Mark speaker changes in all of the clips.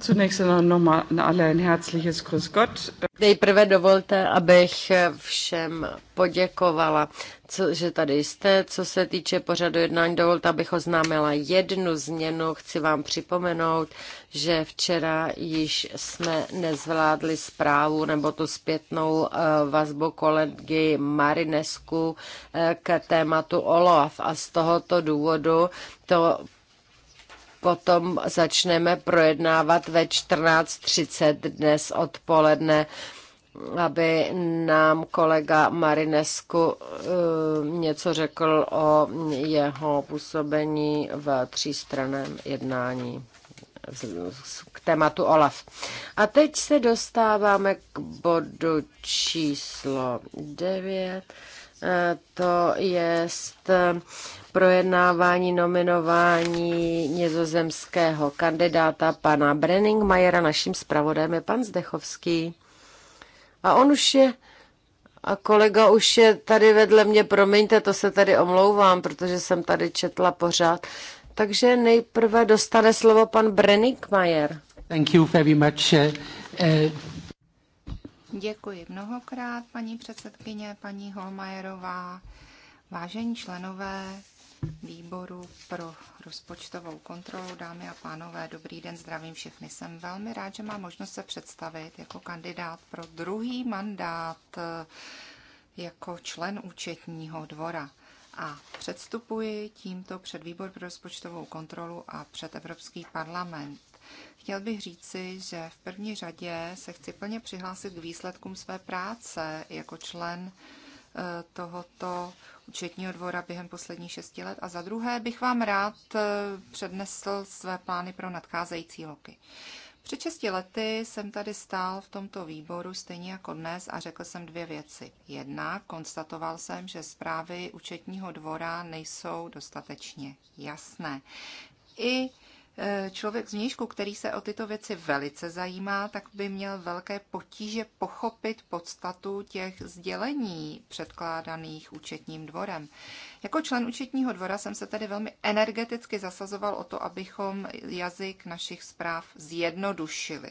Speaker 1: Zunächst nochmal alle ein herzliches Grüß Gott. Nejprve dovolte, abych všem poděkovala, co, že tady jste. Co se týče pořadu jednání, dovolte, abych oznámila jednu změnu. Chci vám připomenout, že včera již jsme nezvládli zprávu nebo tu zpětnou eh, vazbu kolegy Marinesku eh, k tématu OLAF a z tohoto důvodu to potom začneme projednávat ve 14.30 dnes odpoledne, aby nám kolega Marinesku eh, něco řekl o jeho působení v třístraném jednání k tématu OLAF. A teď se dostáváme k bodu číslo 9 to je eh, projednávání nominování nizozemského kandidáta pana Brenningmajera. Naším zpravodajem je pan Zdechovský. A on už je, a kolega už je tady vedle mě, promiňte, to se tady omlouvám, protože jsem tady četla pořád. Takže nejprve dostane slovo pan Brenningmajer.
Speaker 2: Thank you very much. Uh, uh...
Speaker 3: Děkuji mnohokrát, paní předsedkyně, paní Holmajerová, vážení členové výboru pro rozpočtovou kontrolu, dámy a pánové, dobrý den, zdravím všechny. Jsem velmi rád, že mám možnost se představit jako kandidát pro druhý mandát eh, jako člen účetního dvora a předstupuji tímto před výbor pro rozpočtovou kontrolu a před Evropský parlament. Chtěl bych říci, že v první řadě se chci plně přihlásit k výsledkům své práce jako člen e, tohoto účetního dvora během posledních šesti let. A za druhé bych vám rád e, přednesl své plány pro nadcházející roky. Před šesti lety jsem tady stál v tomto výboru stejně jako dnes a řekl jsem dvě věci. Jedna, konstatoval jsem, že zprávy účetního dvora nejsou dostatečně jasné. I Eh, člověk z vnějšku, který se o tyto věci velice zajímá, tak by měl velké potíže pochopit podstatu těch sdělení předkládaných účetním dvorem. Jako člen účetního dvora jsem se tedy velmi energeticky zasazoval o to, abychom jazyk našich zpráv zjednodušili.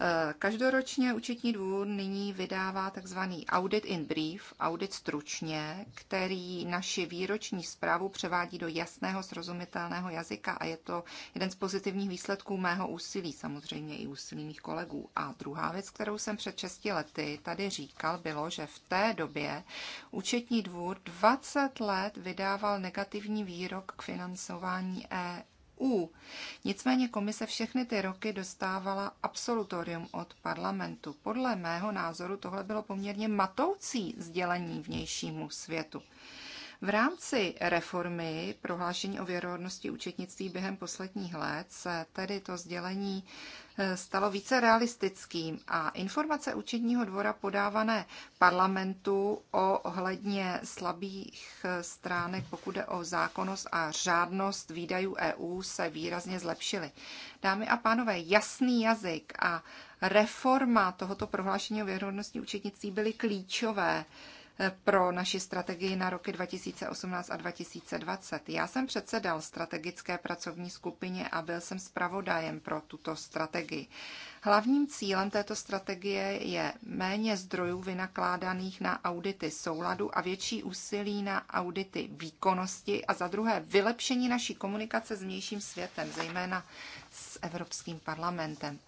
Speaker 3: Eh, každoročně účetní dvůr nyní vydává tzv. audit in brief, audit stručně, který naši výroční zprávu převádí do jasného, srozumitelného jazyka a je to jeden z pozitivních výsledků mého úsilí, samozřejmě i úsilí mých kolegů. A druhá věc, kterou jsem před 6 lety tady říkal, bylo, že v té době účetní dvůr 20 let vydával negativní výrok k financování EU. Nicméně komise všechny ty roky dostávala absolutorium od parlamentu. Podle mého názoru tohle bylo poměrně matoucí sdělení vnějšímu světu. V rámci reformy prohlášení o věrohodnosti účetnictví během posledních let se tedy to sdělení eh, stalo více realistickým a informace účetního dvora podávané parlamentu ohledně slabých eh, stránek, pokud jde o zákonnost a řádnost výdajů EU, se výrazně zlepšily. Dámy a pánové, jasný jazyk a reforma tohoto prohlášení o věrohodnosti účetnictví byly klíčové pro naši strategii na roky 2018 a 2020. Já jsem předsedal strategické pracovní skupině a byl jsem zpravodajem pro tuto strategii. Hlavním cílem této strategie je méně zdrojů vynakládaných na audity souladu a větší úsilí na audity výkonnosti a za druhé vylepšení naší komunikace s vnějším světem, zejména s Evropským parlamentem.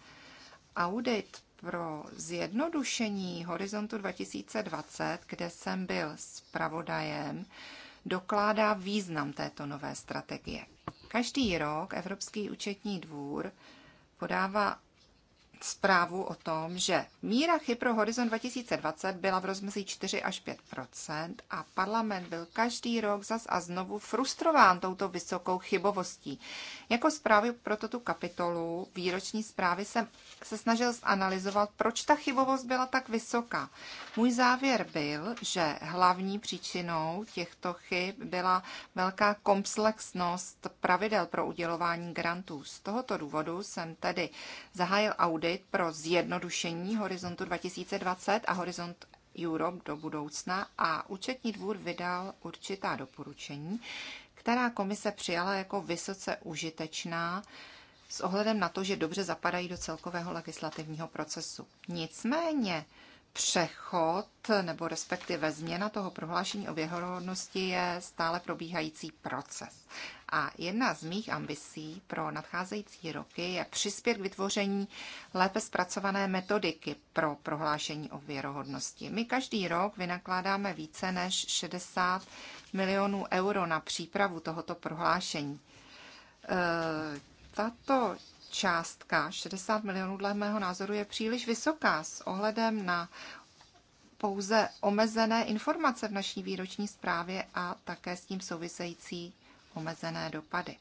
Speaker 3: Audit pro zjednodušení Horizontu 2020, kde jsem byl zpravodajem, dokládá význam této nové strategie. Každý rok Evropský účetní dvůr podává zprávu o tom, že míra chyb pro Horizon 2020 byla v rozmezí 4 až 5 a parlament byl každý rok zas a znovu frustrován touto vysokou chybovostí. Jako zprávy pro tuto kapitolu výroční zprávy jsem se snažil zanalizovat, proč ta chybovost byla tak vysoká. Můj závěr byl, že hlavní příčinou těchto chyb byla velká komplexnost pravidel pro udělování grantů. Z tohoto důvodu jsem tedy zahájil audit podpořit pro zjednodušení Horizontu 2020 a Horizont Europe do budoucna a účetní dvůr vydal určitá doporučení, která komise přijala jako vysoce užitečná s ohledem na to, že dobře zapadají do celkového legislativního procesu. Nicméně přechod nebo respektive změna toho prohlášení o věrohodnosti je stále probíhající proces. A jedna z mých ambicí pro nadcházející roky je přispět k vytvoření lépe zpracované metodiky pro prohlášení o věrohodnosti. My každý rok vynakládáme více než 60 milionů euro na přípravu tohoto prohlášení. E, tato částka 60 milionů dle mého názoru je příliš vysoká s ohledem na pouze omezené informace v naší výroční zprávě a také s tím související omezené dopady.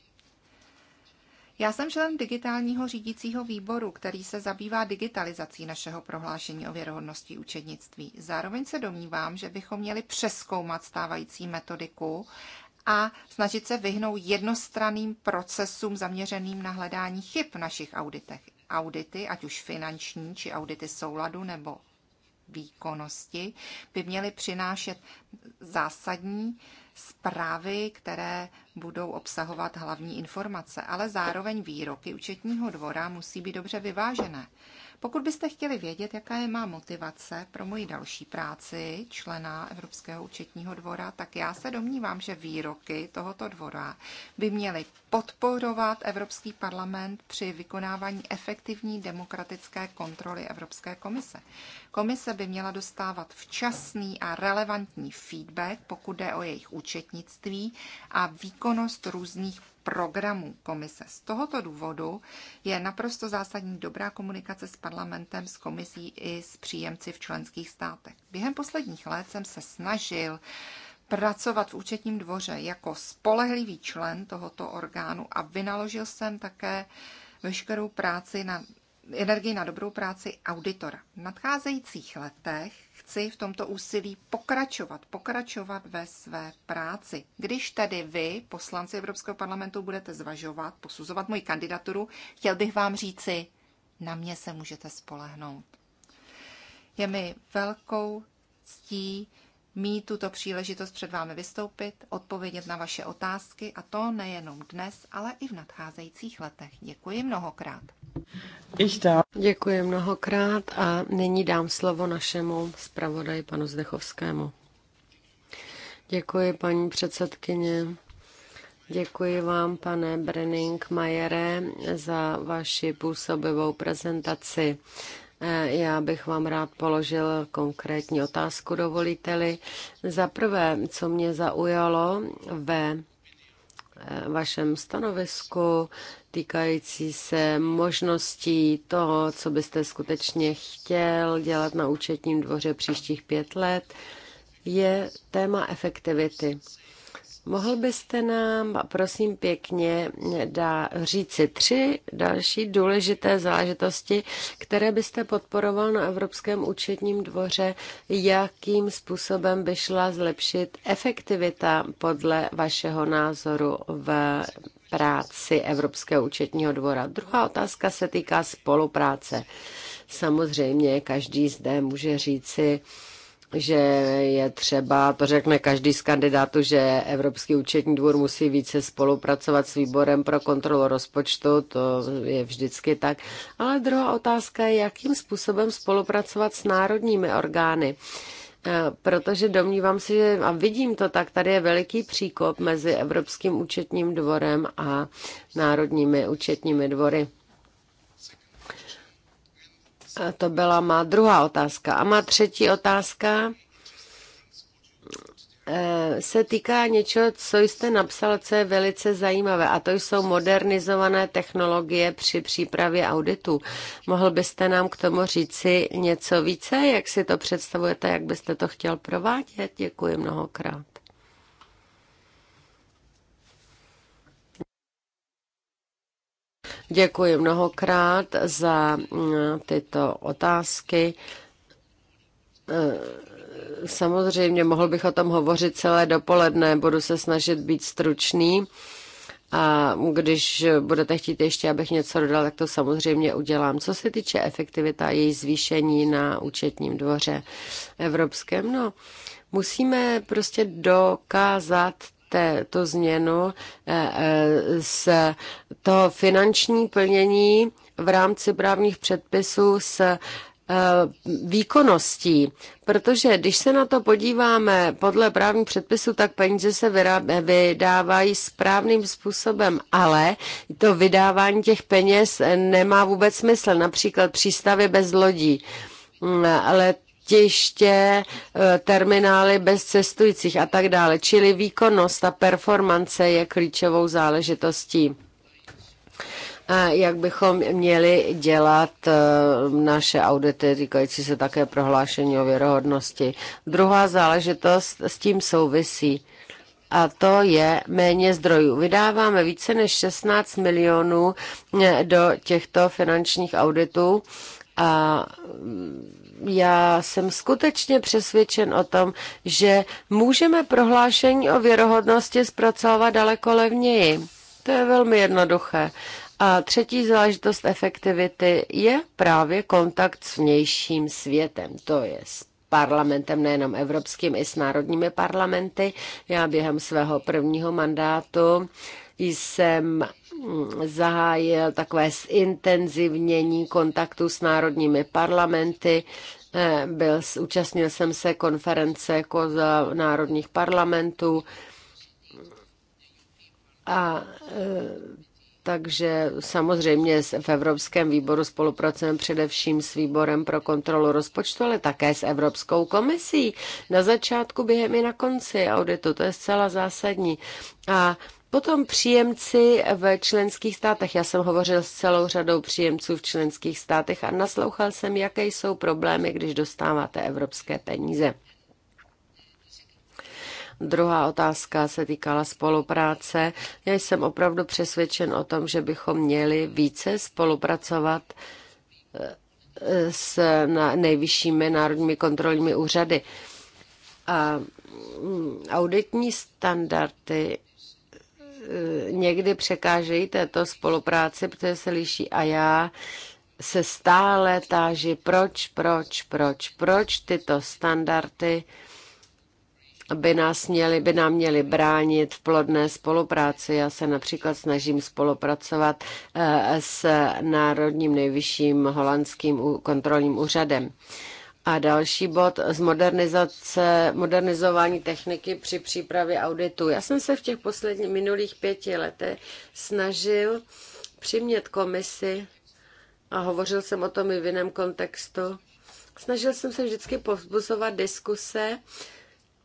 Speaker 3: Já jsem člen digitálního řídícího výboru, který se zabývá digitalizací našeho prohlášení o věrohodnosti učednictví. Zároveň se domnívám, že bychom měli přeskoumat stávající metodiku a snažit se vyhnout jednostranným procesům zaměřeným na hledání chyb v našich auditech. Audity, ať už finanční, či audity souladu nebo výkonnosti, by měly přinášet zásadní zprávy, které budou obsahovat hlavní informace, ale zároveň výroky účetního dvora musí být dobře vyvážené. Pokud byste chtěli vědět, jaká je má motivace pro moji další práci člena Evropského účetního dvora, tak já se domnívám, že výroky tohoto dvora by měly podporovat Evropský parlament při vykonávání efektivní demokratické kontroly Evropské komise. Komise by měla dostávat včasný a relevantní feedback, pokud jde o jejich účetnictví a výkonnost různých programů komise. Z tohoto důvodu je naprosto zásadní dobrá komunikace s parlamentem, s komisí i s příjemci v členských státech. Během posledních let jsem se snažil pracovat v účetním dvoře jako spolehlivý člen tohoto orgánu a vynaložil jsem také veškerou práci na energii na dobrou práci auditora. V nadcházejících letech chci v tomto úsilí pokračovat, pokračovat ve své práci. Když tedy vy, poslanci Evropského parlamentu, budete zvažovat, posuzovat moji kandidaturu, chtěl bych vám říci, na mě se můžete spolehnout. Je mi velkou ctí, mít tuto příležitost před vámi vystoupit, odpovědět na vaše otázky a to nejenom dnes, ale i v nadcházejících letech. Děkuji mnohokrát.
Speaker 1: Ich da. Děkuji mnohokrát a nyní dám slovo našemu zpravodaji panu Zdechovskému. Děkuji, paní předsedkyně. Děkuji vám, pane Brenning Majere, za vaši působivou prezentaci. Eh, já bych vám rád položil konkrétní otázku, dovolíte-li. Za prvé, co mě zaujalo ve eh, vašem stanovisku týkající se možností toho, co byste skutečně chtěl dělat na účetním dvoře příštích pět let, je téma efektivity. Mohl byste nám, prosím pěkně, dá říci tři další důležité záležitosti, které byste podporoval na Evropském účetním dvoře, jakým způsobem by šla zlepšit efektivita podle vašeho názoru v práci Evropského účetního dvora. Druhá otázka se týká spolupráce. Samozřejmě každý zde může říci, že je třeba, to řekne každý z kandidátů, že Evropský účetní dvůr musí více spolupracovat s výborem pro kontrolu rozpočtu, to je vždycky tak. Ale druhá otázka je, jakým způsobem spolupracovat s národními orgány. Eh, protože domnívám se, že, a vidím to tak, tady je veliký příkop mezi Evropským účetním dvorem a národními účetními dvory. A to byla má druhá otázka. A má třetí otázka eh, se týká něčeho, co jste napsal, co je velice zajímavé, a to jsou modernizované technologie při přípravě auditu. Mohl byste nám k tomu říci něco více, jak si to představujete, jak byste to chtěl provádět? Děkuji mnohokrát. Děkuji mnohokrát za mm, tyto otázky. Eh, samozřejmě mohl bych o tom hovořit celé dopoledne, budu se snažit být stručný. A když budete chtít ještě, abych něco dodal, tak to samozřejmě udělám. Co se týče efektivita její zvýšení na účetním dvoře evropském, no, musíme prostě dokázat tu změnu eh, eh, z toho finanční plnění v rámci právních předpisů s eh, výkonností, protože když se na to podíváme podle právních předpisů, tak peníze se vydávají správným způsobem, ale to vydávání těch peněz nemá vůbec smysl, například přístavy bez lodí. Mm, ale letiště, eh, terminály bez cestujících a tak dále. Čili výkonnost a performance je klíčovou záležitostí jak bychom měli dělat eh, naše audity týkající se také prohlášení o věrohodnosti. Druhá záležitost s tím souvisí a to je méně zdrojů. Vydáváme více než 16 milionů eh, do těchto finančních auditů a já jsem skutečně přesvědčen o tom, že můžeme prohlášení o věrohodnosti zpracovat daleko levněji. To je velmi jednoduché. A třetí záležitost efektivity je právě kontakt s vnějším světem. To je s parlamentem, nejenom evropským, i s národními parlamenty. Já během svého prvního mandátu jsem zahájil takové zintenzivnění kontaktu s národními parlamenty. Eh, byl, účastnil jsem se konference za národních parlamentů a eh, takže samozřejmě v Evropském výboru spolupracujeme především s výborem pro kontrolu rozpočtu, ale také s Evropskou komisí. Na začátku, během i na konci auditu, to je zcela zásadní. A Potom příjemci v členských státech. Já jsem hovořil s celou řadou příjemců v členských státech a naslouchal jsem, jaké jsou problémy, když dostáváte evropské peníze. Druhá otázka se týkala spolupráce. Já jsem opravdu přesvědčen o tom, že bychom měli více spolupracovat eh, s nejvyššími národními kontrolními úřady. A mm, auditní standardy E, někdy překážejí této spolupráci, protože se liší a já se stále táži, proč, proč, proč, proč tyto standardy by, nás měli, by nám měli bránit v plodné spolupráci. Já se například snažím spolupracovat e, s Národním nejvyšším holandským kontrolním úřadem. A další bod z modernizace, modernizování techniky při přípravě auditu. Já jsem se v těch posledních minulých pěti letech snažil přimět komisi, a hovořil jsem o tom i v jiném kontextu, snažil jsem se vždycky povzbuzovat diskuse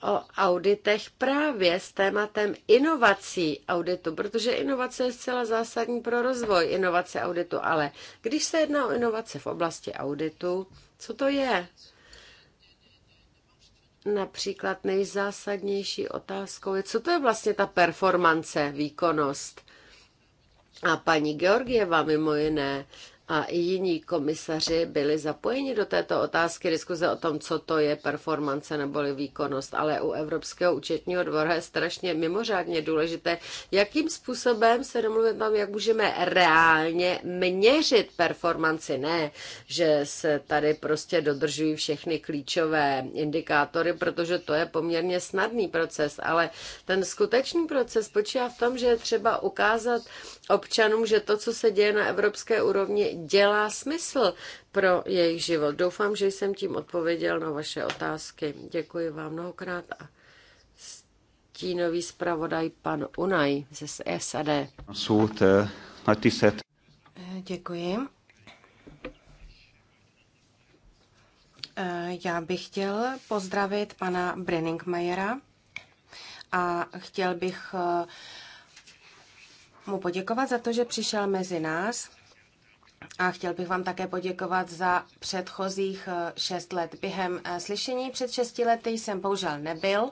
Speaker 1: o auditech právě s tématem inovací auditu, protože inovace je zcela zásadní pro rozvoj inovace auditu, ale když se jedná o inovace v oblasti auditu, co to je? Například nejzásadnější otázkou je, co to je vlastně ta performance, výkonnost. A paní Georgieva mimo jiné a i jiní komisaři byli zapojeni do této otázky diskuze o tom, co to je performance neboli výkonnost, ale u Evropského účetního dvora je strašně mimořádně důležité, jakým způsobem se domluvit mám, jak můžeme reálně měřit performanci. Ne, že se tady prostě dodržují všechny klíčové indikátory, protože to je poměrně snadný proces, ale ten skutečný proces spočívá v tom, že je třeba ukázat občanům, že to, co se děje na evropské úrovni, dělá smysl pro jejich život. Doufám, že jsem tím odpověděl na vaše otázky. Děkuji vám mnohokrát a stínový zpravodaj pan Unaj ze SAD.
Speaker 2: Soud eh, na eh,
Speaker 1: Děkuji. Eh,
Speaker 4: já bych chtěl pozdravit pana Brenningmajera a chtěl bych mu poděkovat za to, že přišel mezi nás a chtěl bych vám také poděkovat za předchozích eh, šest let. Během eh, slyšení před šesti lety jsem bohužel nebyl,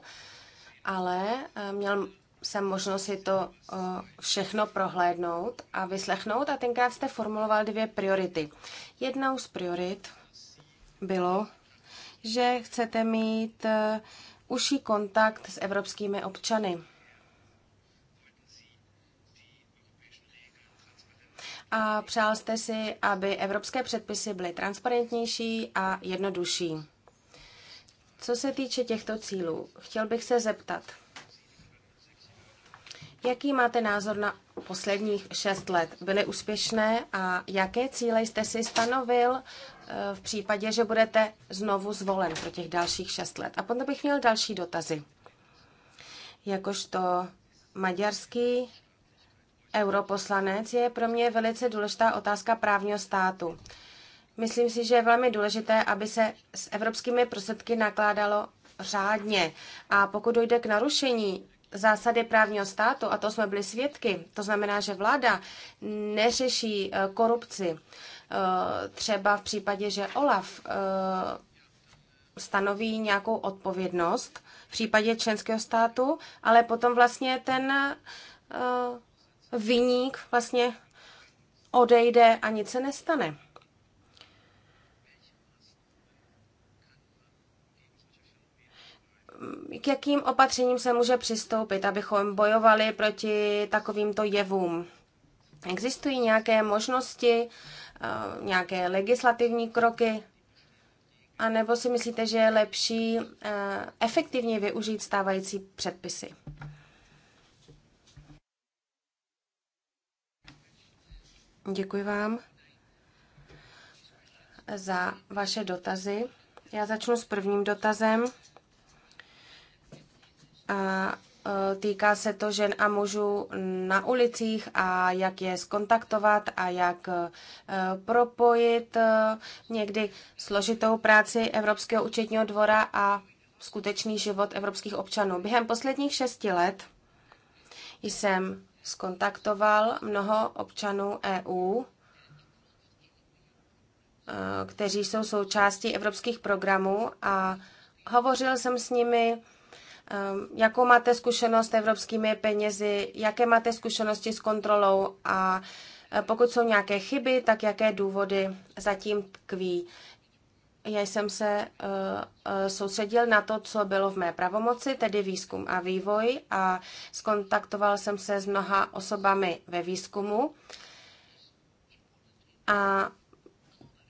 Speaker 4: ale eh, měl jsem možnost si to všechno prohlédnout a vyslechnout a tenkrát jste formuloval dvě priority. Jednou z priorit bylo, že chcete mít užší kontakt s evropskými občany. a přál jste si, aby evropské předpisy byly transparentnější a jednodušší. Co se týče těchto cílů, chtěl bych se zeptat, jaký máte názor na posledních šest let? Byly úspěšné a jaké cíle jste si stanovil eh, v případě, že budete znovu zvolen pro těch dalších šest let? A potom bych měl další dotazy. Jakožto maďarský europoslanec, je pro mě velice důležitá otázka právního státu. Myslím si, že je velmi důležité, aby se s evropskými prostředky nakládalo řádně. A pokud dojde k narušení zásady právního státu, a to jsme byli svědky, to znamená, že vláda neřeší eh, korupci, eh, třeba v případě, že OLAF eh, stanoví nějakou odpovědnost v případě členského státu, ale potom vlastně ten vyník vlastně odejde a nic se nestane. K jakým opatřením se může přistoupit, abychom bojovali proti takovýmto jevům? Existují nějaké možnosti, eh, nějaké legislativní kroky, a nebo si myslíte, že je lepší eh, efektivně využít stávající předpisy? Děkuji vám za vaše dotazy. Já začnu s prvním dotazem. A e, týká se to žen a mužů na ulicích a jak je skontaktovat a jak e, propojit e, někdy složitou práci Evropského účetního dvora a skutečný život evropských občanů. Během posledních šesti let jsem skontaktoval mnoho občanů EU, eh, kteří jsou součástí evropských programů a hovořil jsem s nimi, eh, jakou máte zkušenost s evropskými penězi, jaké máte zkušenosti s kontrolou a eh, pokud jsou nějaké chyby, tak jaké důvody zatím tkví já jsem se eh, eh, soustředil na to, co bylo v mé pravomoci, tedy výzkum a vývoj a skontaktoval jsem se s mnoha osobami ve výzkumu a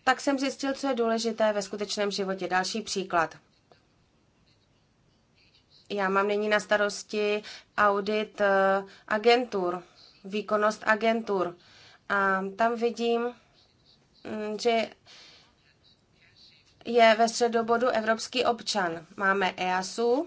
Speaker 4: tak jsem zjistil, co je důležité ve skutečném životě. Další příklad. Já mám nyní na starosti audit eh, agentur, výkonnost agentur. A tam vidím, mm, že je ve středobodu evropský občan. Máme EASu,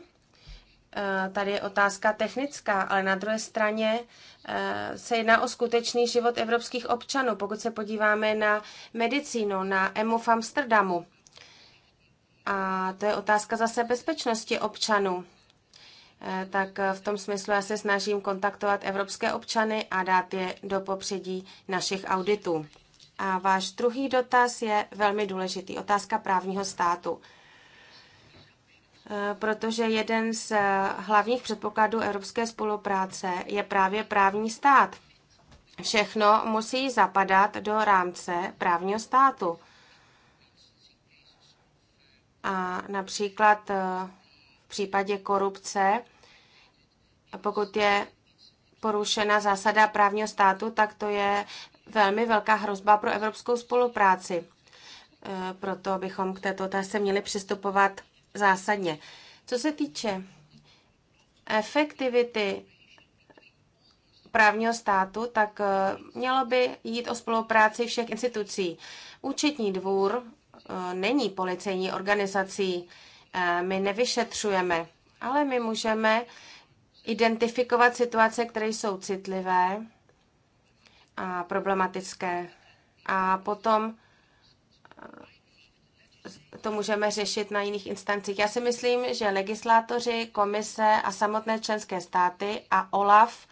Speaker 4: e, tady je otázka technická, ale na druhé straně e, se jedná o skutečný život evropských občanů. Pokud se podíváme na medicínu, na EMU v Amsterdamu, a to je otázka zase bezpečnosti občanů. E, tak v tom smyslu já se snažím kontaktovat evropské občany a dát je do popředí našich auditů. A váš druhý dotaz je velmi důležitý. Otázka právního státu. E, protože jeden z e, hlavních předpokladů evropské spolupráce je právě právní stát. Všechno musí zapadat do rámce právního státu. A například e, v případě korupce, pokud je porušena zásada právního státu, tak to je velmi velká hrozba pro evropskou spolupráci. E, proto bychom k této otázce měli přistupovat zásadně. Co se týče efektivity právního státu, tak e, mělo by jít o spolupráci všech institucí. Účetní dvůr e, není policejní organizací, my nevyšetřujeme, ale my můžeme identifikovat situace, které jsou citlivé a problematické. A potom eh, to můžeme řešit na jiných instancích. Já si myslím, že legislátoři, komise a samotné členské státy a OLAF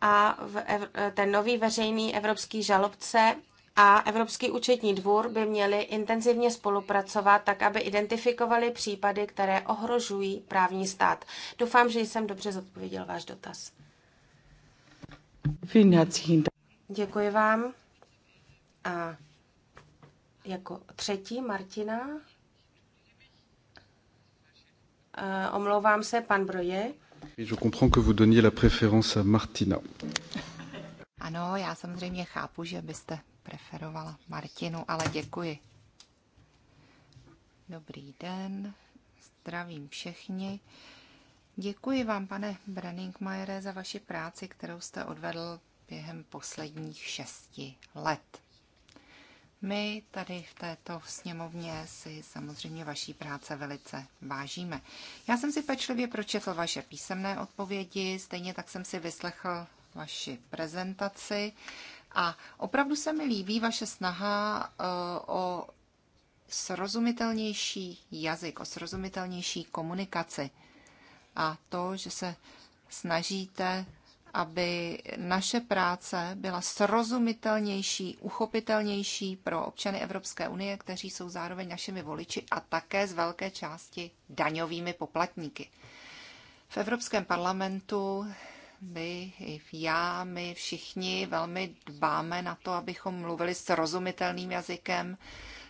Speaker 4: a eh, ten nový veřejný evropský žalobce a Evropský účetní dvůr by měli intenzivně spolupracovat, tak aby identifikovali případy, které ohrožují právní stát. Doufám, že jsem dobře zodpověděl váš dotaz. Děkuji vám. A jako třetí Martina.
Speaker 3: Omlouvám se, pan Broje.
Speaker 2: Je comprends que vous donniez la préférence à Martina.
Speaker 3: Ano, já samozřejmě chápu, že byste preferovala Martinu, ale děkuji. Dobrý den, zdravím všechny. Děkuji vám, pane Brenningmajere, za vaši práci, kterou jste odvedl během posledních šesti let. My tady v této sněmovně si samozřejmě vaší práce velice vážíme. Já jsem si pečlivě pročetl vaše písemné odpovědi, stejně tak jsem si vyslechl vaši prezentaci a opravdu se mi líbí vaše snaha eh, o srozumitelnější jazyk, o srozumitelnější komunikaci a to, že se snažíte aby naše práce byla srozumitelnější, uchopitelnější pro občany Evropské unie, kteří jsou zároveň našimi voliči a také z velké části daňovými poplatníky. V Evropském parlamentu my, já, my všichni velmi dbáme na to, abychom mluvili srozumitelným jazykem,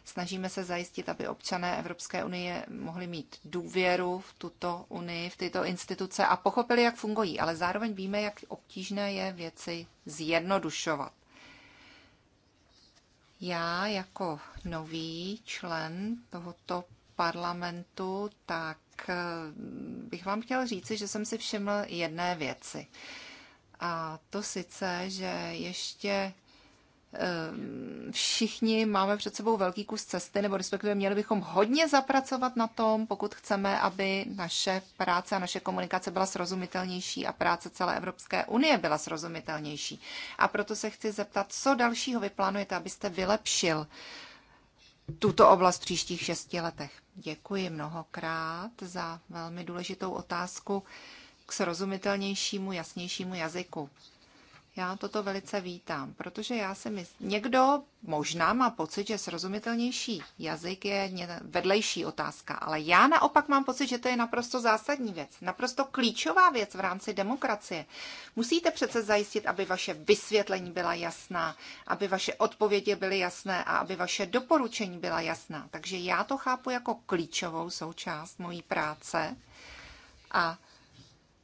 Speaker 3: Snažíme se zajistit, aby občané Evropské unie mohli mít důvěru v tuto unii, v tyto instituce a pochopili, jak fungují, ale zároveň víme, jak obtížné je věci zjednodušovat. Já jako nový člen tohoto parlamentu, tak eh, bych vám chtěl říci, že jsem si všiml jedné věci. A to sice, že ještě Ehm, všichni máme před sebou velký kus cesty, nebo respektive měli bychom hodně zapracovat na tom, pokud chceme, aby naše práce a naše komunikace byla srozumitelnější a práce celé Evropské unie byla srozumitelnější. A proto se chci zeptat, co dalšího vy plánujete, abyste vylepšil tuto oblast v příštích šesti letech. Děkuji mnohokrát za velmi důležitou otázku k srozumitelnějšímu, jasnějšímu jazyku. Já toto velice vítám, protože já si myslím, někdo možná má pocit, že srozumitelnější jazyk je vedlejší otázka, ale já naopak mám pocit, že to je naprosto zásadní věc, naprosto klíčová věc v rámci demokracie. Musíte přece zajistit, aby vaše vysvětlení byla jasná, aby vaše odpovědi byly jasné a aby vaše doporučení byla jasná. Takže já to chápu jako klíčovou součást mojí práce a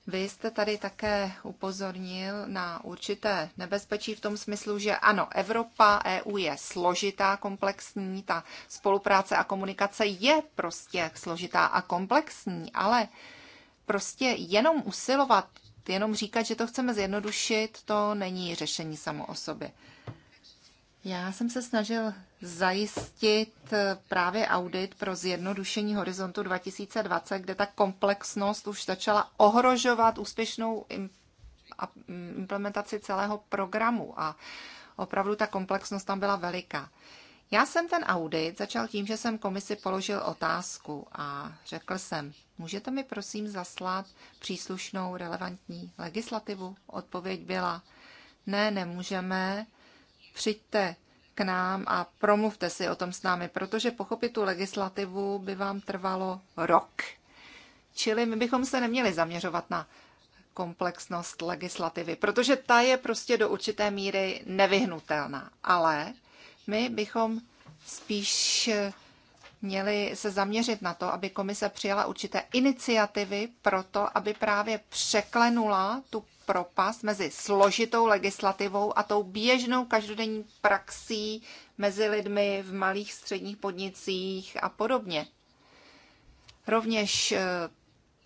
Speaker 3: vy jste tady také upozornil na určité nebezpečí v tom smyslu, že ano, Evropa, EU je složitá, komplexní, ta spolupráce a komunikace je prostě složitá a komplexní, ale prostě jenom usilovat, jenom říkat, že to chceme zjednodušit, to není řešení samo o sobě. Já jsem se snažil zajistit eh, právě audit pro zjednodušení horizontu 2020, kde ta komplexnost už začala ohrožovat úspěšnou mm, implementaci celého programu a opravdu ta komplexnost tam byla veliká. Já jsem ten audit začal tím, že jsem komisi položil otázku a řekl jsem, můžete mi prosím zaslat příslušnou relevantní legislativu? Odpověď byla, ne, nemůžeme, Přijďte k nám a promluvte si o tom s námi, protože pochopit tu legislativu by vám trvalo rok. Čili my bychom se neměli zaměřovat na komplexnost legislativy, protože ta je prostě do určité míry nevyhnutelná. Ale my bychom spíš měli se zaměřit na to, aby komise přijala určité iniciativy pro to, aby právě překlenula tu propast mezi složitou legislativou a tou běžnou každodenní praxí mezi lidmi v malých středních podnicích a podobně. Rovněž eh,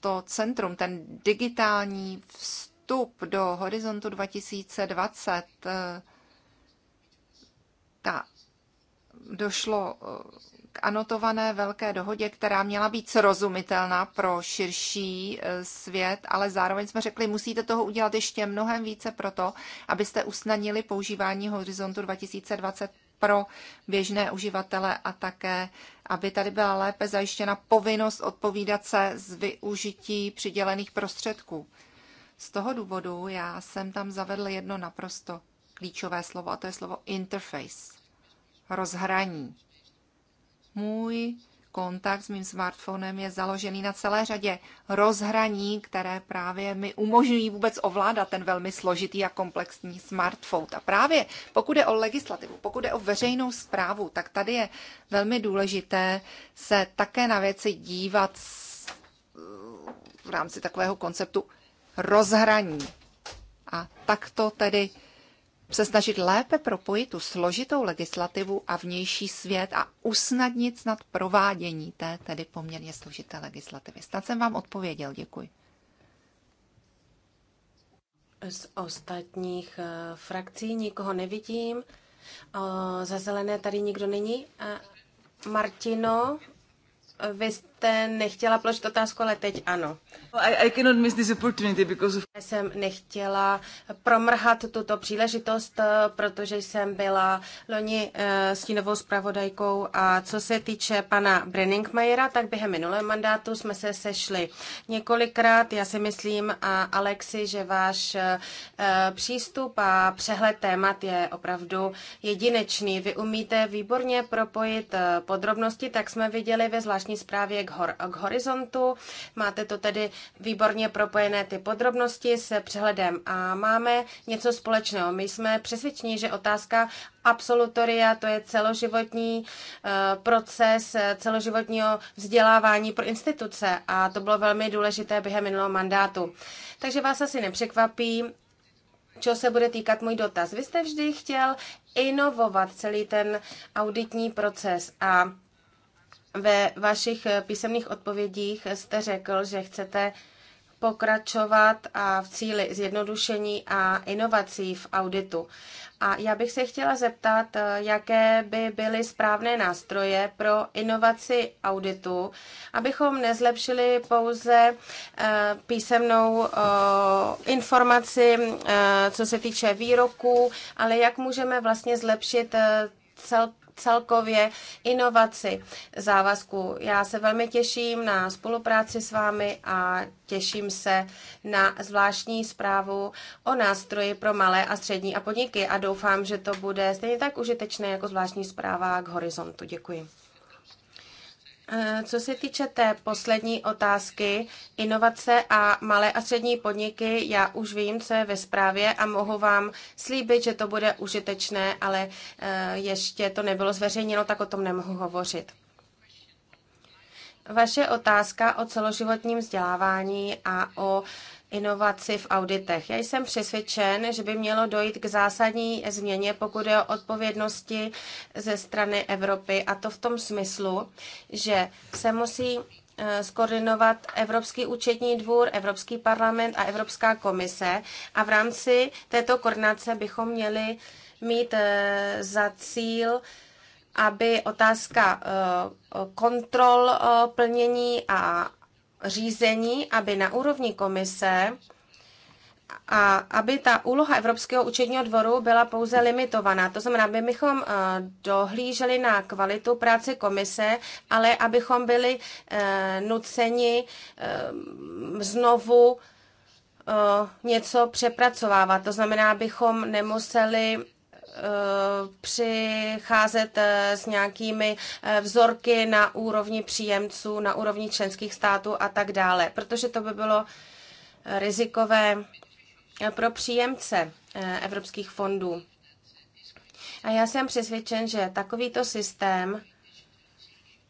Speaker 3: to centrum, ten digitální vstup do horizontu 2020, eh, ta došlo eh, k anotované velké dohodě, která měla být srozumitelná pro širší e, svět, ale zároveň jsme řekli, musíte toho udělat ještě mnohem více proto, abyste usnadnili používání horizontu 2020 pro běžné uživatele a také, aby tady byla lépe zajištěna povinnost odpovídat se z využití přidělených prostředků. Z toho důvodu já jsem tam zavedl jedno naprosto klíčové slovo, a to je slovo interface, rozhraní. Můj kontakt s mým smartphonem je založený na celé řadě rozhraní, které právě mi umožňují vůbec ovládat ten velmi složitý a komplexní smartphone. A právě pokud je o legislativu, pokud je o veřejnou zprávu, tak tady je velmi důležité se také na věci dívat v rámci takového konceptu rozhraní. A takto tedy se snažit lépe propojit tu složitou legislativu a vnější svět a usnadnit snad provádění té tedy poměrně složité legislativy. Snad jsem vám odpověděl, děkuji.
Speaker 4: Z ostatních eh, frakcí nikoho nevidím. Eh, za zelené tady nikdo není. Eh, Martino, vy jste nechtěla položit otázku, ale teď ano. I, I cannot miss this opportunity because of... Jsem nechtěla promrhat tuto příležitost, eh, protože jsem byla loni eh, stínovou zpravodajkou a co se týče pana Brenningmajera, tak během minulého mandátu jsme se sešli několikrát. Já si myslím, a Alexi, že váš eh, přístup a přehled témat je opravdu jedinečný. Vy umíte výborně propojit podrobnosti, tak jsme viděli ve zvláštní zvláštní zprávě k, hor- k horizontu. Máte to tedy výborně propojené ty podrobnosti se přehledem a máme něco společného. My jsme přesvědčeni, že otázka absolutoria, to je celoživotní eh, proces eh, celoživotního vzdělávání pro instituce a to bylo velmi důležité během minulého mandátu. Takže vás asi nepřekvapí, čeho se bude týkat můj dotaz. Vy jste vždy chtěl inovovat celý ten auditní proces a ve vašich eh, písemných odpovědích jste řekl, že chcete pokračovat a v cíli zjednodušení a inovací v auditu. A já bych se chtěla zeptat, eh, jaké by byly správné nástroje pro inovaci auditu, abychom nezlepšili pouze eh, písemnou informaci, co se týče výroků, ale jak můžeme vlastně zlepšit cel, celkově inovaci závazku. Já se velmi těším na spolupráci s vámi a těším se na zvláštní zprávu o nástroji pro malé a střední a podniky a doufám, že to bude stejně tak užitečné jako zvláštní zpráva k horizontu. Děkuji. Eh, co se týče té poslední otázky, inovace a malé a střední podniky, já už vím, co je ve zprávě a mohu vám slíbit, že to bude užitečné, ale eh, ještě to nebylo zveřejněno, tak o tom nemohu hovořit. Vaše otázka o celoživotním vzdělávání a o uh, inovaci v auditech. Já jsem přesvědčen, že by mělo dojít k zásadní změně, pokud je o odpovědnosti ze strany Evropy, a to v tom smyslu, že se musí eh, skoordinovat Evropský účetní dvůr, Evropský parlament a Evropská komise. A v rámci této koordinace bychom měli mít eh, za cíl aby otázka eh, kontrol plnění a řízení, aby na úrovni komise a aby ta úloha Evropského účetního dvoru byla pouze limitovaná. To znamená, aby bychom eh, dohlíželi na kvalitu práce komise, ale abychom byli eh, nuceni eh, znovu něco přepracovávat. To znamená, abychom nemuseli Eh, přicházet eh, s nějakými eh, vzorky na úrovni příjemců, na úrovni členských států a tak dále, protože to by bylo rizikové pro příjemce evropských fondů. A já jsem přesvědčen, že takovýto systém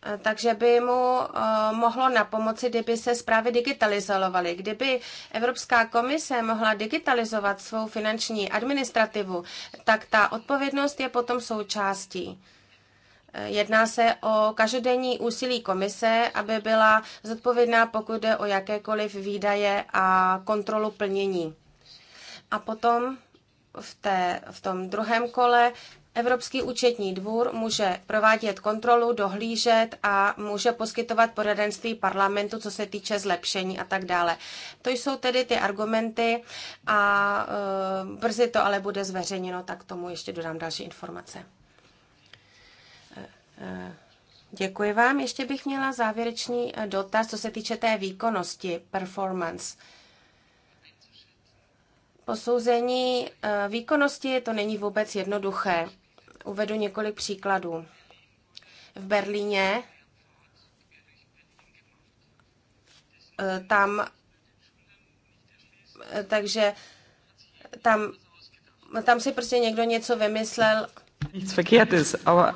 Speaker 4: Eh, takže by mu eh, mohlo na pomoci, kdyby se zprávy digitalizovaly. Kdyby Evropská komise mohla digitalizovat svou finanční administrativu, tak ta odpovědnost je potom součástí. Eh, jedná se o každodenní úsilí komise, aby byla zodpovědná, pokud jde o jakékoliv výdaje a kontrolu plnění. A potom v, té, v tom druhém kole Evropský účetní dvůr může provádět kontrolu, dohlížet a může poskytovat poradenství parlamentu, co se týče zlepšení a tak dále. To jsou tedy ty argumenty a e, brzy to ale bude zveřejněno, tak tomu ještě dodám další informace. E, e. Děkuji vám. Ještě bych měla závěrečný e, dotaz, co se týče té výkonnosti, performance. Posouzení e, výkonnosti to není vůbec jednoduché. Uvedu několik příkladů. V Berlíně eh, tam eh, takže tam, tam si prostě někdo něco vymyslel. ale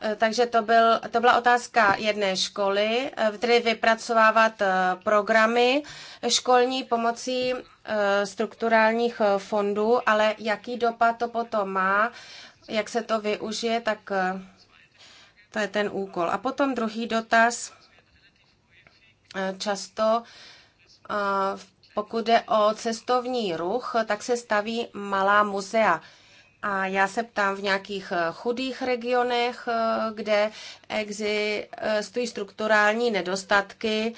Speaker 4: eh, takže to, byl, to byla otázka jedné školy, tedy vypracovávat programy školní pomocí strukturálních fondů, ale jaký dopad to potom má jak se to využije, tak eh, to je ten úkol. A potom druhý dotaz. Eh, často eh, pokud jde o cestovní ruch, tak se staví malá muzea. A já se ptám v nějakých chudých regionech, kde existují strukturální nedostatky,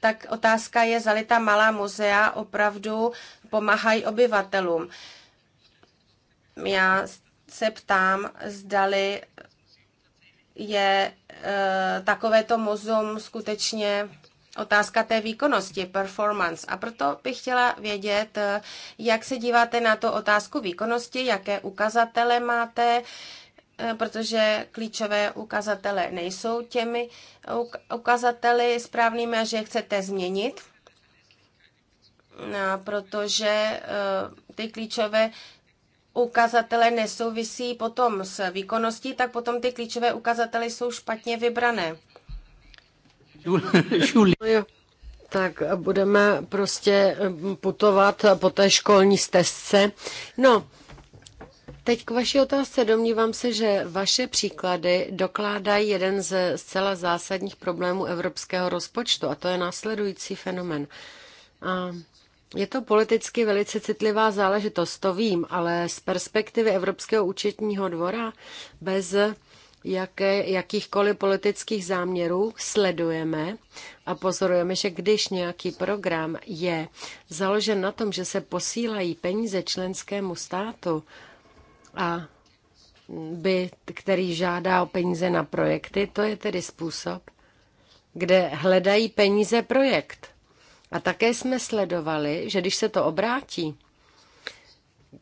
Speaker 4: tak otázka je, zali ta malá muzea opravdu pomáhají obyvatelům. Já se ptám, zdali je e, takovéto mozum skutečně otázka té výkonnosti, performance. A proto bych chtěla vědět, eh, jak se díváte na to otázku výkonnosti, jaké ukazatele máte, eh, protože klíčové ukazatele nejsou těmi ukazateli správnými a že je chcete změnit, protože ty klíčové ukazatele nesouvisí potom s výkonností, tak potom ty klíčové ukazatele jsou špatně vybrané.
Speaker 1: Tak budeme prostě mm, putovat po té školní stezce. No, teď k vaší otázce. Domnívám se, že vaše příklady dokládají jeden ze zcela zásadních problémů evropského rozpočtu a to je následující fenomen. A je to politicky velice citlivá záležitost, to vím, ale z perspektivy Evropského účetního dvora bez jaké, jakýchkoliv politických záměrů sledujeme a pozorujeme, že když nějaký program je založen na tom, že se posílají peníze členskému státu a by, který žádá o peníze na projekty, to je tedy způsob, kde hledají peníze projekt. A také jsme sledovali, že když se to obrátí,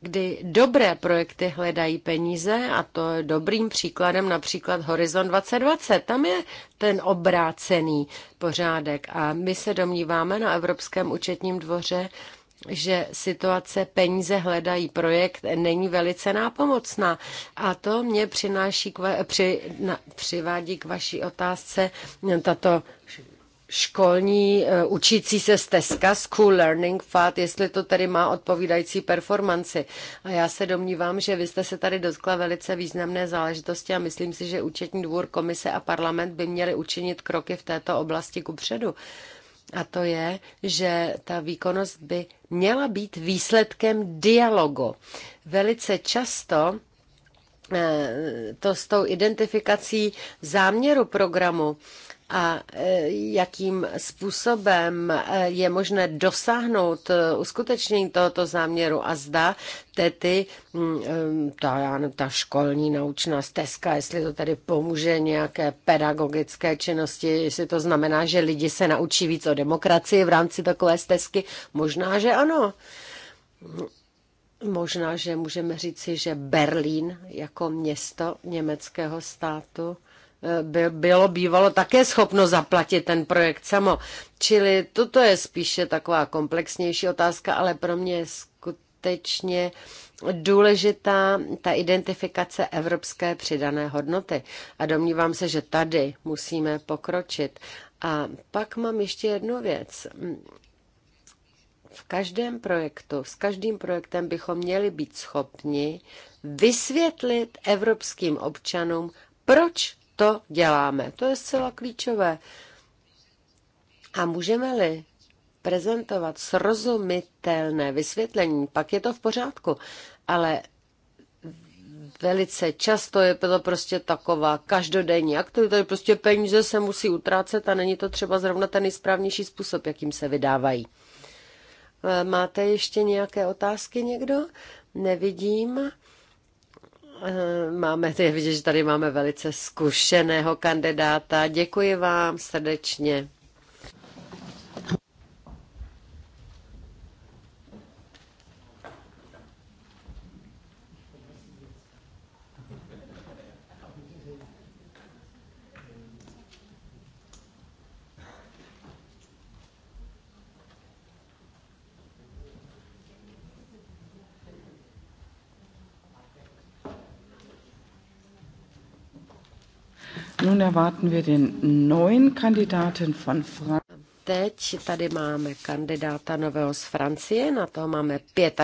Speaker 1: kdy dobré projekty hledají peníze a to je dobrým příkladem například Horizon 2020. Tam je ten obrácený pořádek a my se domníváme na Evropském účetním dvoře, že situace peníze hledají projekt není velice nápomocná. A to mě přináší k, při, na, přivádí k vaší otázce tato školní eh, učící se stezka, School Learning Fat, jestli to tedy má odpovídající performanci. A já se domnívám, že vy jste se tady dotkla velice významné záležitosti a myslím si, že účetní dvůr, komise a parlament by měli učinit kroky v této oblasti kupředu. A to je, že ta výkonnost by měla být výsledkem dialogu. Velice často eh, to s tou identifikací záměru programu a e, jakým způsobem e, je možné dosáhnout e, uskutečnění tohoto záměru a zda tedy mm, ta, já ta školní naučná stezka, jestli to tedy pomůže nějaké pedagogické činnosti, jestli to znamená, že lidi se naučí víc o demokracii v rámci takové stezky, možná, že ano. Možná, že můžeme říci, že Berlín jako město německého státu by bylo bývalo také schopno zaplatit ten projekt samo. Čili toto je spíše taková komplexnější otázka, ale pro mě je skutečně důležitá ta identifikace evropské přidané hodnoty. A domnívám se, že tady musíme pokročit. A pak mám ještě jednu věc. V každém projektu, s každým projektem bychom měli být schopni vysvětlit evropským občanům, proč to děláme. To je zcela klíčové. A můžeme-li prezentovat srozumitelné vysvětlení, pak je to v pořádku. Ale velice často je to prostě taková každodenní aktivita, prostě peníze se musí utrácet a není to třeba zrovna ten nejsprávnější způsob, jakým se vydávají. E, máte ještě nějaké otázky někdo? Nevidím. Eh, máme, je vidět, že tady máme velice zkušeného kandidáta. Děkuji vám srdečně.
Speaker 2: Nun erwarten wir den neuen Kandidaten von
Speaker 1: Frankreich. Teď tady máme kandidáta nového z Francie, na to máme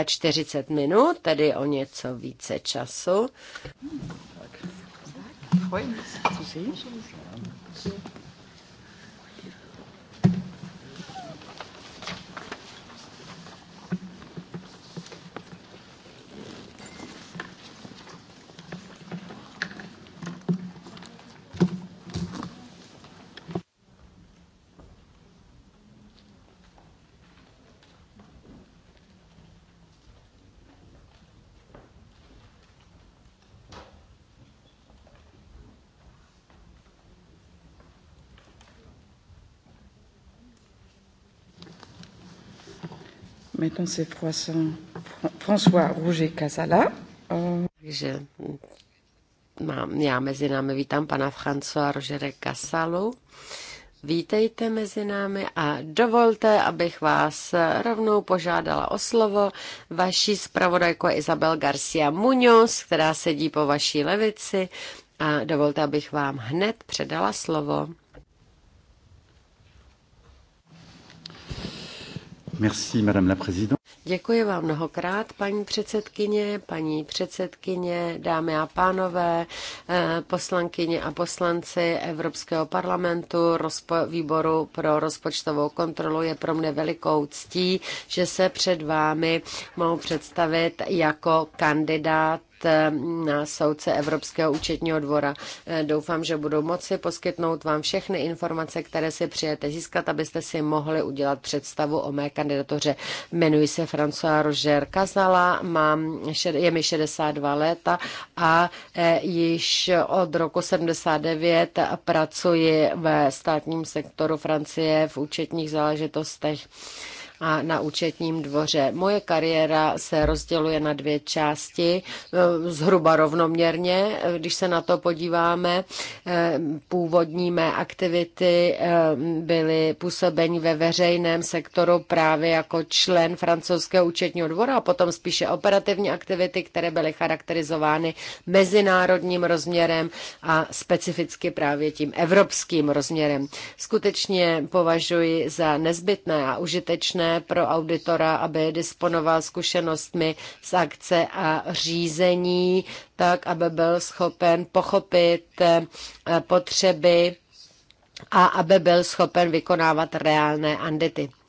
Speaker 1: 45 minut, tedy o něco více času. mettons c'est François Rouget Casala. Takže hm, mám, já mezi námi vítám pana François Rožere Casalu. Vítejte mezi námi a dovolte, abych vás rovnou požádala o slovo. Vaší zpravodajko Isabel Garcia Muñoz, která sedí po vaší levici. A dovolte, abych vám hned předala slovo.
Speaker 2: Merci, madame la présidente.
Speaker 1: Děkuji vám mnohokrát, paní předsedkyně, paní předsedkyně, dámy a pánové, eh, poslankyně a poslanci Evropského parlamentu, rozpo- výboru pro rozpočtovou kontrolu. Je pro mne velikou ctí, že se před vámi mohu představit jako kandidát Eh, na soudce Evropského účetního dvora. Eh, doufám, že budou moci poskytnout vám všechny informace, které si přijete získat, abyste si mohli udělat představu o mé kandidatoře. Jmenuji se François Roger Kazala, mám, je mi 62 let a eh, již od roku 79 pracuji ve státním sektoru Francie v účetních záležitostech a na účetním dvoře. Moje kariéra se rozděluje na dvě části, eh, zhruba rovnoměrně, eh, když se na to podíváme. Eh, původní mé aktivity byly působení ve veřejném sektoru právě jako člen francouzského účetního dvora a potom spíše operativní aktivity, které byly charakterizovány mezinárodním rozměrem a specificky právě tím evropským rozměrem. Skutečně považuji za nezbytné a užitečné pro auditora, aby disponoval zkušenostmi z akce a řízení, tak aby byl schopen pochopit eh, potřeby a aby byl schopen vykonávat reálné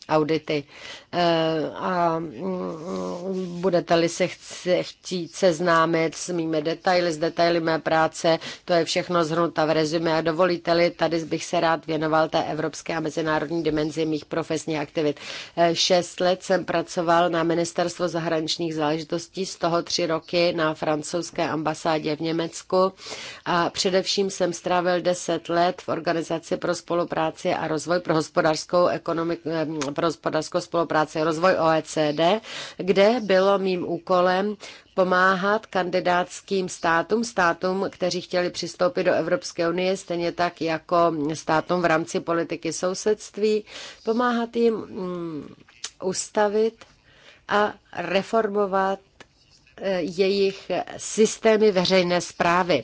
Speaker 1: audity. Eh, a mm, budete-li se chtít seznámit s mými detaily, s detaily mé práce, to je všechno zhrnuta v rezumě a dovolíte-li, tady bych se rád věnoval té evropské a mezinárodní dimenzi mých profesních aktivit. Eh, šest let jsem pracoval na Ministerstvo zahraničních záležitostí, z toho tři roky na francouzské ambasádě v Německu a především jsem strávil deset let v Organizaci pro spolupráci a rozvoj pro hospodářskou, ekonomik, eh, pro hospodářskou spolupráci spolupráce rozvoj OECD, kde bylo mým úkolem pomáhat kandidátským státům, státům, kteří chtěli přistoupit do Evropské unie, stejně tak jako státům v rámci politiky sousedství, pomáhat jim mm, ustavit a reformovat eh, jejich systémy veřejné zprávy.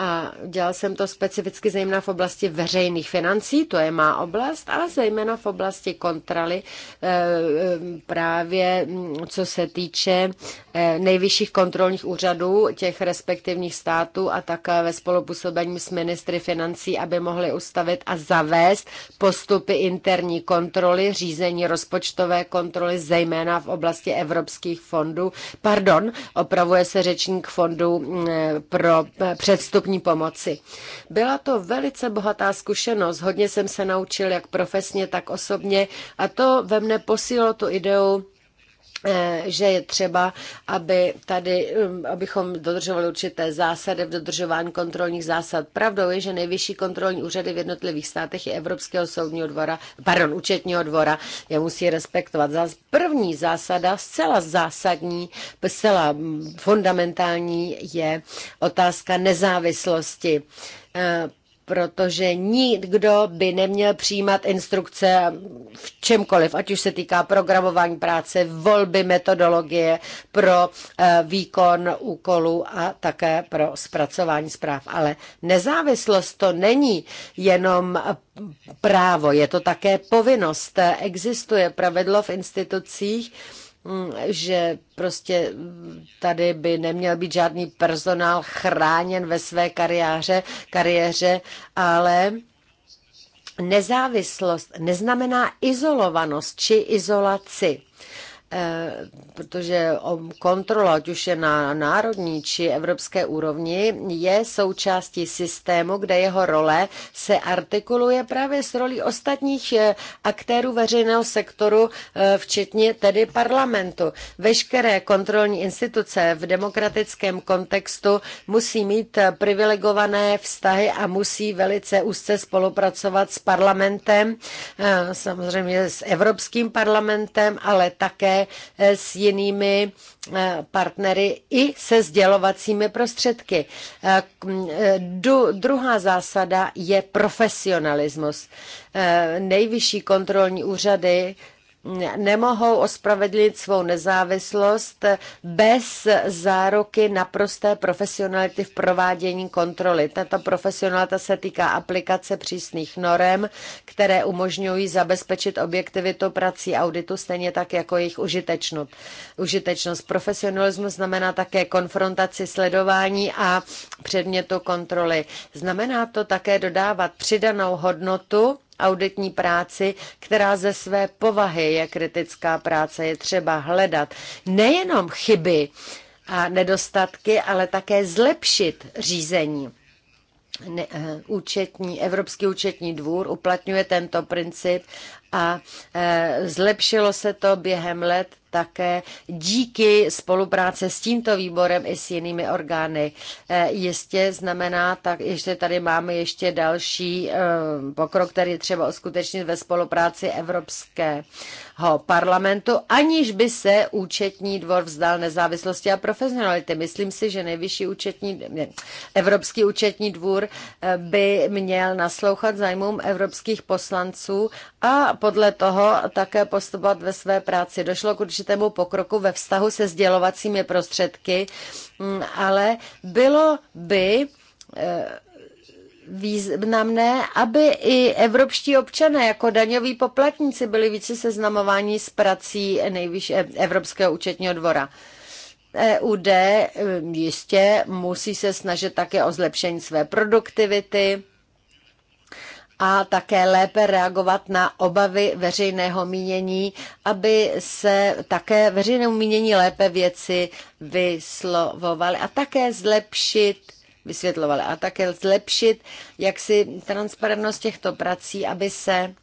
Speaker 1: A dělal jsem to specificky zejména v oblasti veřejných financí, to je má oblast, ale zejména v oblasti kontroly eh, eh, právě mm, co se týče eh, nejvyšších kontrolních úřadů těch respektivních států a také ve spolupůsobení s ministry financí, aby mohli ustavit a zavést postupy interní kontroly, řízení rozpočtové kontroly, zejména v oblasti evropských fondů. Pardon, opravuje se řečník fondů mm, pro předstupní osobní pomoci. Byla to velice bohatá zkušenost, hodně jsem se naučil jak profesně, tak osobně a to ve mne posílilo tu ideu Eh, že je třeba, aby tady, mm, abychom dodržovali určité zásady v dodržování kontrolních zásad. Pravdou je, že nejvyšší kontrolní úřady v jednotlivých státech i Evropského soudního dvora, pardon, účetního dvora, je musí respektovat. Zás, první zásada, zcela zásadní, zcela mm, fundamentální je otázka nezávislosti eh, protože nikdo by neměl přijímat instrukce v čemkoliv, ať už se týká programování práce, volby metodologie pro eh, výkon úkolů a také pro zpracování zpráv. Ale nezávislost to není jenom právo, je to také povinnost. Existuje pravidlo v institucích, Mm, že prostě tady by neměl být žádný personál chráněn ve své kariéře, kariéře ale nezávislost neznamená izolovanost či izolaci. Eh, protože kontrola, ať už je na národní či evropské úrovni, je součástí systému, kde jeho role se artikuluje právě s rolí ostatních eh, aktérů veřejného sektoru, eh, včetně tedy parlamentu. Veškeré kontrolní instituce v demokratickém kontextu musí mít privilegované vztahy a musí velice úzce spolupracovat s parlamentem, samozřejmě s Evropským parlamentem, ale také Eh, s jinými eh, partnery i se sdělovacími prostředky. Eh, druhá zásada je profesionalismus. Nejvyšší kontrolní úřady nemohou ospravedlnit svou nezávislost bez záruky naprosté profesionality v provádění kontroly. Tato profesionalita se týká aplikace přísných norem, které umožňují zabezpečit objektivitu prací auditu, stejně tak jako jejich užitečnost. Užitečnost profesionalismu znamená také konfrontaci sledování a předmětu kontroly. Znamená to také dodávat přidanou hodnotu auditní práci, která ze své povahy je kritická práce. Je třeba hledat nejenom chyby a nedostatky, ale také zlepšit řízení. Ne, eh, účetní, Evropský účetní dvůr uplatňuje tento princip a uh, zlepšilo se to během let také díky spolupráce s tímto výborem i s jinými orgány. Eh, jistě znamená, tak ještě tady máme ještě další eh, pokrok, který třeba uskutečnit ve spolupráci Evropského parlamentu, aniž by se účetní dvor vzdal nezávislosti a profesionality. Myslím si, že nejvyšší účetní, ne, Evropský účetní dvůr eh, by měl naslouchat zájmům evropských poslanců a podle toho také postupovat ve své práci. Došlo k určitě určitému pokroku ve vztahu se sdělovacími prostředky, mm, ale bylo by eh, významné, aby i evropští občané jako daňoví poplatníci byli více seznamováni s prací nejvyšší eh, Evropského účetního dvora. EUD eh, jistě musí se snažit také o zlepšení své produktivity, a také lépe reagovat na obavy veřejného mínění, aby se také veřejnému mínění lépe věci vyslovovaly a také zlepšit vysvětlovali a také zlepšit jaksi transparentnost těchto prací, aby se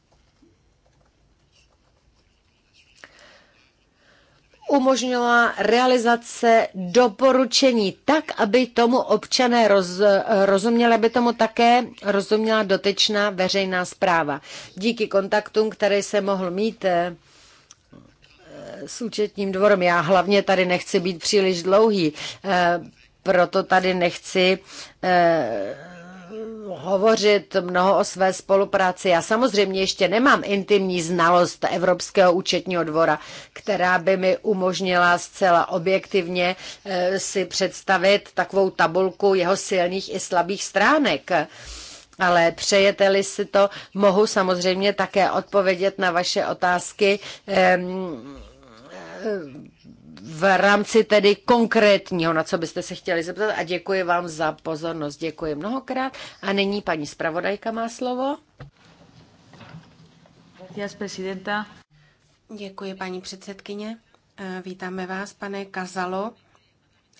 Speaker 1: umožnila realizace doporučení tak, aby tomu občané roz, rozuměli, aby tomu také rozuměla dotyčná veřejná zpráva. Díky kontaktům, které se mohl mít eh, eh, s účetním dvorem, já hlavně tady nechci být příliš dlouhý, eh, proto tady nechci hovořit mnoho o své spolupráci. Já samozřejmě ještě nemám intimní znalost Evropského účetního dvora, která by mi umožnila zcela objektivně eh, si představit takovou tabulku jeho silných i slabých stránek. Ale přejete-li si to, mohu samozřejmě také odpovědět na vaše otázky ehm, v rámci tedy konkrétního, na co byste se chtěli zeptat a děkuji vám za pozornost. Děkuji mnohokrát. A nyní paní zpravodajka má slovo.
Speaker 4: Děkuji, paní předsedkyně. Eh, vítáme vás, pane Kazalo.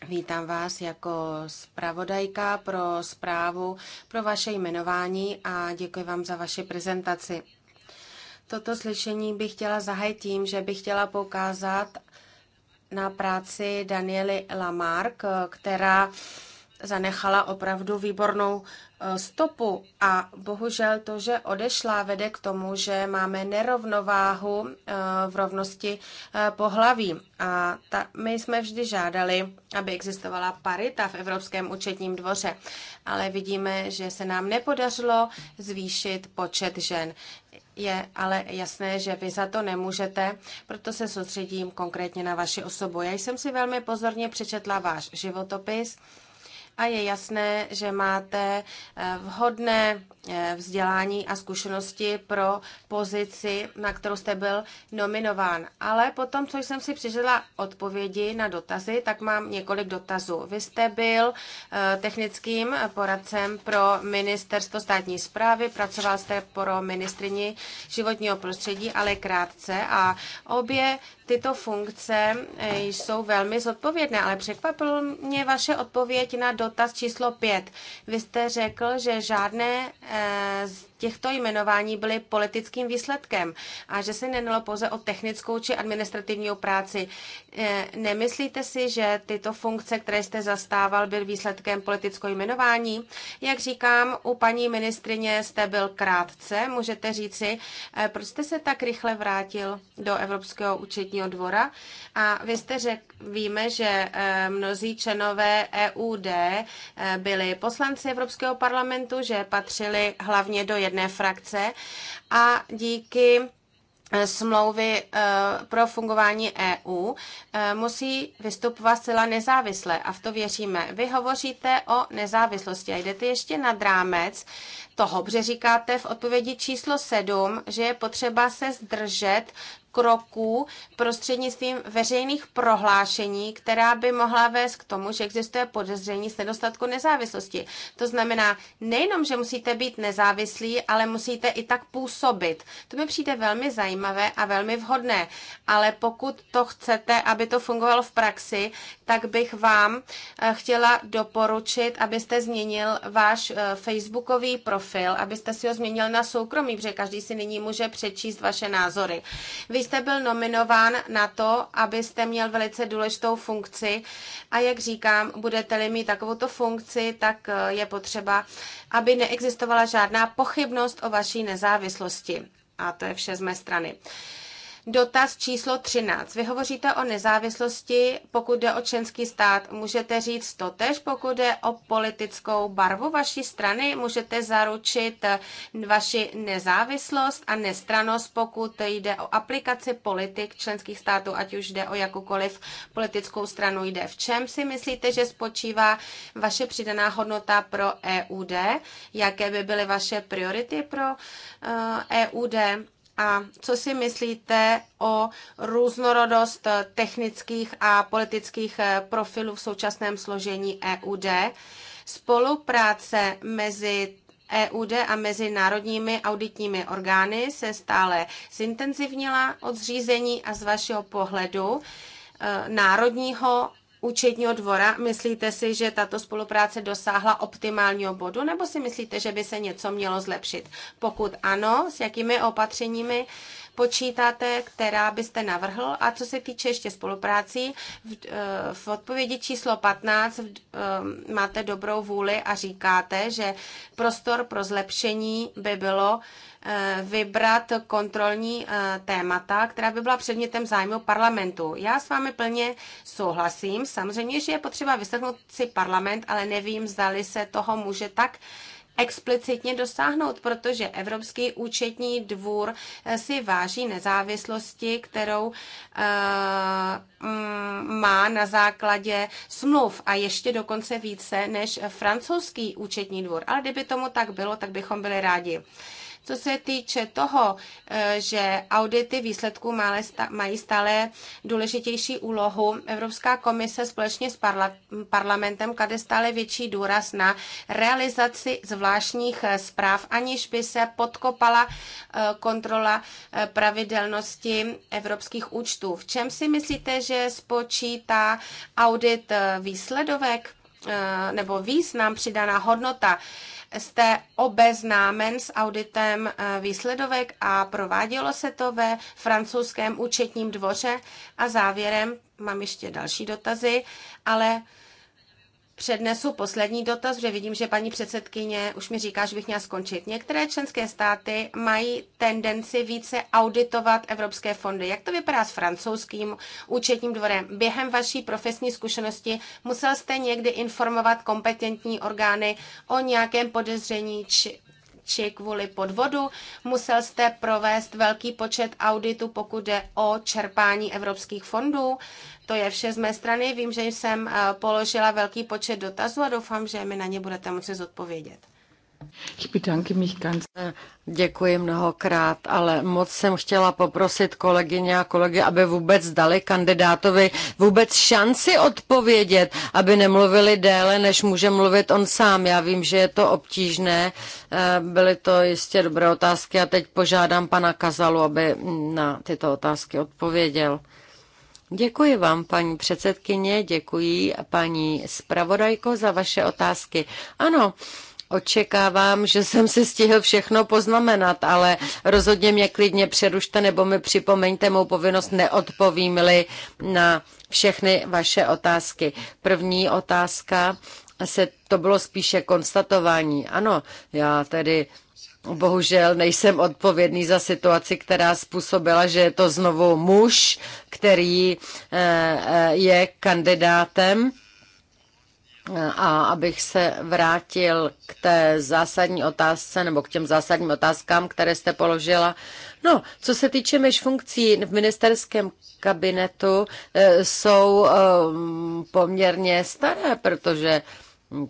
Speaker 4: Vítám vás jako zpravodajka pro zprávu pro vaše jmenování a děkuji vám za vaši prezentaci. Toto slyšení bych chtěla zahajit tím, že bych chtěla poukázat na práci Daniely Lamarck, která zanechala opravdu výbornou eh, stopu a bohužel to, že odešla, vede k tomu, že máme nerovnováhu eh, v rovnosti eh, pohlaví. A ta, my jsme vždy žádali, aby existovala parita v Evropském účetním dvoře, ale vidíme, že se nám nepodařilo zvýšit počet žen. Je ale jasné, že vy za to nemůžete, proto se soustředím konkrétně na vaši osobu. Já jsem si velmi pozorně přečetla váš životopis a je jasné, že máte eh, vhodné eh, vzdělání a zkušenosti pro pozici, na kterou jste byl nominován. Ale potom, co jsem si přežila odpovědi na dotazy, tak mám několik dotazů. Vy jste byl eh, technickým poradcem pro ministerstvo státní zprávy, pracoval jste pro ministrini životního prostředí, ale krátce a obě tyto funkce jsou velmi zodpovědné, ale překvapilo mě vaše odpověď na dotazy dotaz číslo 5. Vy jste řekl, že žádné eh, těchto jmenování byly politickým výsledkem a že se nenalo pouze o technickou či administrativní práci. E, nemyslíte si, že tyto funkce, které jste zastával, byl výsledkem politického jmenování? Jak říkám, u paní ministrině jste byl krátce. Můžete říci, e, proč jste se tak rychle vrátil do Evropského účetního dvora? A vy jste řekl, víme, že e, mnozí členové EUD byli poslanci Evropského parlamentu, že patřili hlavně do jedné frakce a díky eh, smlouvy eh, pro fungování EU eh, musí vystupovat zcela nezávisle a v to věříme. Vy hovoříte o nezávislosti a jdete ještě nad rámec toho, že říkáte v odpovědi číslo 7, že je potřeba se zdržet kroků prostřednictvím veřejných prohlášení, která by mohla vést k tomu, že existuje podezření z nedostatku nezávislosti. To znamená, nejenom, že musíte být nezávislí, ale musíte i tak působit. To mi přijde velmi zajímavé a velmi vhodné, ale pokud to chcete, aby to fungovalo v praxi, tak bych vám eh, chtěla doporučit, abyste změnil váš eh, facebookový profil, abyste si ho změnil na soukromý, protože každý si nyní může přečíst vaše názory. Vy jste byl nominován na to, abyste měl velice důležitou funkci a jak říkám, budete-li mít takovouto funkci, tak eh, je potřeba, aby neexistovala žádná pochybnost o vaší nezávislosti. A to je vše z mé strany. Dotaz číslo 13. Vy hovoříte o nezávislosti, pokud jde o členský stát. Můžete říct to tež, pokud jde o politickou barvu vaší strany? Můžete zaručit eh, vaši nezávislost a nestranost, pokud jde o aplikaci politik členských států, ať už jde o jakoukoliv politickou stranu jde. V čem si myslíte, že spočívá vaše přidaná hodnota pro EUD? Jaké by byly vaše priority pro EUD? Eh, e a co si myslíte o různorodost technických a politických eh, profilů v současném složení EUD? Spolupráce mezi EUD a mezi národními auditními orgány se stále zintenzivnila od zřízení a z vašeho pohledu eh, národního účetního dvora, myslíte si, že tato spolupráce dosáhla optimálního bodu, nebo si myslíte, že by se něco mělo zlepšit? Pokud ano, s jakými opatřeními počítáte, která byste navrhl. A co se týče ještě spoluprácí, v, eh, v odpovědi číslo 15 eh, máte dobrou vůli a říkáte, že prostor pro zlepšení by bylo eh, vybrat kontrolní témata, která by byla předmětem zájmu parlamentu. Já s vámi plně souhlasím. Samozřejmě, že je potřeba vyslechnout si parlament, ale nevím, zdali se toho může tak explicitně dosáhnout, protože Evropský účetní dvůr eh, si váží nezávislosti, kterou eh, mm, má na základě smluv a ještě dokonce více než francouzský účetní dvůr. Ale kdyby tomu tak bylo, tak bychom byli rádi. Co se týče toho, eh, že audity výsledků mají stále důležitější úlohu, Evropská komise společně s parlamentem klade stále větší důraz na realizaci zvláštních eh, zpráv, aniž by se podkopala eh, kontrola pravidelnosti evropských účtů. V čem si myslíte, že spočítá audit výsledovek nebo význam přidaná hodnota? jste obeznámen s auditem eh, výsledovek a provádělo se to ve francouzském účetním dvoře. A závěrem, mám ještě další dotazy, ale přednesu poslední dotaz, že vidím, že paní předsedkyně už mi říká, že bych měla skončit. Některé členské státy mají tendenci více auditovat evropské fondy. Jak to vypadá s francouzským účetním dvorem? Během vaší profesní zkušenosti musel jste někdy informovat kompetentní orgány o nějakém podezření či či kvůli podvodu. Musel jste provést velký počet auditů, pokud jde o čerpání evropských fondů. To je vše z mé strany. Vím, že jsem eh, položila velký počet dotazů a doufám, že mi na ně budete moci zodpovědět.
Speaker 1: Děkuji mnohokrát, ale moc jsem chtěla poprosit kolegyně a kolegy, aby vůbec dali kandidátovi vůbec šanci odpovědět, aby nemluvili déle, než může mluvit on sám. Já vím, že je to obtížné, eh, byly to jistě dobré otázky a teď požádám pana Kazalu, aby na tyto otázky odpověděl. Děkuji vám, paní předsedkyně, děkuji paní zpravodajko za vaše otázky. Ano, Očekávám, že jsem si stihl všechno poznamenat, ale rozhodně mě klidně přerušte nebo mi připomeňte mou povinnost, neodpovím-li na všechny vaše otázky. První otázka se to bylo spíše konstatování. Ano, já tedy bohužel nejsem odpovědný za situaci, která způsobila, že je to znovu muž, který eh, eh, je kandidátem a abych se vrátil k té zásadní otázce, nebo k těm zásadním otázkám, které jste položila. No, co se týče mých funkcí v ministerském kabinetu, eh, jsou eh, poměrně staré, protože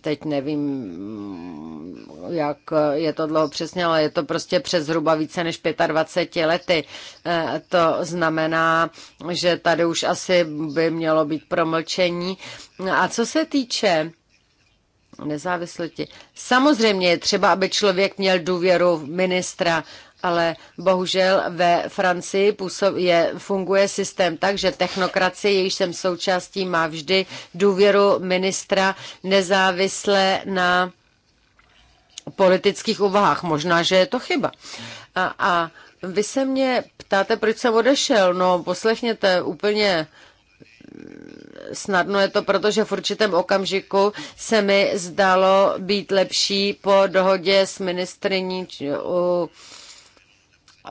Speaker 1: Teď nevím, jak je to dlouho přesně, ale je to prostě přes zhruba více než 25 lety. Eh, to znamená, že tady už asi by mělo být promlčení. A co se týče nezávislosti. Samozřejmě je třeba, aby člověk měl důvěru ministra ale bohužel ve Francii je, funguje systém tak, že technokracie, jejíž jsem součástí, má vždy důvěru ministra nezávisle na politických uvahách. Možná, že je to chyba. A, a vy se mě ptáte, proč jsem odešel. No, poslechněte, úplně snadno je to, protože v určitém okamžiku se mi zdalo být lepší po dohodě s ministriní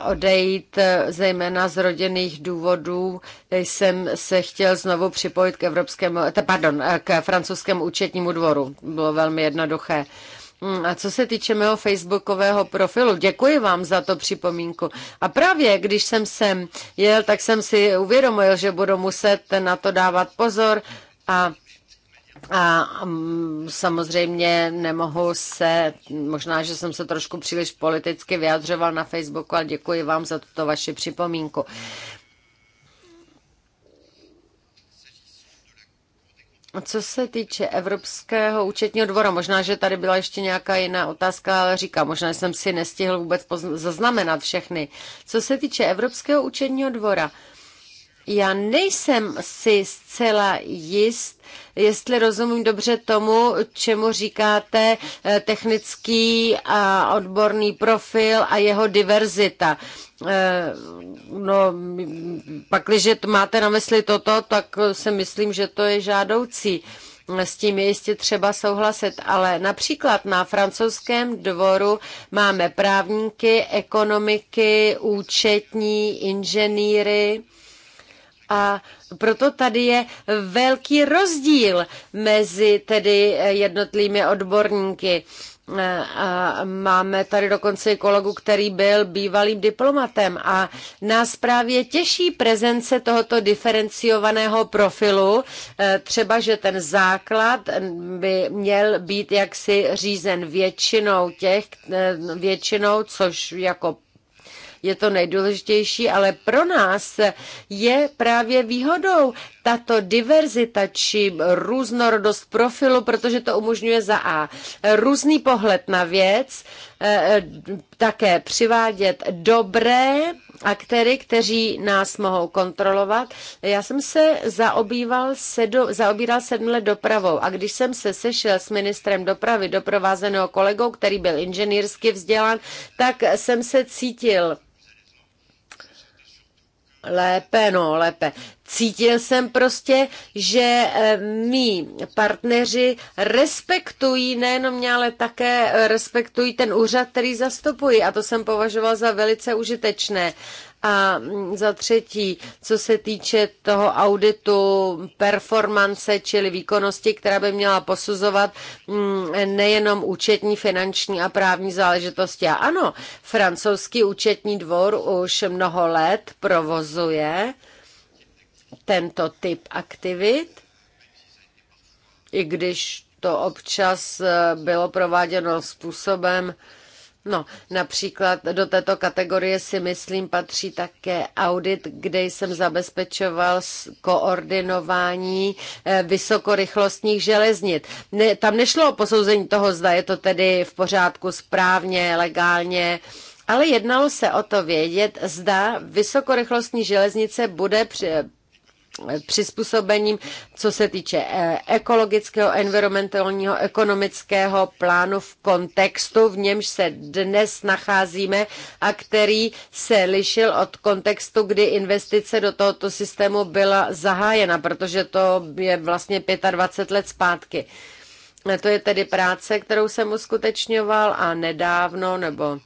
Speaker 1: odejít eh, zejména z rodinných důvodů, jsem se chtěl znovu připojit k, evropskému, eh, pardon, eh, k francouzskému účetnímu dvoru. Bylo velmi jednoduché. Hmm, a co se týče mého facebookového profilu, děkuji vám za to připomínku. A právě když jsem sem jel, tak jsem si uvědomil, že budu muset na to dávat pozor a a mm, samozřejmě nemohu se, možná, že jsem se trošku příliš politicky vyjadřoval na Facebooku, ale děkuji vám za tuto vaši připomínku. Co se týče Evropského účetního dvora, možná, že tady byla ještě nějaká jiná otázka, ale říkám, možná jsem si nestihl vůbec zaznamenat všechny. Co se týče Evropského účetního dvora, uh, já nejsem si zcela jist, jestli rozumím dobře tomu, čemu říkáte eh, technický a odborný profil a jeho diverzita. Eh, no, pakliže máte na mysli toto, tak eh, si myslím, že to je žádoucí. S tím je jistě třeba souhlasit, ale například na francouzském dvoru máme právníky, ekonomiky, účetní, inženýry, a proto tady je velký rozdíl mezi tedy jednotlivými odborníky. A máme tady dokonce i kolegu, který byl bývalým diplomatem a nás právě těší prezence tohoto diferenciovaného profilu, e, třeba, že ten základ by měl být jaksi řízen většinou těch, e, většinou, což jako je to nejdůležitější, ale pro nás je právě výhodou tato diverzita či různorodost profilu, protože to umožňuje za A různý pohled na věc, eh, eh, také přivádět dobré aktéry, kteří nás mohou kontrolovat. Já jsem se zaobýval sedu, zaobíral sedm let dopravou a když jsem se sešel s ministrem dopravy, doprovázeného kolegou, který byl inženýrsky vzdělán, tak jsem se cítil lépe, no lépe. Cítil jsem prostě, že eh, mý partneři respektují nejenom mě, ale také eh, respektují ten úřad, který zastupuji a to jsem považoval za velice užitečné. A za třetí, co se týče toho auditu performance, čili výkonnosti, která by měla posuzovat mm, nejenom účetní, finanční a právní záležitosti. A ano, francouzský účetní dvor už mnoho let provozuje tento typ aktivit, i když to občas eh, bylo prováděno způsobem, No, například do této kategorie si myslím patří také audit, kde jsem zabezpečoval koordinování eh, vysokorychlostních železnic. Ne, tam nešlo o posouzení toho, zda je to tedy v pořádku správně, legálně, ale jednalo se o to vědět, zda vysokorychlostní železnice bude při přizpůsobením, co se týče eh, ekologického, environmentálního, ekonomického plánu v kontextu, v němž se dnes nacházíme a který se lišil od kontextu, kdy investice do tohoto systému byla zahájena, protože to je vlastně 25 let zpátky. To je tedy práce, kterou jsem uskutečňoval a nedávno, nebo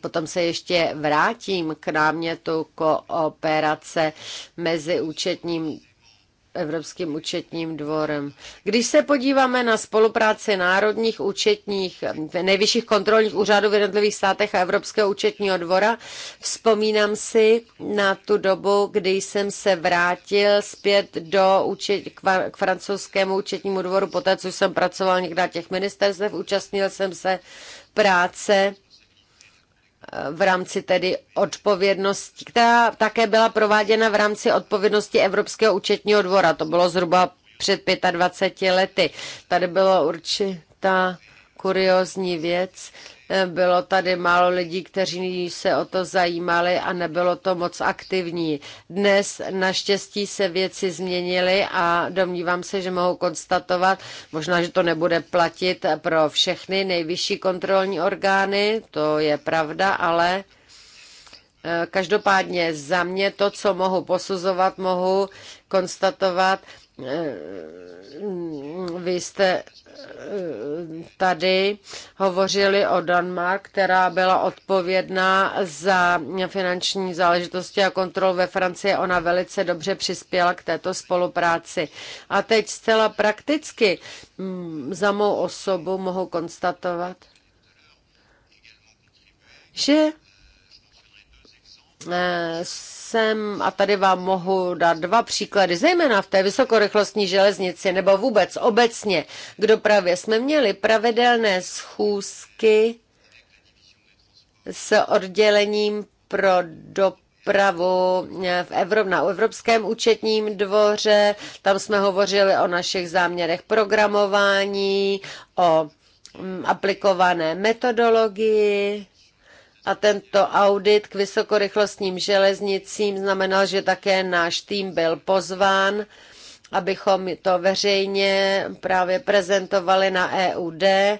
Speaker 1: Potom se ještě vrátím k námětu kooperace mezi účetním Evropským účetním dvorem. Když se podíváme na spolupráci národních účetních, nejvyšších kontrolních úřadů v jednotlivých státech a Evropského účetního dvora, vzpomínám si na tu dobu, kdy jsem se vrátil zpět do účet, k francouzskému účetnímu dvoru, poté co jsem pracoval někde na těch ministerstvech, účastnil jsem se práce v rámci tedy odpovědnosti, která také byla prováděna v rámci odpovědnosti Evropského účetního dvora. To bylo zhruba před 25 lety. Tady bylo určitá kuriozní věc. Eh, Bylo tady málo lidí, kteří se o to zajímali a nebylo to moc aktivní. Dnes naštěstí se věci změnily a domnívám se, že mohu konstatovat, možná, že to nebude platit pro všechny nejvyšší kontrolní orgány, to je pravda, ale eh, každopádně za mě to, co mohu posuzovat, mohu konstatovat, Eh, vy jste eh, tady hovořili o Danmark, která byla odpovědná za finanční záležitosti a kontrolu ve Francii. Ona velice dobře přispěla k této spolupráci. A teď zcela prakticky mm, za mou osobu mohu konstatovat, že eh, jsem, a tady vám mohu dát dva příklady, zejména v té vysokorychlostní železnici nebo vůbec obecně k dopravě, jsme měli pravidelné schůzky s oddělením pro dopravu v Evrop, na Evropském účetním dvoře. Tam jsme hovořili o našich záměrech programování, o mm, aplikované metodologii a tento audit k vysokorychlostním železnicím znamenal, že také náš tým byl pozván, abychom to veřejně právě prezentovali na EUD. E,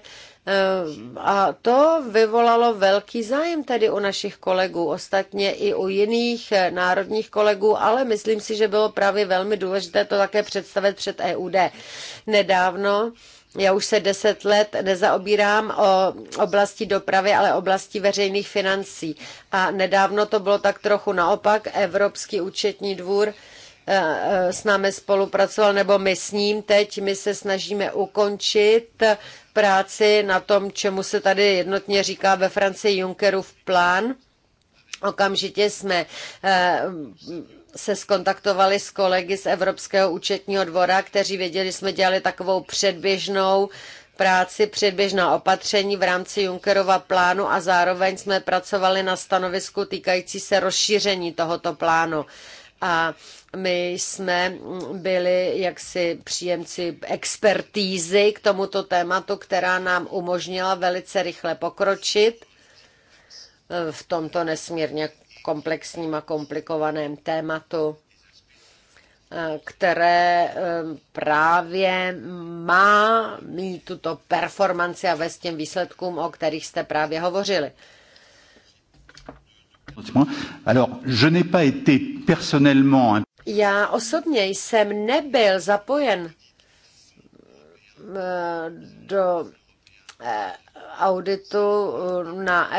Speaker 1: a to vyvolalo velký zájem tedy u našich kolegů, ostatně i u jiných národních kolegů, ale myslím si, že bylo právě velmi důležité to také představit před EUD. Nedávno já už se deset let nezaobírám o oblasti dopravy, ale oblasti veřejných financí. A nedávno to bylo tak trochu naopak. Evropský účetní dvůr eh, eh, s námi spolupracoval, nebo my s ním teď, my se snažíme ukončit práci na tom, čemu se tady jednotně říká ve Francii Junckerův plán. Okamžitě jsme eh, se skontaktovali s kolegy z Evropského účetního dvora, kteří věděli, jsme dělali takovou předběžnou práci, předběžná opatření v rámci Junckerova plánu a zároveň jsme pracovali na stanovisku týkající se rozšíření tohoto plánu. A my jsme byli jaksi příjemci expertízy k tomuto tématu, která nám umožnila velice rychle pokročit v tomto nesmírně komplexním a komplikovaném tématu, eh, které eh, právě má mít tuto performanci a vést těm výsledkům, o kterých jste právě hovořili. Já osobně jsem nebyl zapojen eh, do auditu na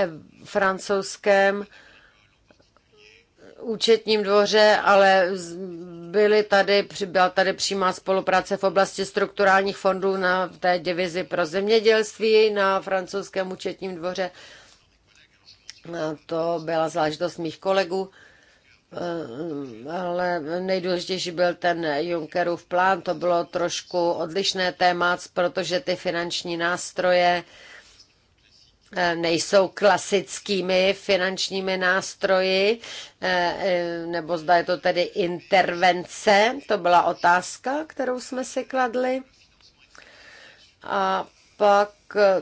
Speaker 1: francouzském účetním dvoře, ale byly tady, byla tady přímá spolupráce v oblasti strukturálních fondů na té divizi pro zemědělství na francouzském účetním dvoře. To byla záležitost mých kolegů, eh, ale nejdůležitější byl ten Junckerův plán. To bylo trošku odlišné téma, protože ty finanční nástroje Eh, nejsou klasickými finančními nástroji, eh, eh, nebo zda je to tedy intervence, to byla otázka, kterou jsme si kladli. A pak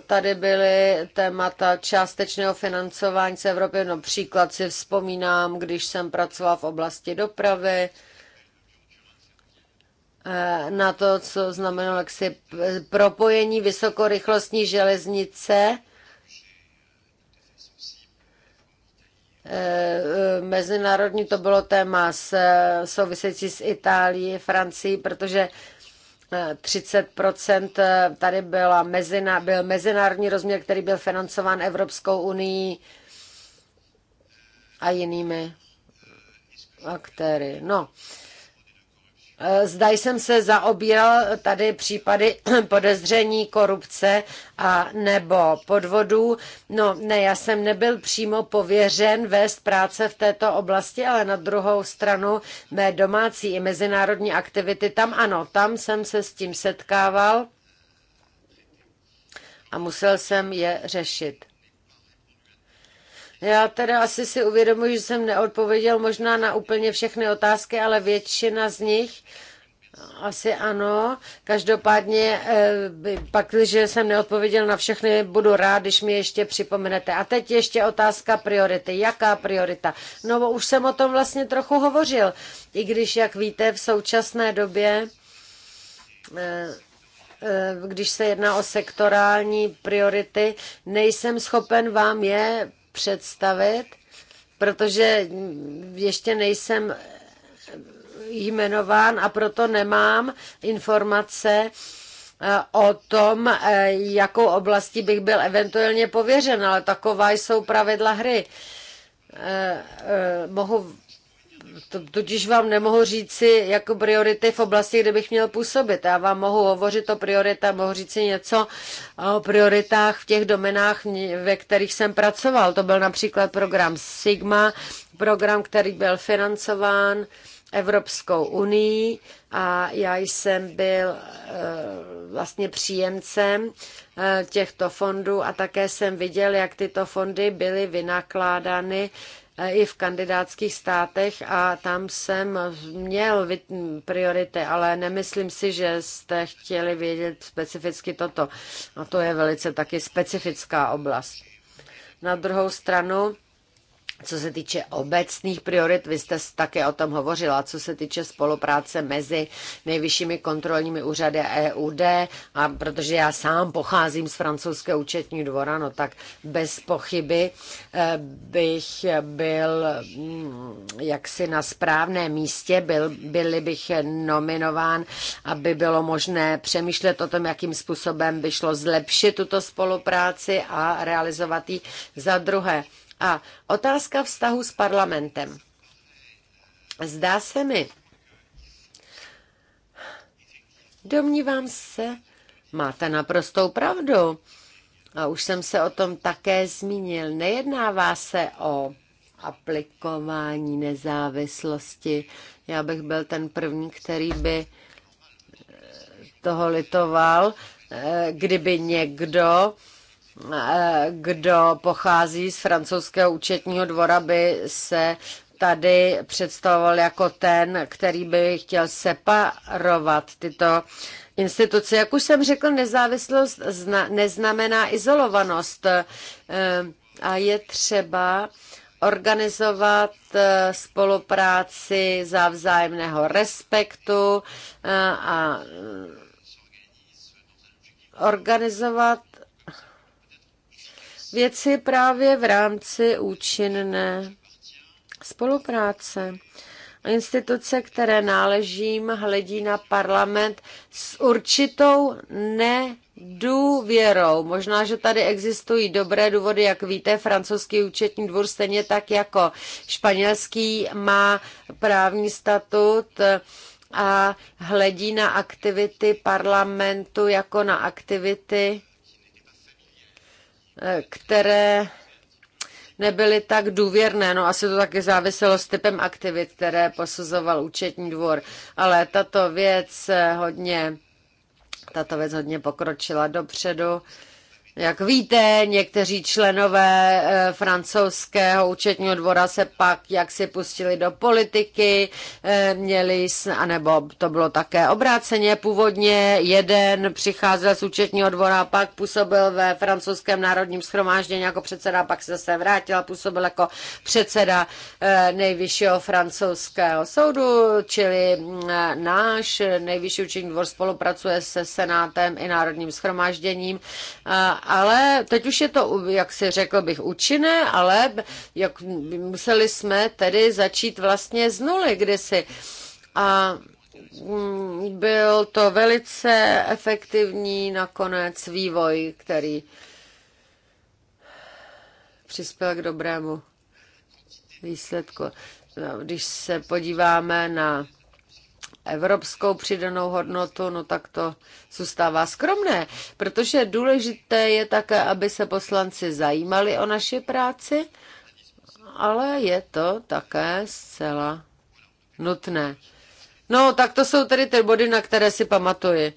Speaker 1: tady byly témata částečného financování z Evropy. Například si vzpomínám, když jsem pracovala v oblasti dopravy, na to, co znamenalo jaksi propojení vysokorychlostní železnice Eh, mezinárodní, to bylo téma s, související s Itálií, Francií, protože 30 eh, eh, tady byla mezina, byl mezinárodní rozměr, který byl financován Evropskou unii a jinými aktéry. No, Eh, zda jsem se zaobíral tady případy podezření korupce a nebo podvodů. No ne, já jsem nebyl přímo pověřen vést práce v této oblasti, ale na druhou stranu mé domácí i mezinárodní aktivity tam ano, tam jsem se s tím setkával a musel jsem je řešit. Já teda asi si uvědomuji, že jsem neodpověděl možná na úplně všechny otázky, ale většina z nich asi ano. Každopádně, eh, pak, když jsem neodpověděl na všechny, budu rád, když mi ještě připomenete. A teď ještě otázka priority. Jaká priorita? No, už jsem o tom vlastně trochu hovořil. I když, jak víte, v současné době eh, eh, když se jedná o sektorální priority, nejsem schopen vám je představit, protože ještě nejsem jmenován a proto nemám informace eh, o tom, eh, jakou oblastí bych byl eventuálně pověřen, ale taková jsou pravidla hry. Eh, mohu Tudíž vám nemohu říci jako priority v oblasti, kde bych měl působit. Já vám mohu hovořit o prioritách, mohu říci něco o prioritách v těch domenách, ve kterých jsem pracoval. To byl například program Sigma, program, který byl financován Evropskou unii a já jsem byl eh, vlastně příjemcem eh, těchto fondů a také jsem viděl, jak tyto fondy byly vynakládány Eh, i v kandidátských státech a tam jsem měl priority, ale nemyslím si, že jste chtěli vědět specificky toto. A to je velice taky specifická oblast. Na druhou stranu co se týče obecných priorit, vy jste také o tom hovořila, co se týče spolupráce mezi nejvyššími kontrolními úřady a EUD, a protože já sám pocházím z francouzského účetního dvora, no tak bez pochyby eh, bych byl mm, jaksi na správném místě, byl, byli bych nominován, aby bylo možné přemýšlet o tom, jakým způsobem by šlo zlepšit tuto spolupráci a realizovat ji za druhé a otázka vztahu s parlamentem. Zdá se mi, domnívám se, máte naprostou pravdu. A už jsem se o tom také zmínil. Nejednává se o aplikování nezávislosti. Já bych byl ten první, který by eh, toho litoval, eh, kdyby někdo kdo pochází z francouzského účetního dvora, by se tady představoval jako ten, který by chtěl separovat tyto instituce. Jak už jsem řekl, nezávislost neznamená izolovanost eh, a je třeba organizovat eh, spolupráci za vzájemného respektu eh, a organizovat věci právě v rámci účinné spolupráce. Instituce, které náležím, hledí na parlament s určitou nedůvěrou. Možná, že tady existují dobré důvody, jak víte, francouzský účetní dvůr stejně tak jako španělský má právní statut a hledí na aktivity parlamentu jako na aktivity které nebyly tak důvěrné. No asi to taky záviselo s typem aktivit, které posuzoval účetní dvor. Ale tato věc eh, hodně, tato věc hodně pokročila dopředu. Jak víte, někteří členové eh, francouzského účetního dvora se pak jak si pustili do politiky, eh, měli, anebo to bylo také obráceně, původně jeden přicházel z účetního dvora, pak působil ve francouzském národním schromáždění jako předseda, pak se zase vrátil a působil jako předseda eh, nejvyššího francouzského soudu, čili mm, náš nejvyšší účetní dvor spolupracuje se senátem i národním schromážděním ale teď už je to, jak si řekl bych, účinné, ale jak, museli jsme tedy začít vlastně z nuly kdysi. A mm, byl to velice efektivní nakonec vývoj, který přispěl k dobrému výsledku. No, když se podíváme na evropskou přidanou hodnotu, no tak to zůstává skromné, protože důležité je také, aby se poslanci zajímali o naši práci, ale je to také zcela nutné. No, tak to jsou tedy ty body, na které si pamatuji.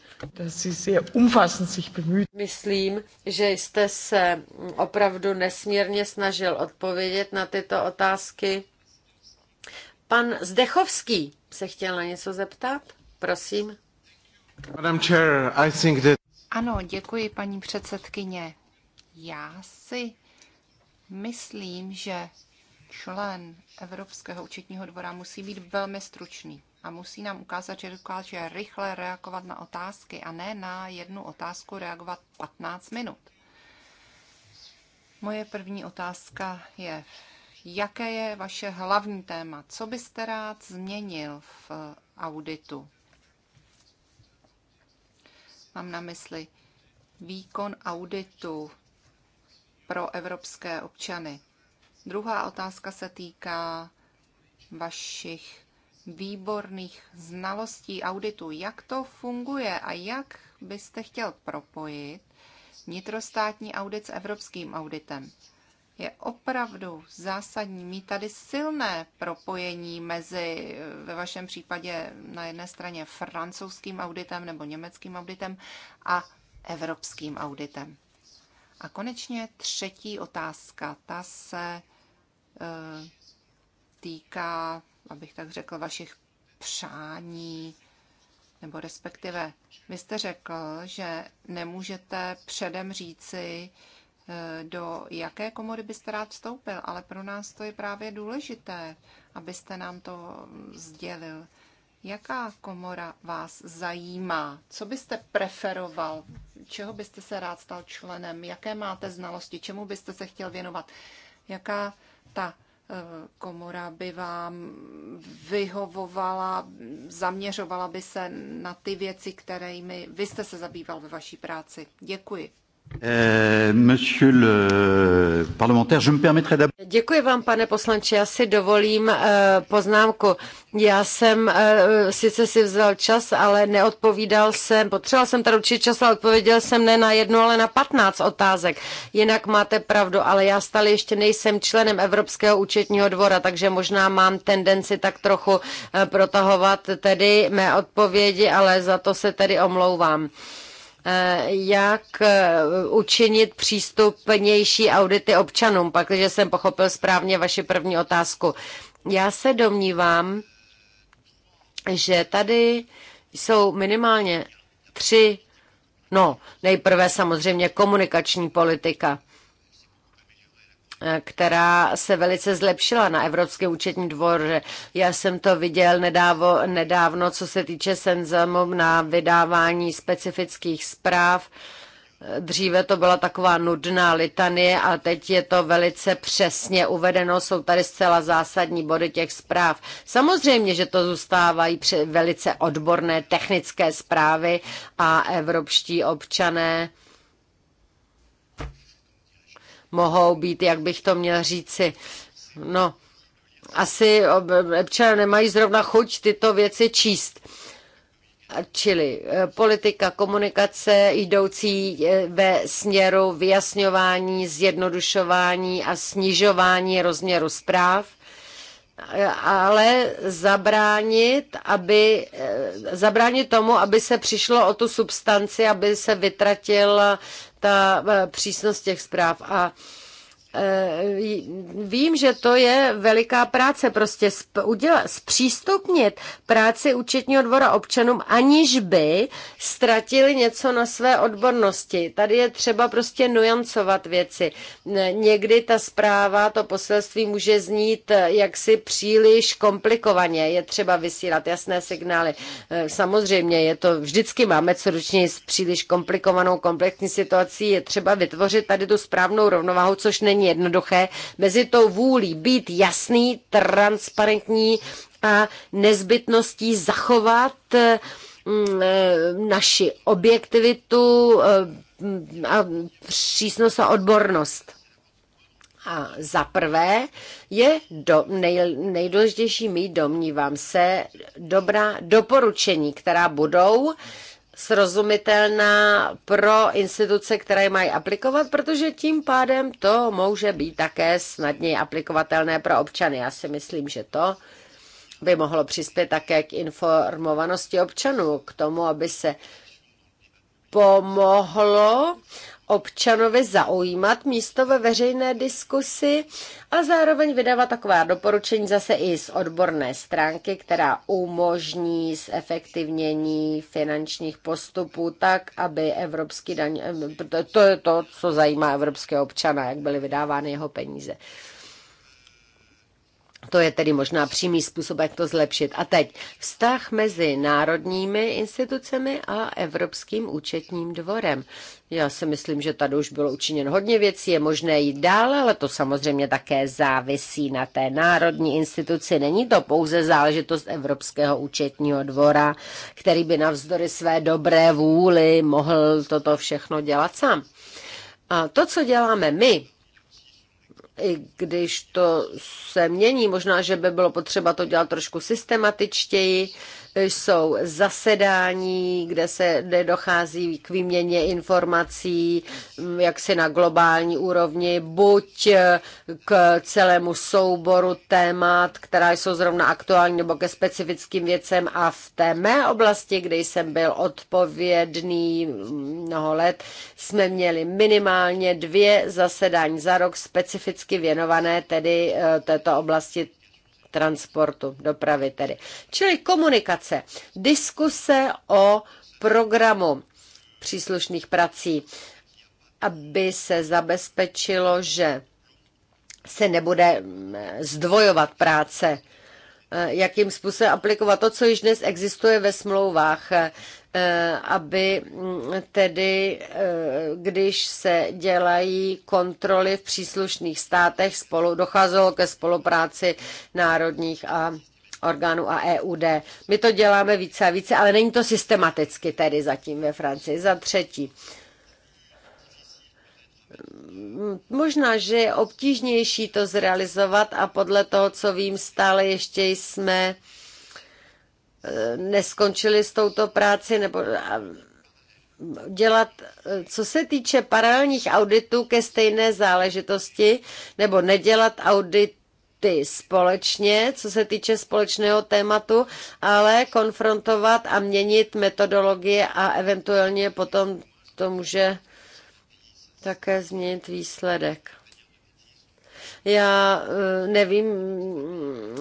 Speaker 1: Myslím, že jste se opravdu nesmírně snažil odpovědět na tyto otázky. Pan Zdechovský se chtěl na něco zeptat? Prosím.
Speaker 2: Madam Chair, I think that...
Speaker 1: Ano, děkuji, paní předsedkyně.
Speaker 3: Já si myslím, že člen Evropského účetního dvora musí být velmi stručný a musí nám ukázat, že dokáže rychle reagovat na otázky a ne na jednu otázku reagovat 15 minut. Moje první otázka je jaké je vaše hlavní téma? Co byste rád změnil v eh, auditu? Mám na mysli výkon auditu pro evropské občany. Druhá otázka se týká vašich výborných znalostí auditu. Jak to funguje a jak byste chtěl propojit vnitrostátní audit s evropským auditem? je opravdu zásadní mít tady silné propojení mezi, ve vašem případě, na jedné straně francouzským auditem nebo německým auditem a evropským auditem. A konečně třetí otázka. Ta se e, týká, abych tak řekl, vašich přání, nebo respektive vy jste řekl, že nemůžete předem říci, Eh, do jaké komory byste rád vstoupil, ale pro nás to je právě důležité, abyste nám to sdělil. Jaká komora vás zajímá? Co byste preferoval? Čeho byste se rád stal členem? Jaké máte znalosti? Čemu byste se chtěl věnovat? Jaká ta eh, komora by vám vyhovovala, zaměřovala by se na ty věci,
Speaker 1: kterými vy jste se zabýval ve vaší práci? Děkuji.
Speaker 2: Eh,
Speaker 1: Děkuji vám, pane poslanče. Já si dovolím eh, poznámku. Já jsem eh, sice si vzal čas, ale neodpovídal jsem. Potřeboval jsem tady určitě čas, ale odpověděl jsem ne na jednu, ale na patnáct otázek. Jinak máte pravdu, ale já stále ještě nejsem členem Evropského účetního dvora, takže možná mám tendenci tak trochu protahovat tedy mé odpovědi, ale za to se tedy omlouvám. Eh, jak eh, učinit přístupnější audity občanům, pakliže jsem pochopil správně vaši první otázku. Já se domnívám, že tady jsou minimálně tři, no nejprve samozřejmě komunikační politika která se velice zlepšila na Evropské účetní dvoře. Já jsem to viděl nedávo, nedávno, co se týče Senzamu na vydávání specifických zpráv. Dříve to byla taková nudná litanie a teď je to velice přesně uvedeno. Jsou tady zcela zásadní body těch zpráv. Samozřejmě, že to zůstávají velice odborné technické zprávy a evropští občané mohou být, jak bych to měl říci, no, asi občané nemají zrovna chuť tyto věci číst. Čili eh, politika komunikace jdoucí eh, ve směru vyjasňování, zjednodušování a snižování rozměru zpráv, eh, ale zabránit, aby, zabránit tomu, aby se přišlo o tu substanci, aby se vytratil ta eh, přísnost těch zpráv a Eh, vím, že to je veliká práce, prostě udělat, zpřístupnit práci účetního dvora občanům, aniž by ztratili něco na své odbornosti. Tady je třeba prostě nuancovat věci. Eh, někdy ta zpráva, to poselství může znít eh, jaksi příliš komplikovaně. Je třeba vysílat jasné signály. Samozřejmě je to, vždycky máme co ručně s příliš komplikovanou komplexní situací. Je třeba vytvořit tady tu správnou rovnováhu, což není jednoduché mezi tou vůlí být jasný, transparentní a nezbytností zachovat mm, e, naši objektivitu e, mm, a přísnost a odbornost. A za prvé je do, nej, nejdůležitější mít, domnívám se, dobrá doporučení, která budou srozumitelná pro instituce, které mají aplikovat, protože tím pádem to může být také snadněji aplikovatelné pro občany. Já si myslím, že to by mohlo přispět také k informovanosti občanů, k tomu, aby se pomohlo občanovi zaujímat místo ve veřejné diskusi a zároveň vydávat taková doporučení zase i z odborné stránky, která umožní zefektivnění finančních postupů tak, aby evropský daň, to je to, co zajímá evropské občana, jak byly vydávány jeho peníze. To je tedy možná přímý způsob, jak to zlepšit. A teď vztah mezi národními institucemi a Evropským účetním dvorem. Já si myslím, že tady už bylo učiněno hodně věcí, je možné jít dál, ale to samozřejmě také závisí na té národní instituci. Není to pouze záležitost Evropského účetního dvora, který by navzdory své dobré vůli mohl toto všechno dělat sám. A to, co děláme my, i když to se mění, možná, že by bylo potřeba to dělat trošku systematičtěji, jsou zasedání, kde se kde dochází k výměně informací, mm, jak si na globální úrovni, buď eh, k celému souboru témat, která jsou zrovna aktuální, nebo ke specifickým věcem. A v té mé oblasti, kde jsem byl odpovědný mnoho let, jsme měli minimálně dvě zasedání za rok specificky věnované tedy eh, této oblasti transportu, dopravy tedy. Čili komunikace, diskuse o programu příslušných prací, aby se zabezpečilo, že se nebude mm, zdvojovat práce, e, jakým způsobem aplikovat to, co již dnes existuje ve smlouvách. Eh, aby mm, tedy, eh, když se dělají kontroly v příslušných státech, spolu, docházelo ke spolupráci národních a orgánů a EUD. My to děláme více a více, ale není to systematicky tedy zatím ve Francii. Za třetí, možná, že je obtížnější to zrealizovat a podle toho, co vím, stále ještě jsme uh, neskončili s touto práci nebo dělat, co se týče paralelních auditů ke stejné záležitosti, nebo nedělat audit společně, co se týče společného tématu, ale konfrontovat a měnit metodologie a eventuálně potom to může také změnit výsledek. Já eh, nevím,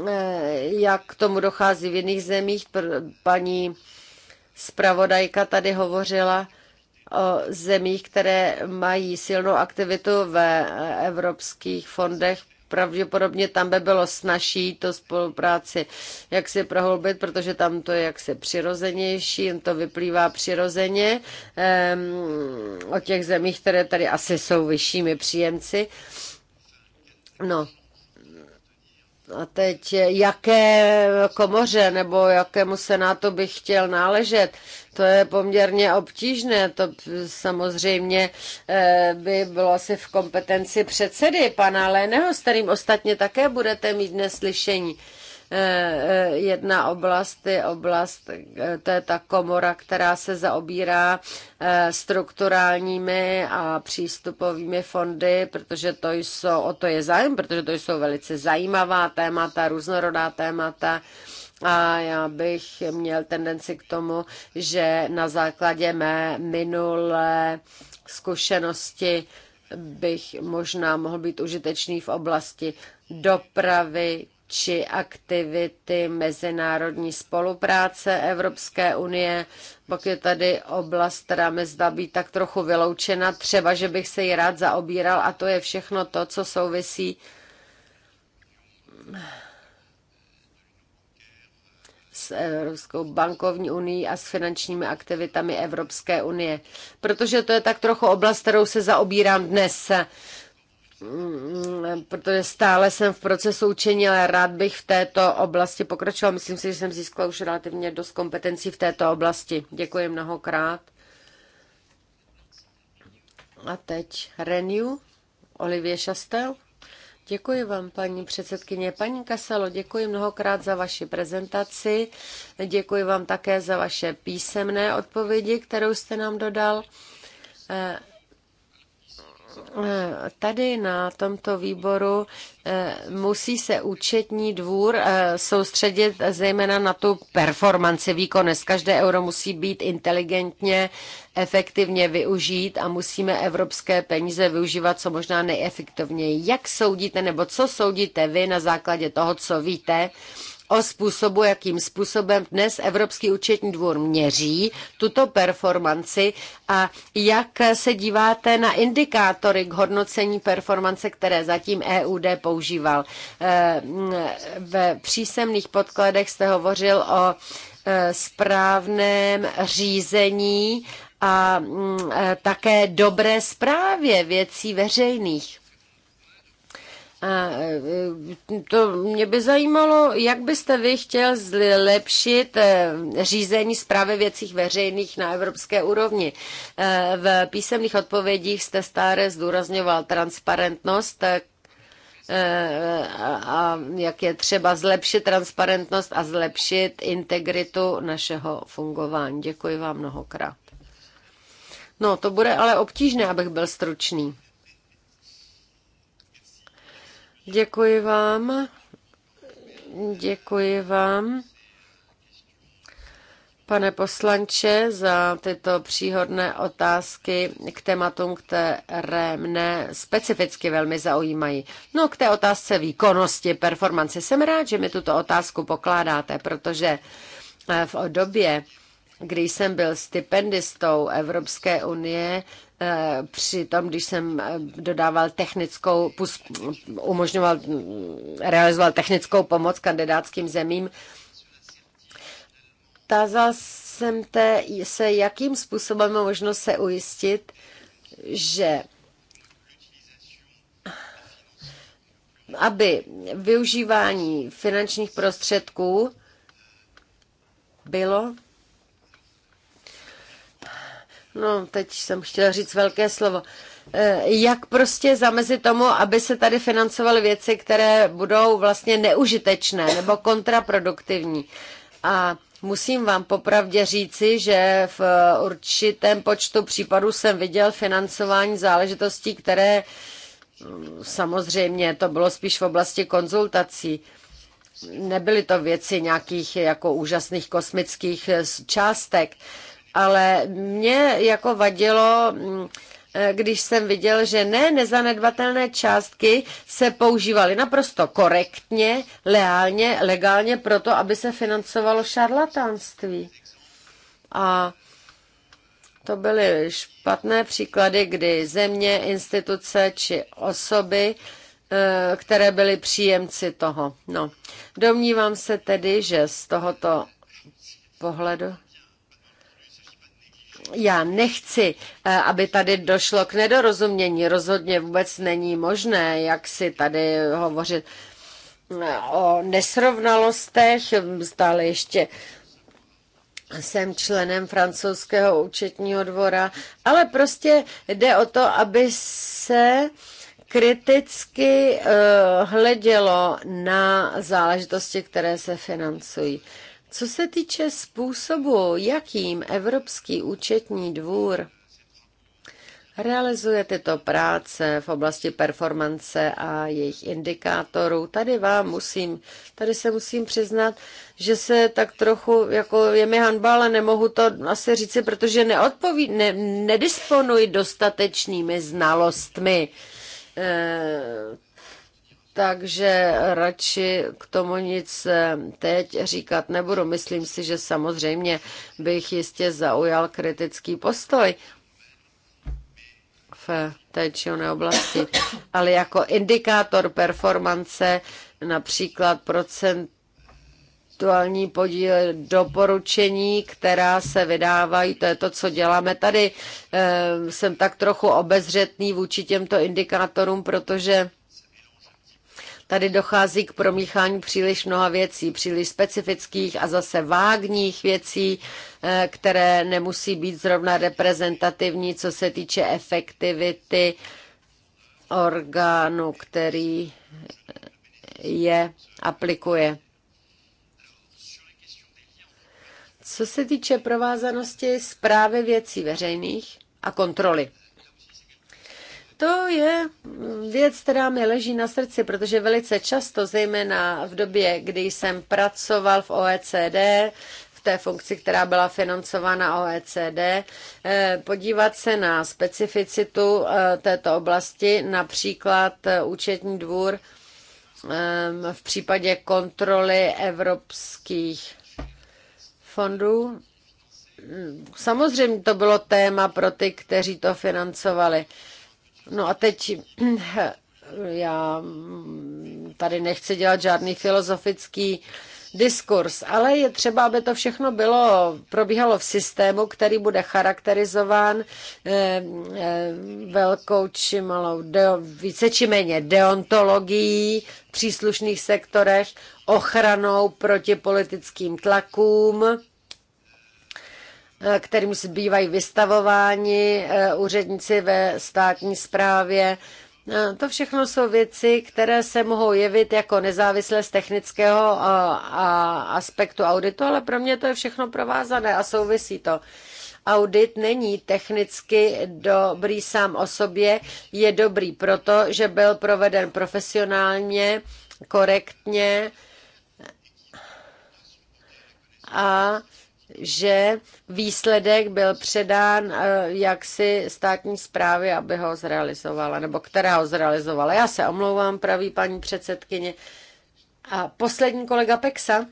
Speaker 1: eh, jak k tomu dochází v jiných zemích. Paní zpravodajka tady hovořila o zemích, které mají silnou aktivitu ve evropských fondech. Pravděpodobně tam by bylo snažší to spolupráci jak si prohloubit, protože tam to je jaksi přirozenější, to vyplývá přirozeně ehm, o těch zemích, které tady asi jsou vyššími příjemci. Ehm, No, a teď, jaké komoře nebo jakému senátu bych chtěl náležet, to je poměrně obtížné. To samozřejmě eh, by bylo asi v kompetenci předsedy pana Léneho, s kterým ostatně také budete mít dnes slyšení. Eh, eh, jedna oblast je oblast, eh, to je ta komora, která se zaobírá strukturálními a přístupovými fondy, protože to jsou, o to je zájem, protože to jsou velice zajímavá témata, různorodá témata. A já bych měl tendenci k tomu, že na základě mé minulé zkušenosti bych možná mohl být užitečný v oblasti dopravy, či aktivity mezinárodní spolupráce Evropské unie, pokud je tady oblast, která mi zdá být tak trochu vyloučena, třeba, že bych se ji rád zaobíral a to je všechno to, co souvisí s Evropskou bankovní unii a s finančními aktivitami Evropské unie. Protože to je tak trochu oblast, kterou se zaobírám dnes. Mm, protože stále jsem v procesu učení, ale rád bych v této oblasti pokračoval. Myslím si, že jsem získala už relativně dost kompetencí v této oblasti. Děkuji mnohokrát. A teď Renew, Olivier šastel. Děkuji vám, paní předsedkyně. Paní Kasalo, děkuji mnohokrát za vaši prezentaci. Děkuji vám také za vaše písemné odpovědi, kterou jste nám dodal. Eh, Eh, tady na tomto výboru eh, musí se účetní dvůr eh, soustředit zejména na tu performanci výkonnost. Každé euro musí být inteligentně, efektivně využít a musíme evropské peníze využívat co možná nejefektivněji. Jak soudíte nebo co soudíte vy na základě toho, co víte? o způsobu, jakým způsobem dnes Evropský účetní dvůr měří tuto performanci a jak se díváte na indikátory k hodnocení performance, které zatím EUD používal. Eh, mm, ve přísemných podkladech jste hovořil o eh, správném řízení a mm, eh, také dobré zprávě věcí veřejných. E, to mě by zajímalo, jak byste vy chtěl zlepšit e, řízení zprávy věcích veřejných na evropské úrovni. E, v písemných odpovědích jste stále zdůrazňoval transparentnost, a jak je třeba zlepšit transparentnost a zlepšit integritu našeho fungování. Děkuji vám mnohokrát. No, to bude ale obtížné, abych byl stručný. Děkuji vám. Děkuji vám, pane poslanče, za tyto příhodné otázky k tématům, které mne specificky velmi zaujímají. No, k té otázce výkonnosti, performance. Jsem rád, že mi tuto otázku pokládáte, protože eh, v době, když jsem byl stipendistou Evropské unie, eh, při tom, když jsem eh, dodával technickou, umožňoval, mm, realizoval technickou pomoc kandidátským zemím, tázal jsem te, se, jakým způsobem je možno se ujistit, že aby využívání finančních prostředků bylo no teď jsem chtěla říct velké slovo, eh, jak prostě zamezit tomu, aby se tady financovaly věci, které budou vlastně neužitečné nebo kontraproduktivní. A musím vám popravdě říci, že v určitém počtu případů jsem viděl financování záležitostí, které mm, samozřejmě to bylo spíš v oblasti konzultací. Nebyly to věci nějakých jako úžasných kosmických eh, částek ale mě jako vadilo, mm, eh, když jsem viděl, že ne nezanedbatelné částky se používaly naprosto korektně, leálně, legálně proto, aby se financovalo šarlatánství. A to byly špatné příklady, kdy země, instituce či osoby, eh, které byly příjemci toho. No, domnívám se tedy, že z tohoto pohledu já nechci, eh, aby tady došlo k nedorozumění. Rozhodně vůbec není možné, jak si tady hovořit eh, o nesrovnalostech. Stále ještě jsem členem francouzského účetního dvora, ale prostě jde o to, aby se kriticky eh, hledělo na záležitosti, které se financují. Co se týče způsobu, jakým Evropský účetní dvůr realizuje tyto práce v oblasti performance a jejich indikátorů, tady vám musím, tady se musím přiznat, že se tak trochu, jako je mi hanba, ale nemohu to asi říci, protože neodpoví, ne, nedisponuji dostatečnými znalostmi eh, takže radši k tomu nic eh, teď říkat nebudu. Myslím si, že samozřejmě bych jistě zaujal kritický postoj v té či oné oblasti, ale jako indikátor performance, například procent aktuální podíl doporučení, která se vydávají, to je to, co děláme tady. Eh, jsem tak trochu obezřetný vůči těmto indikátorům, protože Tady dochází k promíchání příliš mnoha věcí, příliš specifických a zase vágních věcí, eh, které nemusí být zrovna reprezentativní, co se týče efektivity orgánu, který eh, je aplikuje. Co se týče provázanosti zprávy věcí veřejných a kontroly. To je věc, která mi leží na srdci, protože velice často, zejména v době, kdy jsem pracoval v OECD, v té funkci, která byla financována OECD, eh, podívat se na specificitu eh, této oblasti, například eh, účetní dvůr v případě kontroly evropských fondů. Samozřejmě to bylo téma pro ty, kteří to financovali. No a teď já mm, tady nechci dělat žádný filozofický diskurs, ale je třeba, aby to všechno bylo, probíhalo v systému, který bude charakterizován eh, eh, velkou či malou, více či méně deontologií v příslušných sektorech, ochranou proti politickým tlakům, Eh, kterým zbývají vystavováni eh, úředníci ve státní správě. Eh, to všechno jsou věci, které se mohou jevit jako nezávislé z technického a, a aspektu auditu, ale pro mě to je všechno provázané a souvisí to. Audit není technicky dobrý sám o sobě, je dobrý proto, že byl proveden profesionálně, korektně a že výsledek byl předán eh, jaksi státní správě, aby ho zrealizovala, nebo která ho zrealizovala. Já se omlouvám, praví paní předsedkyně. A poslední kolega Pexa.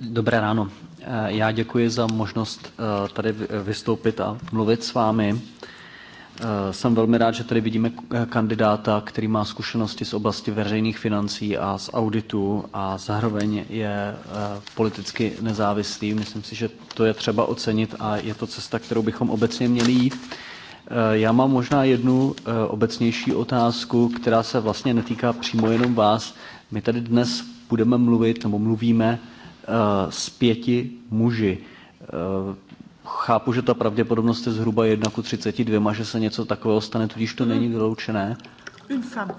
Speaker 2: Dobré ráno. Eh, já děkuji za možnost eh, tady vystoupit a mluvit s vámi. Eh, jsem velmi rád, že tady vidíme eh, kandidáta, který má zkušenosti z oblasti veřejných financí a z auditu a zároveň je eh, politicky nezávislý. Myslím si, že to je třeba ocenit a je to cesta, kterou bychom obecně měli jít. Já mám možná jednu obecnější otázku, která se vlastně netýká přímo jenom vás. My tady dnes budeme mluvit, nebo mluvíme s pěti muži. Chápu, že ta pravděpodobnost je zhruba 1 k 32, že se něco takového stane, tudíž to mhm. není vyloučené. Une femme.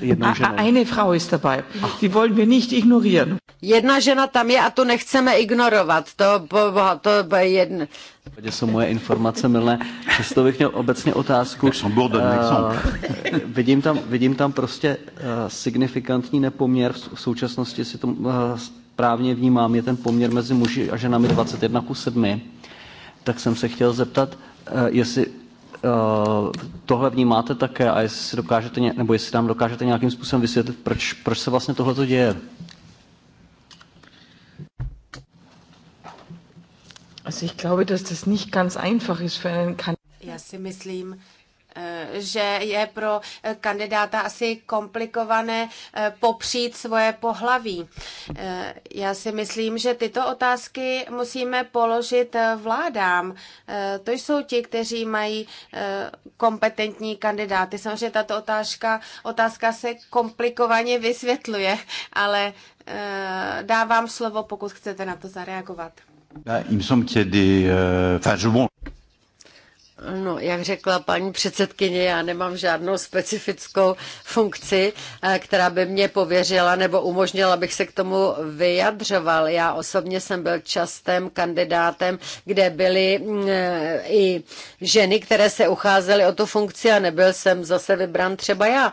Speaker 2: jedna žena. A Frau ist dabei. Die wollen wir nicht ignorieren.
Speaker 1: Jedna žena tam je a to nechceme ignorovat. To, bo, bo, to bo jedn...
Speaker 2: jsou moje informace milné. Přesto bych měl obecně otázku. uh, vidím, tam, vidím tam prostě uh, signifikantní nepoměr. V současnosti si to uh, správně vnímám, je ten poměr mezi muži a ženami 21 ku 7, tak jsem se chtěl zeptat, eh, jestli eh, tohle vnímáte také a jestli si dokážete, nebo jestli nám dokážete nějakým způsobem vysvětlit, proč, proč se vlastně tohle to děje. Also ich glaube, dass das nicht ganz einfach ist für einen Kandidaten. Já
Speaker 4: si myslím, Eh, že je pro kandidáta asi komplikované eh, popřít svoje pohlaví. Eh, já si myslím, že tyto otázky musíme položit vládám. To jsou ti, kteří mají kompetentní kandidáty. Samozřejmě tato otázka, otázka se komplikovaně vysvětluje, ale dávám slovo, pokud chcete na to zareagovat.
Speaker 1: No, jak řekla paní předsedkyně, já nemám žádnou specifickou funkci, eh, která by mě pověřila nebo umožnila, abych se k tomu vyjadřoval. Já osobně jsem byl častým kandidátem, kde byly mm, eh, i ženy, které se ucházely o tu funkci a nebyl jsem zase vybrán třeba já.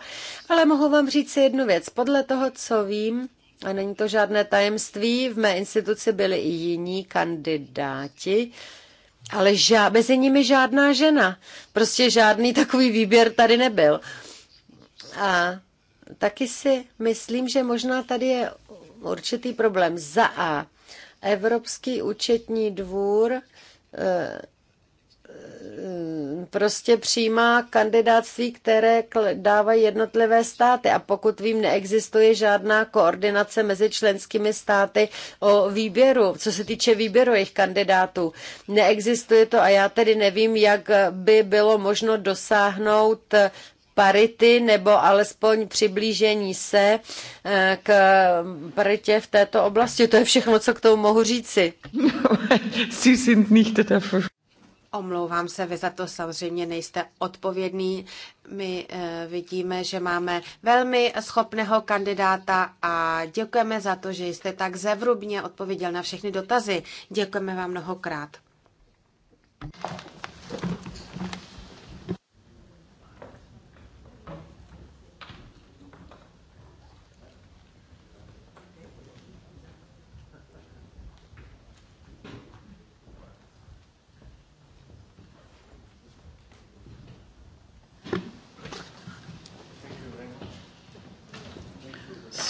Speaker 1: Ale mohu vám říct si jednu věc. Podle toho, co vím, a není to žádné tajemství, v mé instituci byli i jiní kandidáti, ale ža- mezi nimi žádná žena. Prostě žádný takový výběr tady nebyl. A taky si myslím, že možná tady je určitý problém. Za A. Evropský účetní dvůr eh, Mm, prostě přijímá kandidátství, které dávají jednotlivé státy. A pokud vím, neexistuje žádná koordinace mezi členskými státy o výběru, co se týče výběru jejich kandidátů. Neexistuje to a já tedy nevím, jak by bylo možno dosáhnout parity nebo alespoň přiblížení se eh, k paritě v této oblasti. To je všechno, co k tomu mohu říci.
Speaker 4: Omlouvám se, vy za to samozřejmě nejste odpovědný. My eh, vidíme, že máme velmi schopného kandidáta a děkujeme za to, že jste tak zevrubně odpověděl na všechny dotazy. Děkujeme vám mnohokrát.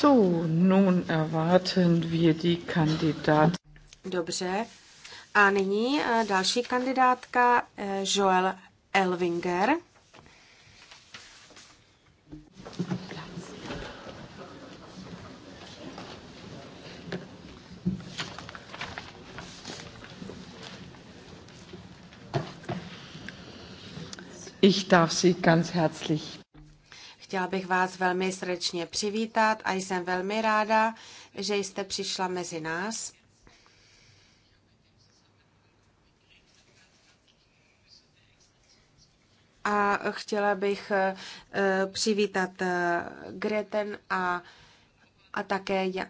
Speaker 2: So, nun erwarten wir die Kandidat.
Speaker 4: Dobře. A nyní eh, další kandidátka eh, Joel Elvinger.
Speaker 2: Ich darf Sie ganz herzlich
Speaker 4: Chtěla bych vás velmi srdečně přivítat a jsem velmi ráda, že jste přišla mezi nás. A chtěla bych eh, přivítat eh, Greten a, a také eh,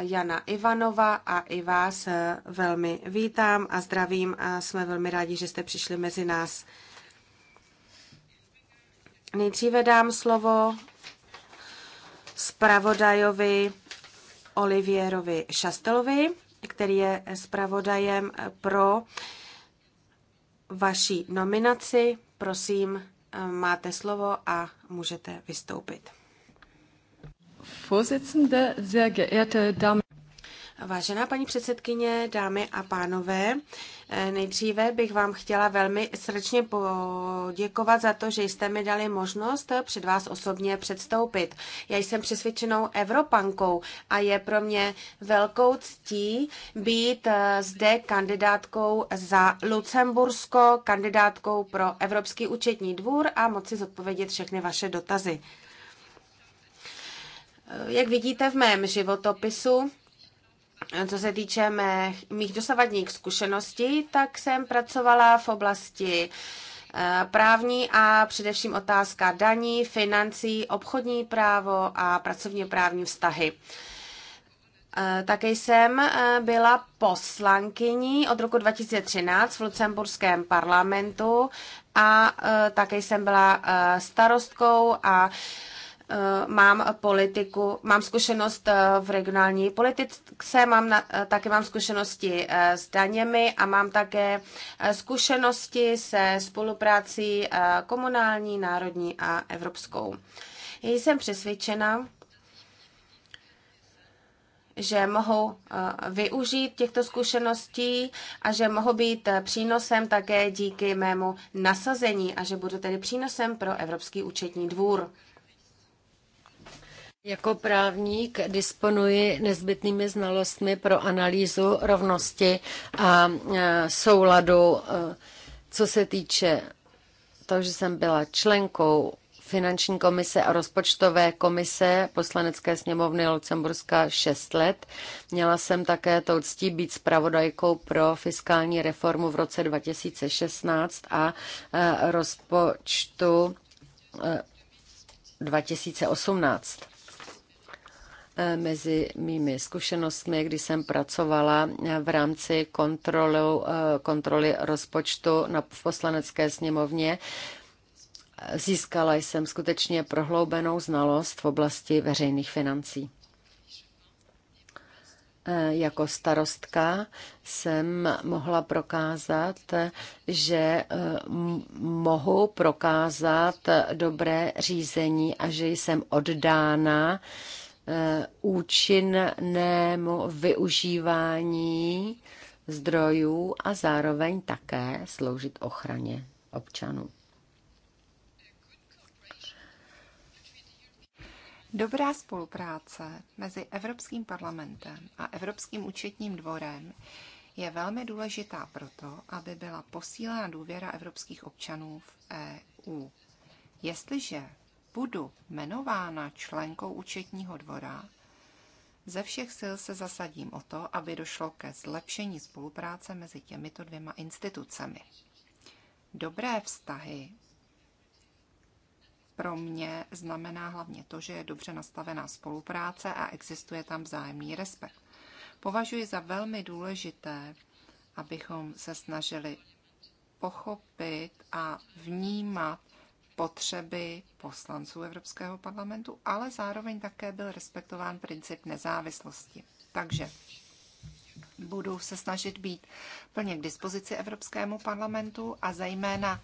Speaker 4: Jana Ivanova a i vás velmi vítám a zdravím a jsme velmi rádi, že jste přišli mezi nás. Nejdříve dám slovo zpravodajovi Olivierovi Šastelovi, který je zpravodajem pro vaší nominaci. Prosím, máte slovo a můžete vystoupit.
Speaker 3: Vorsitzende, sehr geehrte Damen
Speaker 4: Vážená paní předsedkyně, dámy a pánové, eh, nejdříve bych vám chtěla velmi srdečně poděkovat za to, že jste mi dali možnost před vás osobně předstoupit. Já jsem přesvědčenou Evropankou a je pro mě velkou ctí být eh, zde kandidátkou za Lucembursko, kandidátkou pro Evropský účetní dvůr a moci zodpovědět všechny vaše dotazy. Eh, jak vidíte v mém životopisu, co se týče mých, mých dosavadních zkušeností, tak jsem pracovala v oblasti eh, právní a především otázka daní, financí, obchodní právo a pracovně právní vztahy. Eh, také jsem eh, byla poslankyní od roku 2013 v Lucemburském parlamentu a také jsem byla starostkou a Eh, mám politiku, mám zkušenost eh, v regionální politice, mám na, eh, také mám zkušenosti s daněmi a mám také zkušenosti se spoluprácí komunální, národní a evropskou. Jsem přesvědčena, že mohou využít těchto zkušeností a že mohou být přínosem také díky mému nasazení a že budu tedy přínosem pro Evropský účetní dvůr.
Speaker 1: Jako právník disponuji nezbytnými znalostmi pro analýzu rovnosti a e, souladu, e, co se týče toho, že jsem byla členkou finanční komise a rozpočtové komise poslanecké sněmovny Lucemburska 6 let. Měla jsem také to ctí být zpravodajkou pro fiskální reformu v roce 2016 a e, rozpočtu 2018. Eh, mezi mými zkušenostmi, kdy jsem pracovala eh, v rámci kontrolu, eh, kontroly rozpočtu na, poslanecké sněmovně. Získala jsem skutečně prohloubenou znalost v oblasti veřejných financí. Jako starostka jsem mohla prokázat, že mohu prokázat dobré řízení a že jsem oddána Eh, účinnému využívání zdrojů a zároveň také sloužit ochraně občanů.
Speaker 3: Dobrá spolupráce mezi Evropským parlamentem a Evropským účetním dvorem je velmi důležitá proto, aby byla posílena důvěra evropských občanů v EU. Jestliže budu jmenována členkou účetního dvora, ze všech sil se zasadím o to, aby došlo ke zlepšení spolupráce mezi těmito dvěma institucemi. Dobré vztahy pro mě znamená hlavně to, že je dobře nastavená spolupráce a existuje tam vzájemný respekt. Považuji za velmi důležité, abychom se snažili pochopit a vnímat potřeby poslanců Evropského parlamentu, ale zároveň také byl respektován princip nezávislosti. Takže budu se snažit být plně k dispozici Evropskému parlamentu a zejména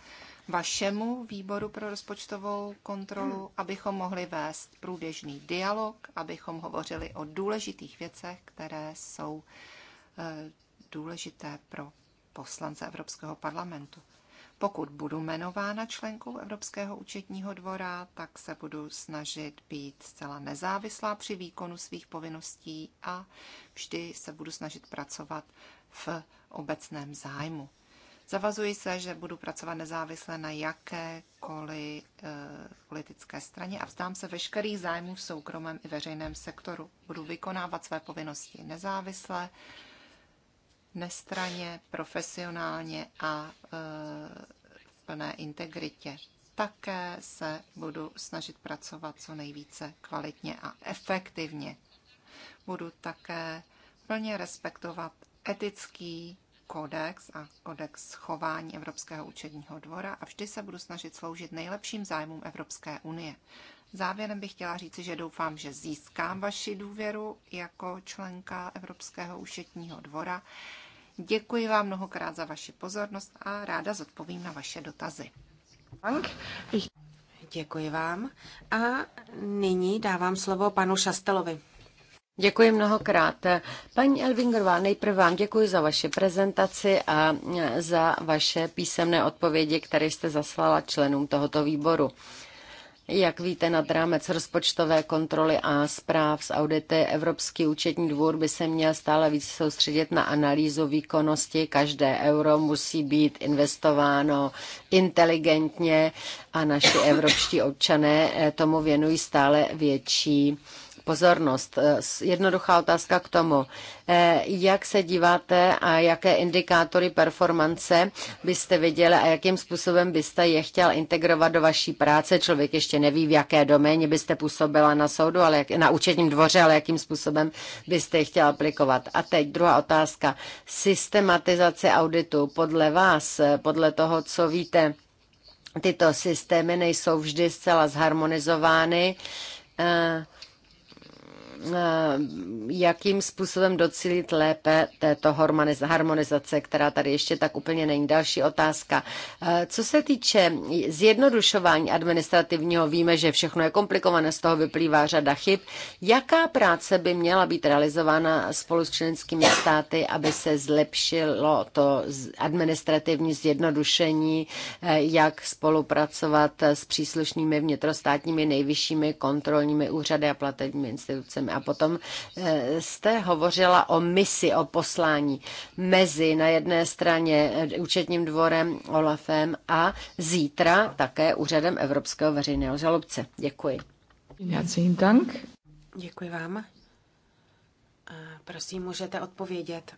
Speaker 3: vašemu výboru pro rozpočtovou kontrolu, abychom mohli vést průběžný dialog, abychom hovořili o důležitých věcech, které jsou eh, důležité pro poslance Evropského parlamentu. Pokud budu jmenována členkou Evropského účetního dvora, tak se budu snažit být zcela nezávislá při výkonu svých povinností a vždy se budu snažit pracovat v obecném zájmu. Zavazuji se, že budu pracovat nezávisle na jakékoliv e, politické straně a vzdám se veškerých zájmů v soukromém i veřejném sektoru. Budu vykonávat své povinnosti nezávisle nestraně, profesionálně a e, v plné integritě. Také se budu snažit pracovat co nejvíce kvalitně a efektivně. Budu také plně respektovat etický kodex a kodex chování Evropského účetního dvora a vždy se budu snažit sloužit nejlepším zájmům Evropské unie. Závěrem bych chtěla říci, že doufám, že získám vaši důvěru jako členka Evropského účetního dvora. Děkuji vám mnohokrát za vaši pozornost a ráda zodpovím na vaše dotazy.
Speaker 1: Děkuji vám a nyní dávám slovo panu Šastelovi. Děkuji mnohokrát. Paní Elvingerová, nejprve vám děkuji za vaše prezentaci a za vaše písemné odpovědi, které jste zaslala členům tohoto výboru. Jak víte, nad rámec rozpočtové kontroly a zpráv z audity Evropský účetní dvůr by se měl stále více soustředit na analýzu výkonnosti. Každé euro musí být investováno inteligentně a naši evropští občané eh, tomu věnují stále větší pozornost. Eh, jednoduchá otázka k tomu. Eh, jak se díváte a jaké indikátory performance byste viděli a jakým způsobem byste je chtěl integrovat do vaší práce? Člověk ještě neví, v jaké doméně byste působila na soudu, ale jak, na účetním dvoře, ale jakým způsobem byste je chtěl aplikovat. A teď druhá otázka. Systematizace auditu podle vás, eh, podle toho, co víte, tyto systémy nejsou vždy zcela zharmonizovány. Uh, Eh, jakým způsobem docílit lépe této harmonizace, která tady ještě tak úplně není. Další otázka. Eh, co se týče zjednodušování administrativního, víme, že všechno je komplikované, z toho vyplývá řada chyb. Jaká práce by měla být realizována spolu s členskými státy, aby se zlepšilo to administrativní zjednodušení, eh, jak spolupracovat s příslušnými vnitrostátními nejvyššími kontrolními úřady a platebními institucemi? A potom eh, jste hovořila o misi, o poslání mezi na jedné straně eh, účetním dvorem, OLAFem a zítra také úřadem Evropského veřejného žalobce. Děkuji. Děkuji vám.
Speaker 4: prosím, můžete odpovědět.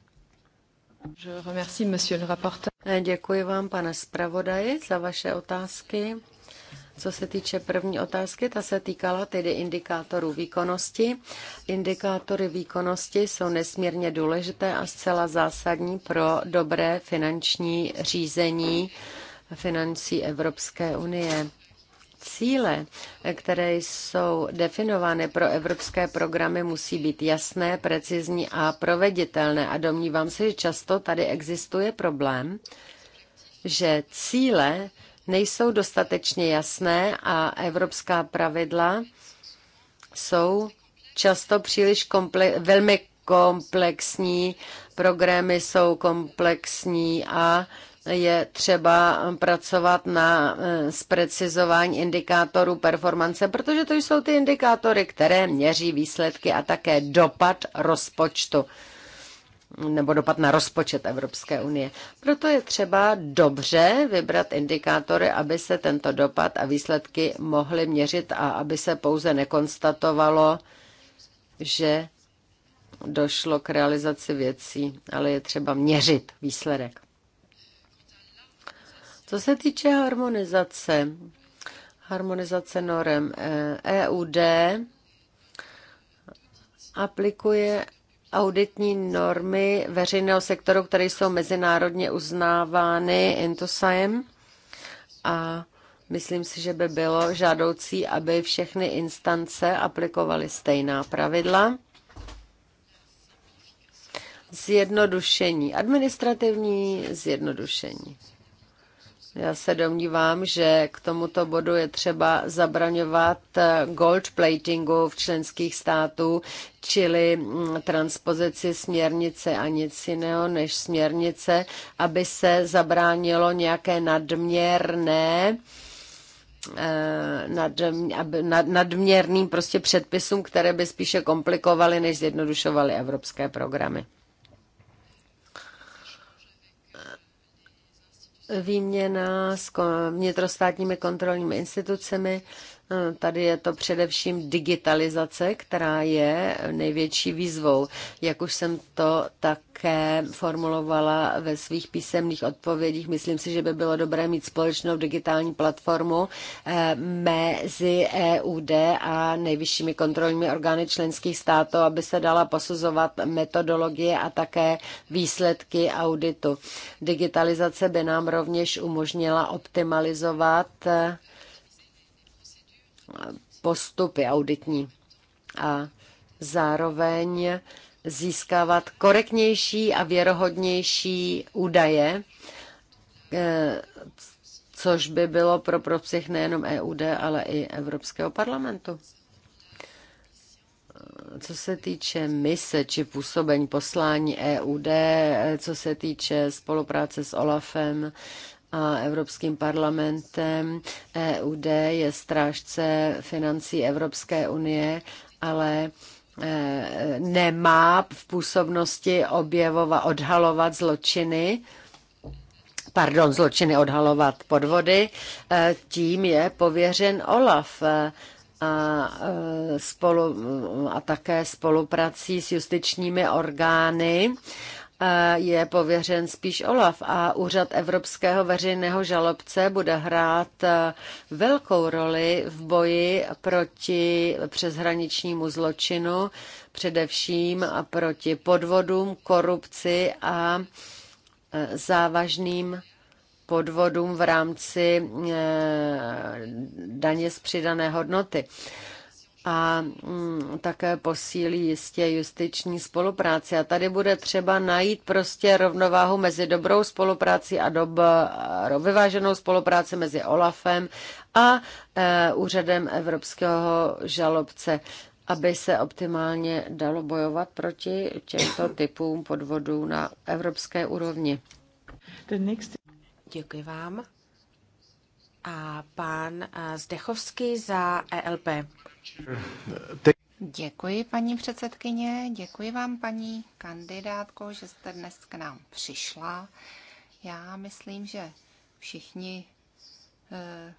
Speaker 1: Je remercie, monsieur le rapporteur. Eh, děkuji vám, pane zpravodaji, za vaše otázky. Co se týče první otázky, ta se týkala tedy indikátorů výkonnosti. Indikátory výkonnosti jsou nesmírně důležité a zcela zásadní pro dobré finanční řízení financí Evropské unie cíle, které jsou definovány pro evropské programy, musí být jasné, precizní a proveditelné. A domnívám se, že často tady existuje problém, že cíle nejsou dostatečně jasné a evropská pravidla jsou často příliš komple- velmi komplexní, programy jsou komplexní a je třeba pracovat na eh, zprecizování indikátorů performance, protože to jsou ty indikátory, které měří výsledky a také dopad rozpočtu nebo dopad na rozpočet Evropské unie. Proto je třeba dobře vybrat indikátory, aby se tento dopad a výsledky mohly měřit a aby se pouze nekonstatovalo, že došlo k realizaci věcí, ale je třeba měřit výsledek. Co se týče harmonizace, harmonizace norem EUD eh, e aplikuje auditní normy veřejného sektoru, které jsou mezinárodně uznávány Intosajem. a myslím si, že by bylo žádoucí, aby všechny instance aplikovaly stejná pravidla. Zjednodušení, administrativní zjednodušení. Já se domnívám, že k tomuto bodu je třeba zabraňovat eh, gold platingu v členských států, čili mm, transpozici směrnice a nic jiného než směrnice, aby se zabránilo nějaké nadměrné eh, nad, nad, nadměrným prostě předpisům, které by spíše komplikovaly, než zjednodušovaly evropské programy. výměna s vnitrostátními kontrolními institucemi Tady je to především digitalizace, která je největší výzvou. Jak už jsem to také formulovala ve svých písemných odpovědích, myslím si, že by bylo dobré mít společnou digitální platformu eh, mezi EUD a nejvyššími kontrolními orgány členských států, aby se dala posuzovat metodologie a také výsledky auditu. Digitalizace by nám rovněž umožnila optimalizovat eh, postupy auditní a zároveň získávat korektnější a věrohodnější údaje, eh, což by bylo pro prospěch nejenom EUD, ale i Evropského parlamentu. Co se týče mise či působení poslání EUD, co se týče spolupráce s OLAFem, a Evropským parlamentem. EUD je strážce financí Evropské unie, ale e, nemá v působnosti objevovat, odhalovat zločiny, pardon, zločiny odhalovat podvody, e, tím je pověřen OLAF e, a, spolu, a také spoluprací s justičními orgány je pověřen spíš Olaf a úřad Evropského veřejného žalobce bude hrát e, velkou roli v boji proti přeshraničnímu zločinu, především proti podvodům, korupci a e, závažným podvodům v rámci e, daně z přidané hodnoty a mm, také posílí jistě justiční spolupráci. A tady bude třeba najít prostě rovnováhu mezi dobrou spolupráci a dob, vyváženou spolupráci mezi OLAFem a e, úřadem Evropského žalobce, aby se optimálně dalo bojovat proti těmto typům podvodů na evropské úrovni.
Speaker 4: Děkuji vám. A pan e,
Speaker 3: Zdechovský za ELP. Děkuji, paní předsedkyně, děkuji vám, paní kandidátko, že jste dnes k nám přišla. Já myslím, že všichni e,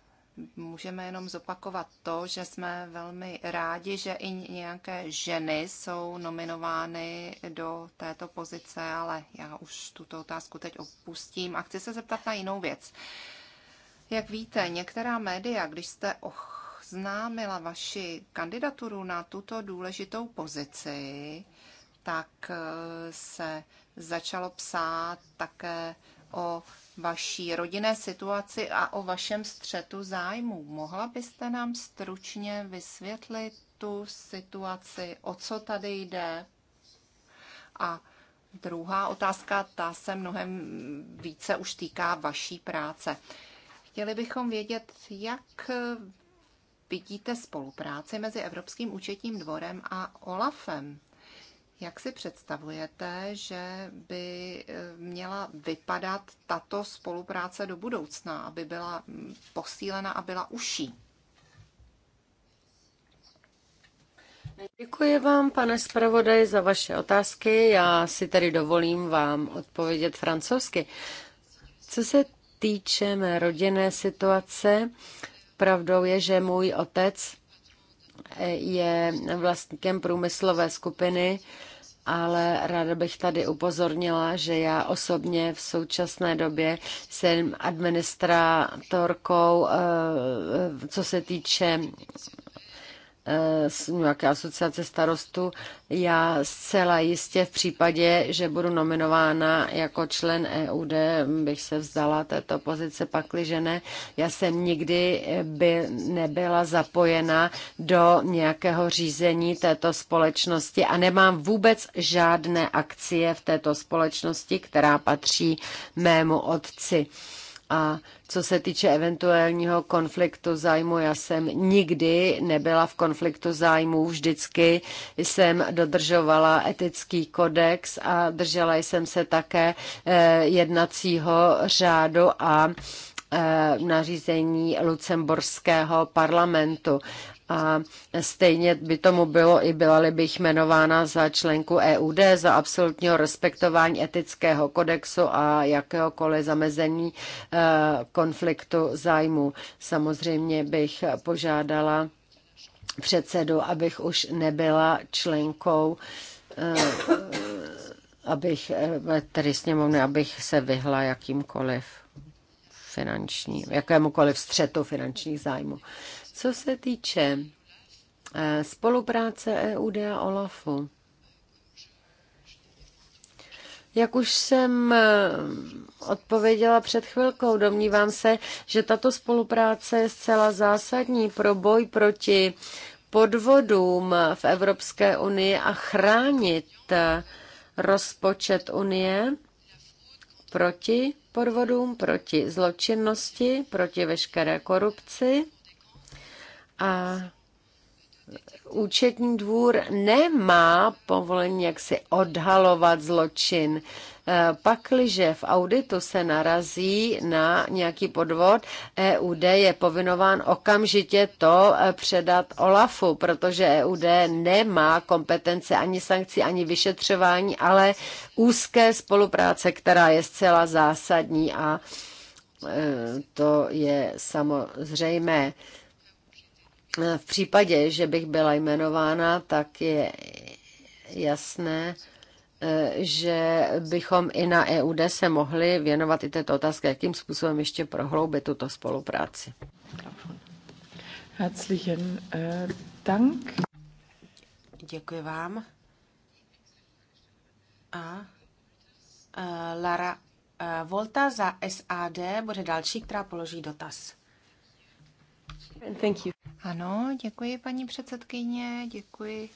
Speaker 3: můžeme jenom zopakovat to, že jsme velmi rádi, že i nějaké ženy jsou nominovány do této pozice, ale já už tuto otázku teď opustím a chci se zeptat na jinou věc. Jak víte, některá média, když jste ochránili, oznámila vaši kandidaturu na tuto důležitou pozici, tak eh, se začalo psát také o vaší rodinné situaci a o vašem střetu zájmů. Mohla byste nám stručně vysvětlit tu situaci, o co tady jde? A druhá otázka, ta se mnohem více už týká vaší práce. Chtěli bychom vědět, jak vidíte spolupráci mezi Evropským účetním dvorem a OLAFem? Jak si představujete, že by eh, měla vypadat tato spolupráce do budoucna, aby byla mm, posílena a byla uší?
Speaker 1: Děkuji vám, pane zpravodaji, za vaše otázky. Já si tedy dovolím vám odpovědět francouzsky. Co se týče mé rodinné situace, Pravdou je, že můj otec eh, je vlastníkem průmyslové skupiny, ale ráda bych tady upozornila, že já osobně v současné době jsem administrátorkou, eh, co se týče nějaké asociace starostů. Já zcela jistě v případě, že budu nominována jako člen EUD, bych se vzdala této pozice, že ne. Já jsem nikdy eh, by nebyla zapojena do nějakého řízení této společnosti a nemám vůbec žádné akcie v této společnosti, která patří mému otci. A co se týče eventuálního konfliktu zájmu, já jsem nikdy nebyla v konfliktu zájmu, vždycky jsem dodržovala etický kodex a držela jsem se také eh, jednacího řádu a eh, nařízení Lucemburského parlamentu. A stejně by tomu bylo i byla bych jmenována za členku EUD, za absolutního respektování etického kodexu a jakéhokoliv zamezení eh, konfliktu zájmu. Samozřejmě bych požádala předsedu, abych už nebyla členkou eh, abych eh, tedy sněmovny, abych se vyhla jakýmkoliv finanční, jakémukoliv střetu finančních zájmů. Co se týče eh, spolupráce EUD a OLAFu, jak už jsem eh, odpověděla před chvilkou, domnívám se, že tato spolupráce je zcela zásadní pro boj proti podvodům v Evropské unii a chránit eh, rozpočet Unie proti podvodům, proti zločinnosti, proti veškeré korupci a účetní dvůr nemá povolení, jak si odhalovat zločin. E, Pakliže v auditu se narazí na nějaký podvod, EUD je povinován okamžitě to e, předat OLAFu, protože EUD nemá kompetence ani sankcí, ani vyšetřování, ale úzké spolupráce, která je zcela zásadní a e, to je samozřejmé. V případě, že bych byla jmenována, tak je jasné, eh, že bychom i na EUD se mohli věnovat i této otázky, jakým způsobem ještě prohloubit tuto spolupráci.
Speaker 2: Herzlichen eh, Dank.
Speaker 4: Děkuji vám. A eh, Lara Volta za SAD bude další, která položí dotaz.
Speaker 3: Ano, děkuji paní předsedkyně, děkuji,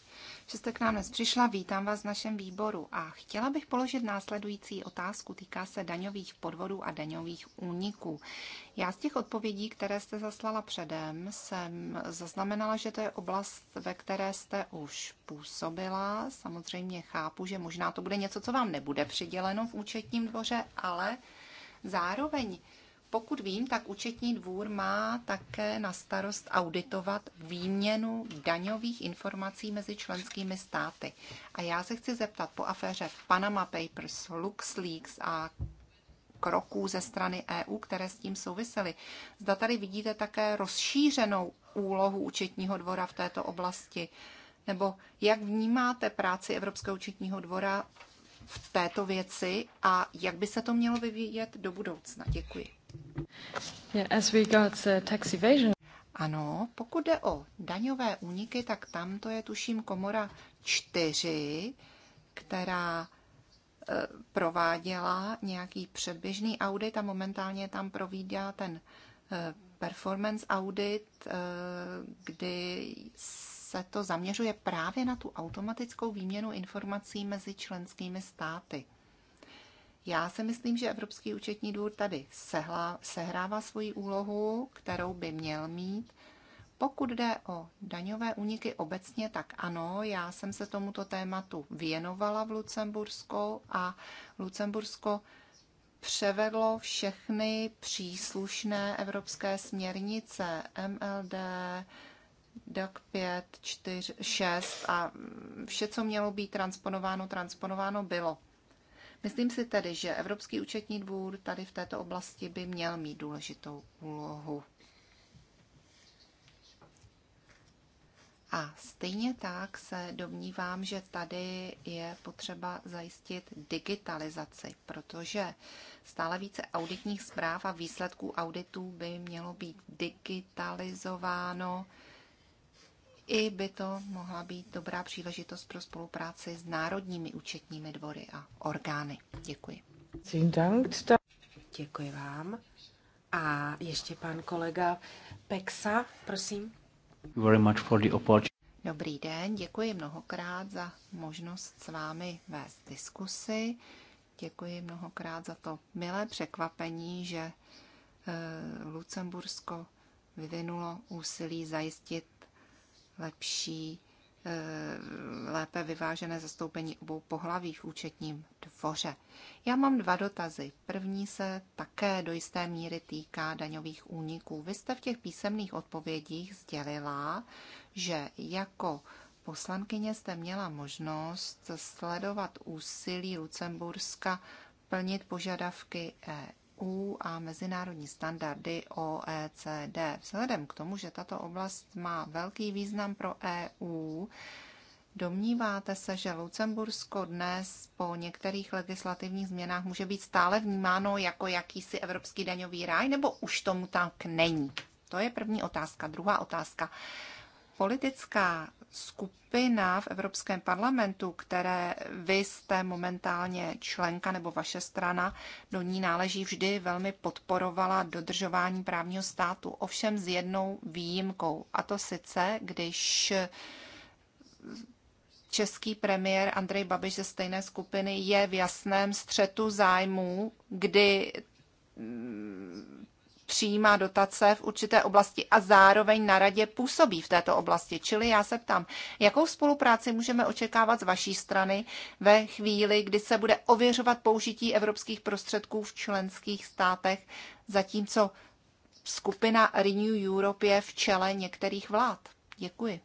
Speaker 3: že jste k nám dnes přišla. Vítám vás v našem výboru a chtěla bych položit následující otázku. Týká se daňových podvodů a daňových úniků. Já z těch odpovědí, které jste zaslala předem, jsem zaznamenala, že to je oblast, ve které jste už působila. Samozřejmě chápu, že možná to bude něco, co vám nebude přiděleno v účetním dvoře, ale zároveň pokud vím, tak účetní dvůr má také na starost auditovat výměnu daňových informací mezi členskými státy. A já se chci zeptat po aféře Panama Papers, LuxLeaks a kroků ze strany EU, které s tím souvisely. Zda tady vidíte také rozšířenou úlohu účetního dvora v této oblasti, nebo jak vnímáte práci Evropského účetního dvora v této věci a jak by se to mělo vyvíjet do budoucna? Děkuji.
Speaker 1: As regards uh, tax evasion.
Speaker 3: Ano, pokud jde o daňové úniky, tak tam to je tuším komora 4, která eh, prováděla nějaký předběžný audit a momentálně tam provídá ten eh, performance audit, eh, kdy se to zaměřuje právě na tu automatickou výměnu informací mezi členskými státy. Já si myslím, že Evropský účetní dvůr tady sehla, sehrává svoji úlohu, kterou by měl mít. Pokud jde o daňové úniky obecně, tak ano, já jsem se tomuto tématu věnovala v Lucembursku a Lucembursko převedlo všechny příslušné evropské směrnice MLD, DAC 5, 4, 6 a vše, co mělo být transponováno, transponováno bylo. Myslím si tedy, že Evropský účetní dvůr tady v této oblasti by měl mít důležitou úlohu. A stejně tak se domnívám, že tady je potřeba zajistit digitalizaci, protože stále více auditních zpráv a výsledků auditů by mělo být digitalizováno i by to mohla být dobrá příležitost pro spolupráci s národními účetními dvory a orgány. Děkuji. Děkuji vám. A ještě pan kolega Pexa, prosím.
Speaker 2: Very much for the opportunity.
Speaker 3: Dobrý den, děkuji mnohokrát za možnost s vámi vést diskusy. Děkuji mnohokrát za to milé překvapení, že eh, Lucembursko vyvinulo úsilí zajistit lepší, eh, lépe vyvážené zastoupení obou pohlaví v účetním dvoře. Já mám dva dotazy. První se také do jisté míry týká daňových úniků. Vy jste v těch písemných odpovědích sdělila, že jako poslankyně jste měla možnost sledovat úsilí Lucemburska plnit požadavky EU a mezinárodní standardy OECD. Vzhledem k tomu, že tato oblast má velký význam pro EU, Domníváte se, že Lucembursko dnes po některých legislativních změnách může být stále vnímáno jako jakýsi evropský daňový ráj, nebo už tomu tak není? To je první otázka. Druhá otázka politická skupina v Evropském parlamentu, které vy jste momentálně členka nebo vaše strana, do ní náleží vždy velmi podporovala dodržování právního státu, ovšem s jednou výjimkou, a to sice, když český premiér Andrej Babiš ze stejné skupiny je v jasném střetu zájmů, kdy přijímá dotace v určité oblasti a zároveň na radě působí v této oblasti. Čili já se ptám, jakou spolupráci můžeme očekávat z vaší strany ve chvíli, kdy se bude ověřovat použití evropských prostředků v členských státech, zatímco skupina Renew Europe je v čele některých vlád. Děkuji.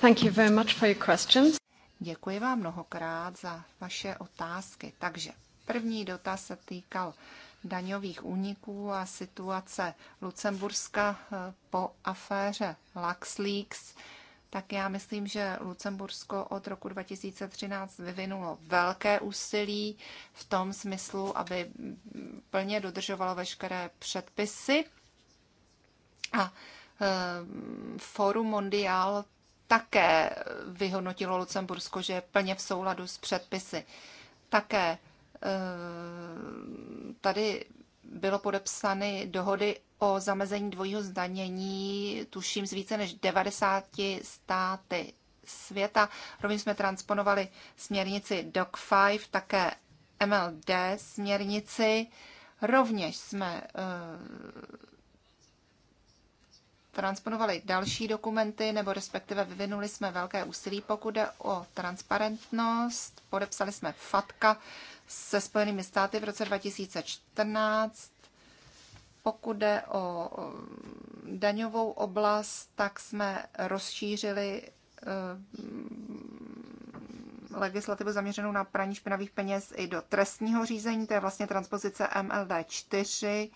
Speaker 1: Thank you very much for
Speaker 3: your questions. Děkuji vám mnohokrát za vaše otázky. Takže první dotaz se týkal daňových úniků a situace Lucemburska eh, po aféře LuxLeaks, tak já myslím, že Lucembursko od roku 2013 vyvinulo velké úsilí v tom smyslu, aby plně dodržovalo veškeré předpisy. A eh, Forum Mondial také vyhodnotilo Lucembursko, že je plně v souladu s předpisy. Také Eh, tady bylo podepsány dohody o zamezení dvojího zdanění, tuším, z více než 90 státy světa. Rovněž jsme transponovali směrnici DOC 5, také MLD směrnici. Rovněž jsme eh, transponovali další dokumenty, nebo respektive vyvinuli jsme velké úsilí, pokud jde o transparentnost. Podepsali jsme FATKA se Spojenými státy v roce 2014. Pokud jde o daňovou oblast, tak jsme rozšířili eh, legislativu zaměřenou na praní špinavých peněz i do trestního řízení, to je vlastně transpozice MLD 4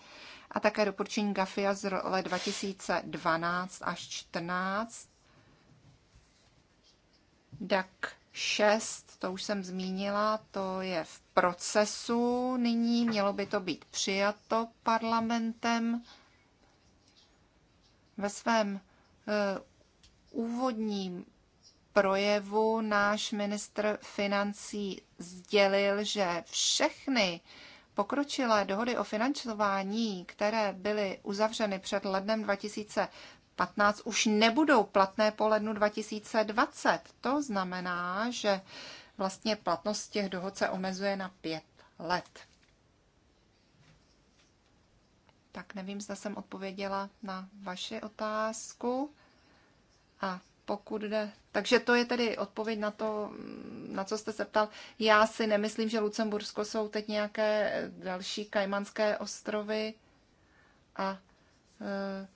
Speaker 3: a také doporučení GAFIA z roku 2012 až 14. DAC 6, to už jsem zmínila, to je v procesu nyní, mělo by to být přijato parlamentem. Ve svém uh, úvodním projevu náš ministr financí sdělil, že všechny uh, Pokročilé dohody o financování, které byly uzavřeny před lednem 2015, už nebudou platné po lednu 2020. To znamená, že vlastně platnost těch dohod se omezuje na pět let. Tak nevím, zda jsem odpověděla na vaši otázku. A pokud jde... Takže to je tedy odpověď na to, na co jste se ptal. Já si nemyslím, že Lucembursko jsou teď nějaké eh, další kajmanské ostrovy a e,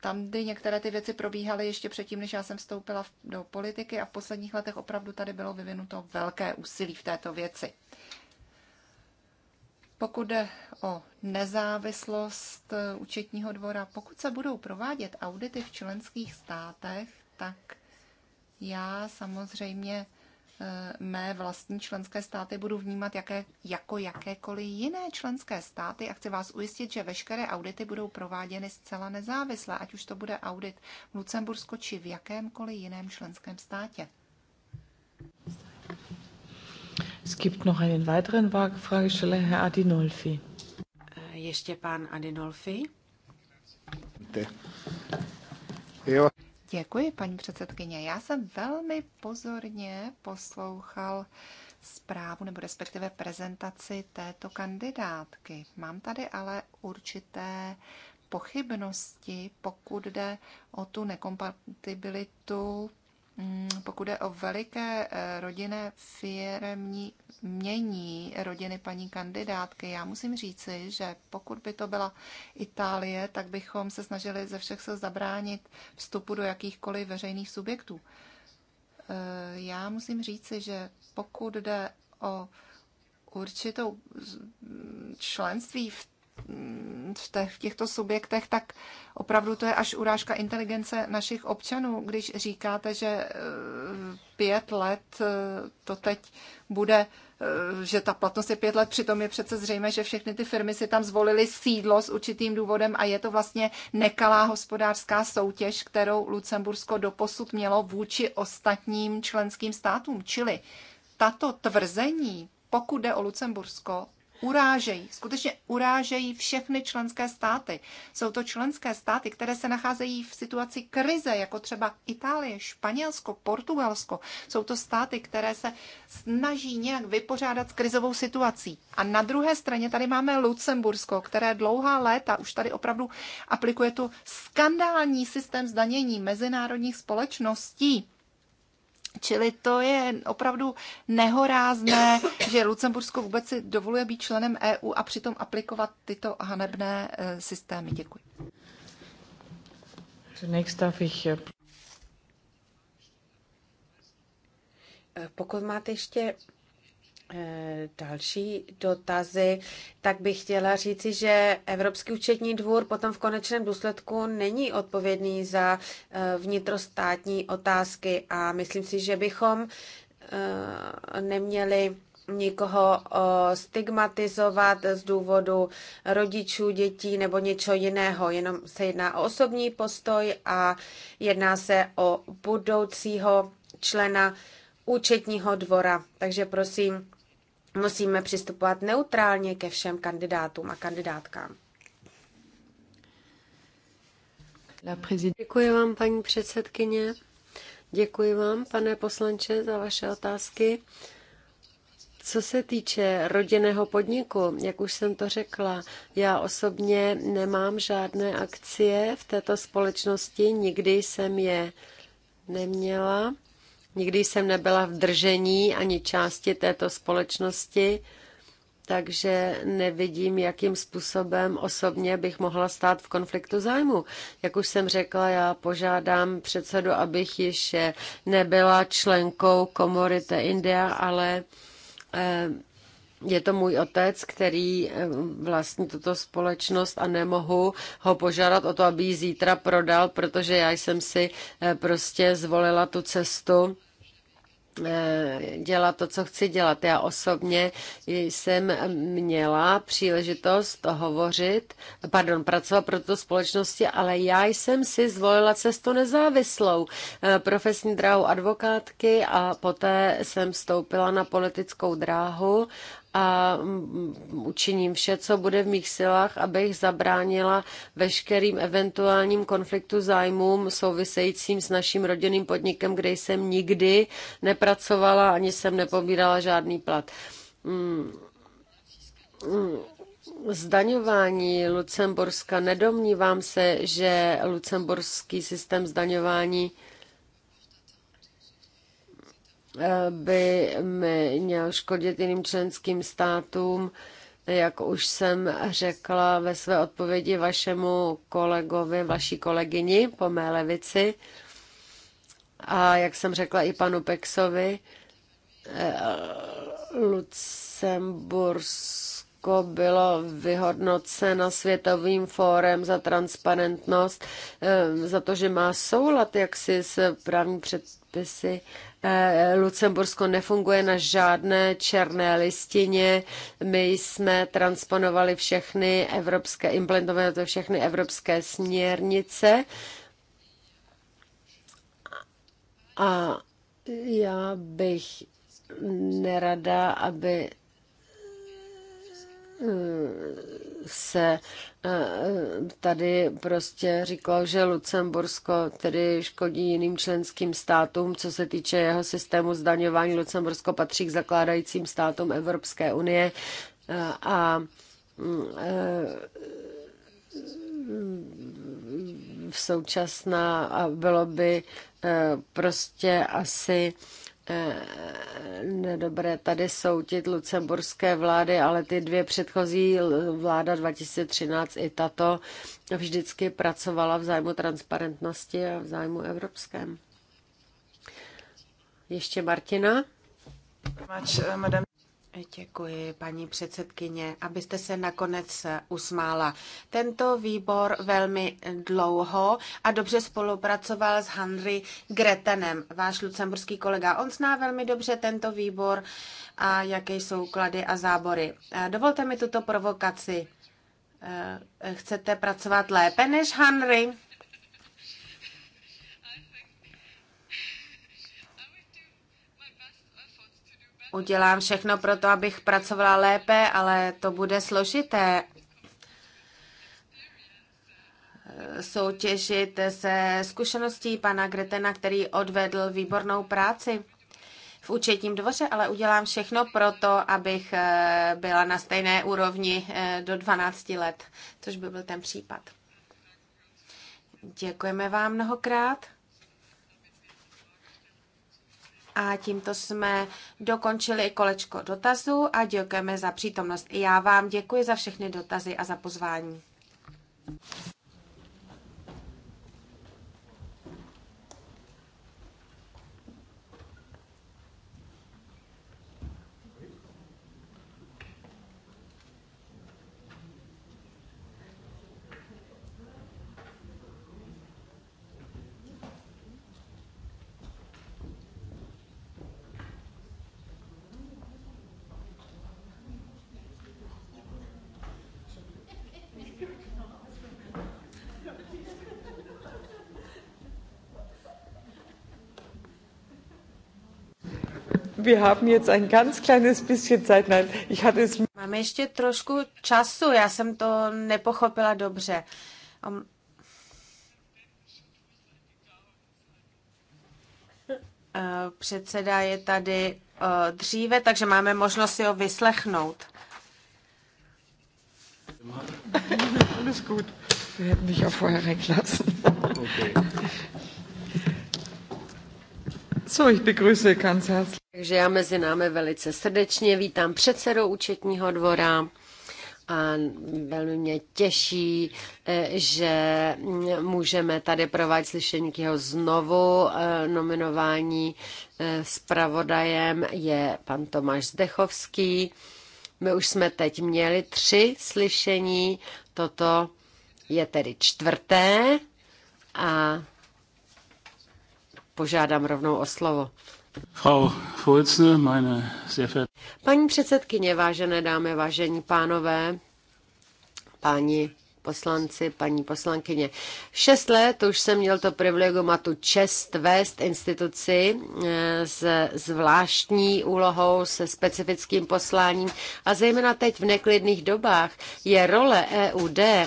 Speaker 3: tam, kdy některé ty věci probíhaly ještě předtím, než já jsem vstoupila do politiky a v posledních letech opravdu tady bylo vyvinuto velké úsilí v této věci. Pokud jde o nezávislost eh, účetního dvora, pokud se budou provádět audity v členských státech, tak já samozřejmě eh, mé vlastní členské státy budu vnímat jaké, jako jakékoliv jiné členské státy a chci vás ujistit, že veškeré audity budou prováděny zcela nezávisle, ať už to bude audit v Lucembursku či v jakémkoliv jiném členském státě.
Speaker 2: Es gibt noch einen weiteren Fragesteller, Herr Adinolfi.
Speaker 3: Äh, Ještě pan Adinolfi. Děkuji, paní předsedkyně. Já jsem velmi pozorně poslouchal zprávu nebo respektive prezentaci této kandidátky. Mám tady ale určité pochybnosti, pokud jde o tu nekompatibilitu Mm, pokud je o veliké eh, rodinné firmní mění rodiny paní kandidátky, já musím říci, že pokud by to byla Itálie, tak bychom se snažili ze všech se zabránit vstupu do jakýchkoliv veřejných subjektů. Eh, já musím říci, že pokud jde o určitou členství v v těchto subjektech, tak opravdu to je až urážka inteligence našich občanů, když říkáte, že eh, pět let eh, to teď bude, eh, že ta platnost je pět let, přitom je přece zřejmé, že všechny ty firmy si tam zvolily sídlo s určitým důvodem a je to vlastně nekalá hospodářská soutěž, kterou Lucembursko doposud mělo vůči ostatním členským státům. Čili tato tvrzení, pokud jde o Lucembursko, urážejí, skutečně urážejí všechny členské státy. Jsou to členské státy, které se nacházejí v situaci krize, jako třeba Itálie, Španělsko, Portugalsko. Jsou to státy, které se snaží nějak vypořádat s krizovou situací. A na druhé straně tady máme Lucembursko, které dlouhá léta už tady opravdu aplikuje tu skandální systém zdanění mezinárodních společností Čili to je opravdu nehorázné, že Lucembursko vůbec si dovoluje být členem EU a přitom aplikovat tyto hanebné e, systémy. Děkuji. Eh, pokud
Speaker 4: máte ještě Eh, další dotazy, tak bych chtěla říci, že Evropský účetní dvůr potom v konečném důsledku není odpovědný za eh, vnitrostátní otázky a myslím si, že bychom eh, neměli nikoho stigmatizovat z důvodu rodičů, dětí nebo něčeho jiného. Jenom se jedná o osobní postoj a jedná se o budoucího člena účetního dvora. Takže prosím, musíme přistupovat neutrálně ke všem kandidátům a
Speaker 1: kandidátkám. Děkuji vám, paní předsedkyně. Děkuji vám, pane poslanče, za vaše otázky. Co se týče rodinného podniku, jak už jsem to řekla, já osobně nemám žádné akcie v této společnosti, nikdy jsem je neměla. Nikdy jsem nebyla v držení ani části této společnosti, takže nevidím, jakým způsobem osobně bych mohla stát v konfliktu zájmu. Jak už jsem řekla, já požádám předsedu, abych již nebyla členkou komory té India, ale eh, je to můj otec, který eh, vlastní tuto společnost a nemohu ho požádat o to, aby ji zítra prodal, protože já jsem si eh, prostě zvolila tu cestu Eh, dělat to, co chci dělat. Já osobně jsem měla příležitost hovořit, pardon, pracovat pro tuto společnosti, ale já jsem si zvolila cestu nezávislou, eh, profesní dráhu advokátky a poté jsem vstoupila na politickou dráhu a učiním vše, co bude v mých silách, abych zabránila veškerým eventuálním konfliktu zájmům souvisejícím s naším rodinným podnikem, kde jsem nikdy nepracovala ani jsem nepobírala žádný plat. Mm. Mm. Zdaňování Lucemburska. Nedomnívám se, že lucemburský systém zdaňování by měl škodit jiným členským státům. Jak už jsem řekla ve své odpovědi vašemu kolegovi, vaší kolegyni po mé levici, a jak jsem řekla i panu Pexovi, eh, Lucembursko bylo vyhodnoceno Světovým fórem za transparentnost, eh, za to, že má soulad jaksi s právní předpisy Eh, Lucembursko nefunguje na žádné černé listině. My jsme transponovali všechny evropské, implementovali to všechny evropské směrnice. A já bych nerada, aby se eh, tady prostě říkalo, že Lucembursko tedy škodí jiným členským státům, co se týče jeho systému zdaňování. Lucembursko patří k zakládajícím státům Evropské unie eh, a eh, v současná a bylo by prostě asi Eh, nedobré tady jsou ti lucemburské vlády, ale ty dvě předchozí vláda 2013 i tato vždycky pracovala v zájmu transparentnosti a v zájmu evropském. Ještě Martina.
Speaker 4: Eh, Děkuji, paní předsedkyně, abyste se nakonec usmála. Tento výbor velmi dlouho a dobře spolupracoval s Henry Gretenem, váš lucemburský kolega. On zná velmi dobře tento výbor a jaké jsou klady a zábory. Eh, dovolte mi tuto provokaci. Eh, chcete pracovat lépe než Henry? udělám všechno pro to, abych pracovala lépe, ale to bude složité soutěžit se zkušeností pana Gretena, který odvedl výbornou práci v účetním dvoře, ale udělám všechno pro to, abych eh, byla na stejné úrovni eh, do 12 let, což by byl ten případ. Děkujeme vám mnohokrát. A tímto jsme dokončili kolečko dotazů a děkujeme za přítomnost. Já vám děkuji za všechny dotazy a za pozvání. Wir haben jetzt
Speaker 2: ein ganz kleines bisschen Zeit. Nein, ich hatte es...
Speaker 4: Máme ještě trošku času, já jsem to nepochopila dobře. Um... Předseda je tady eh, dříve, takže máme možnost si ho vyslechnout.
Speaker 1: Alles gut.
Speaker 2: Wir hätten ja vorher weglassen. Okay. So, ich begrüße ganz herzlich.
Speaker 1: Takže já mezi námi velice srdečně vítám předsedu účetního dvora a velmi mě těší, eh, že můžeme tady provádět slyšení k jeho znovu eh, nominování. Spravodajem eh, je pan Tomáš Zdechovský. My už jsme teď měli tři slyšení, toto je tedy čtvrté a požádám rovnou o slovo.
Speaker 2: Frau Fulzne, meine sehr
Speaker 1: Paní předsedkyně, vážené dámy, vážení pánové, páni poslanci, paní poslankyně. Šest let už jsem měl to privilegium a tu čest vést instituci eh, s zvláštní úlohou, se specifickým posláním a zejména teď v neklidných dobách je role EUD eh,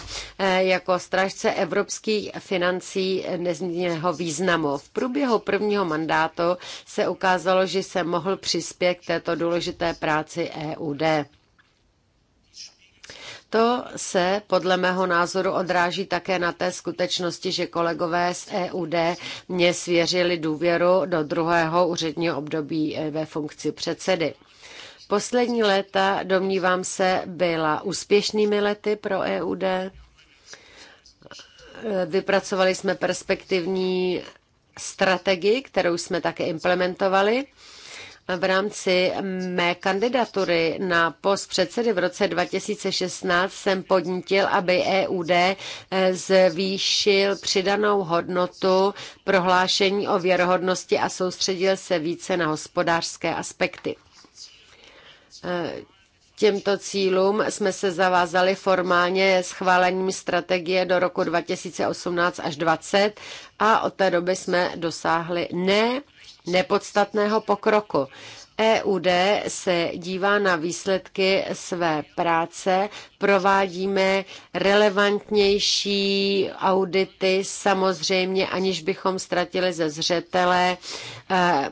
Speaker 1: jako stražce evropských financí nezmíněného významu. V průběhu prvního mandátu se ukázalo, že jsem mohl přispět k této důležité práci EUD. To se podle mého názoru odráží také na té skutečnosti, že kolegové z EUD mě svěřili důvěru do druhého úředního období eh, ve funkci předsedy. Poslední léta, domnívám se, byla úspěšnými lety pro EUD. Eh, vypracovali jsme perspektivní strategii, kterou jsme také implementovali v rámci mé kandidatury na post předsedy v roce 2016 jsem podnítil, aby EUD eh, zvýšil přidanou hodnotu prohlášení o věrohodnosti a soustředil se více na hospodářské aspekty. Eh, těmto cílům jsme se zavázali formálně schválením strategie do roku 2018 až 2020 a od té doby jsme dosáhli ne nepodstatného pokroku. EUD se dívá na výsledky své práce, provádíme relevantnější audity, samozřejmě aniž bychom ztratili ze zřetele eh,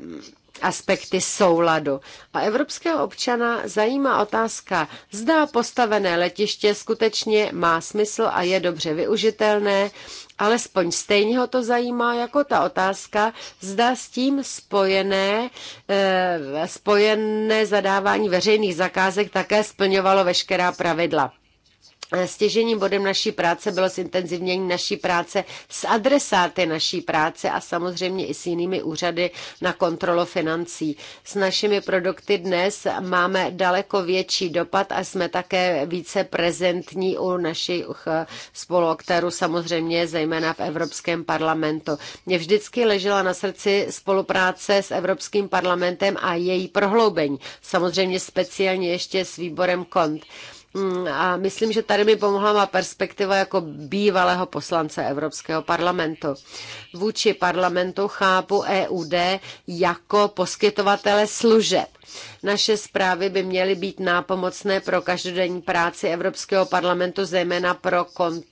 Speaker 1: aspekty souladu. A evropského občana zajímá otázka, zda postavené letiště skutečně má smysl a je dobře využitelné Alespoň stejně ho to zajímá jako ta otázka, zda s tím spojené, eh, spojené zadávání veřejných zakázek také splňovalo veškerá pravidla. Eh, Stěžením bodem naší práce bylo zintenzivnění naší práce s adresáty naší práce a samozřejmě i s jinými úřady na kontrolu financí. S našimi produkty dnes máme daleko větší dopad a jsme také více prezentní u našich eh, spoluaktérů, samozřejmě zejména v Evropském parlamentu. Mě vždycky ležela na srdci spolupráce s Evropským parlamentem a její prohloubení, samozřejmě speciálně ještě s výborem KONT. Mm, a myslím, že tady mi pomohla má perspektiva jako bývalého poslance Evropského parlamentu. Vůči parlamentu chápu EUD jako poskytovatele služeb. Naše zprávy by měly být nápomocné pro každodenní práci Evropského parlamentu, zejména pro, kont-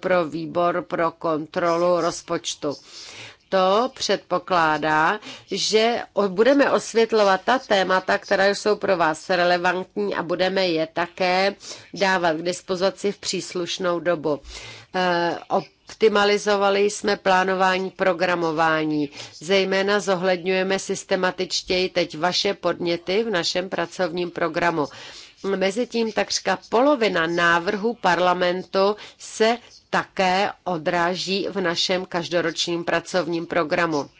Speaker 1: pro výbor pro kontrolu rozpočtu to předpokládá, že budeme osvětlovat ta témata, která jsou pro vás relevantní a budeme je také dávat k dispozici v příslušnou dobu. E, optimalizovali jsme plánování programování. Zejména zohledňujeme systematičtěji teď vaše podněty v našem pracovním programu. Mezitím takřka polovina návrhu parlamentu se také odráží v našem každoročním pracovním programu.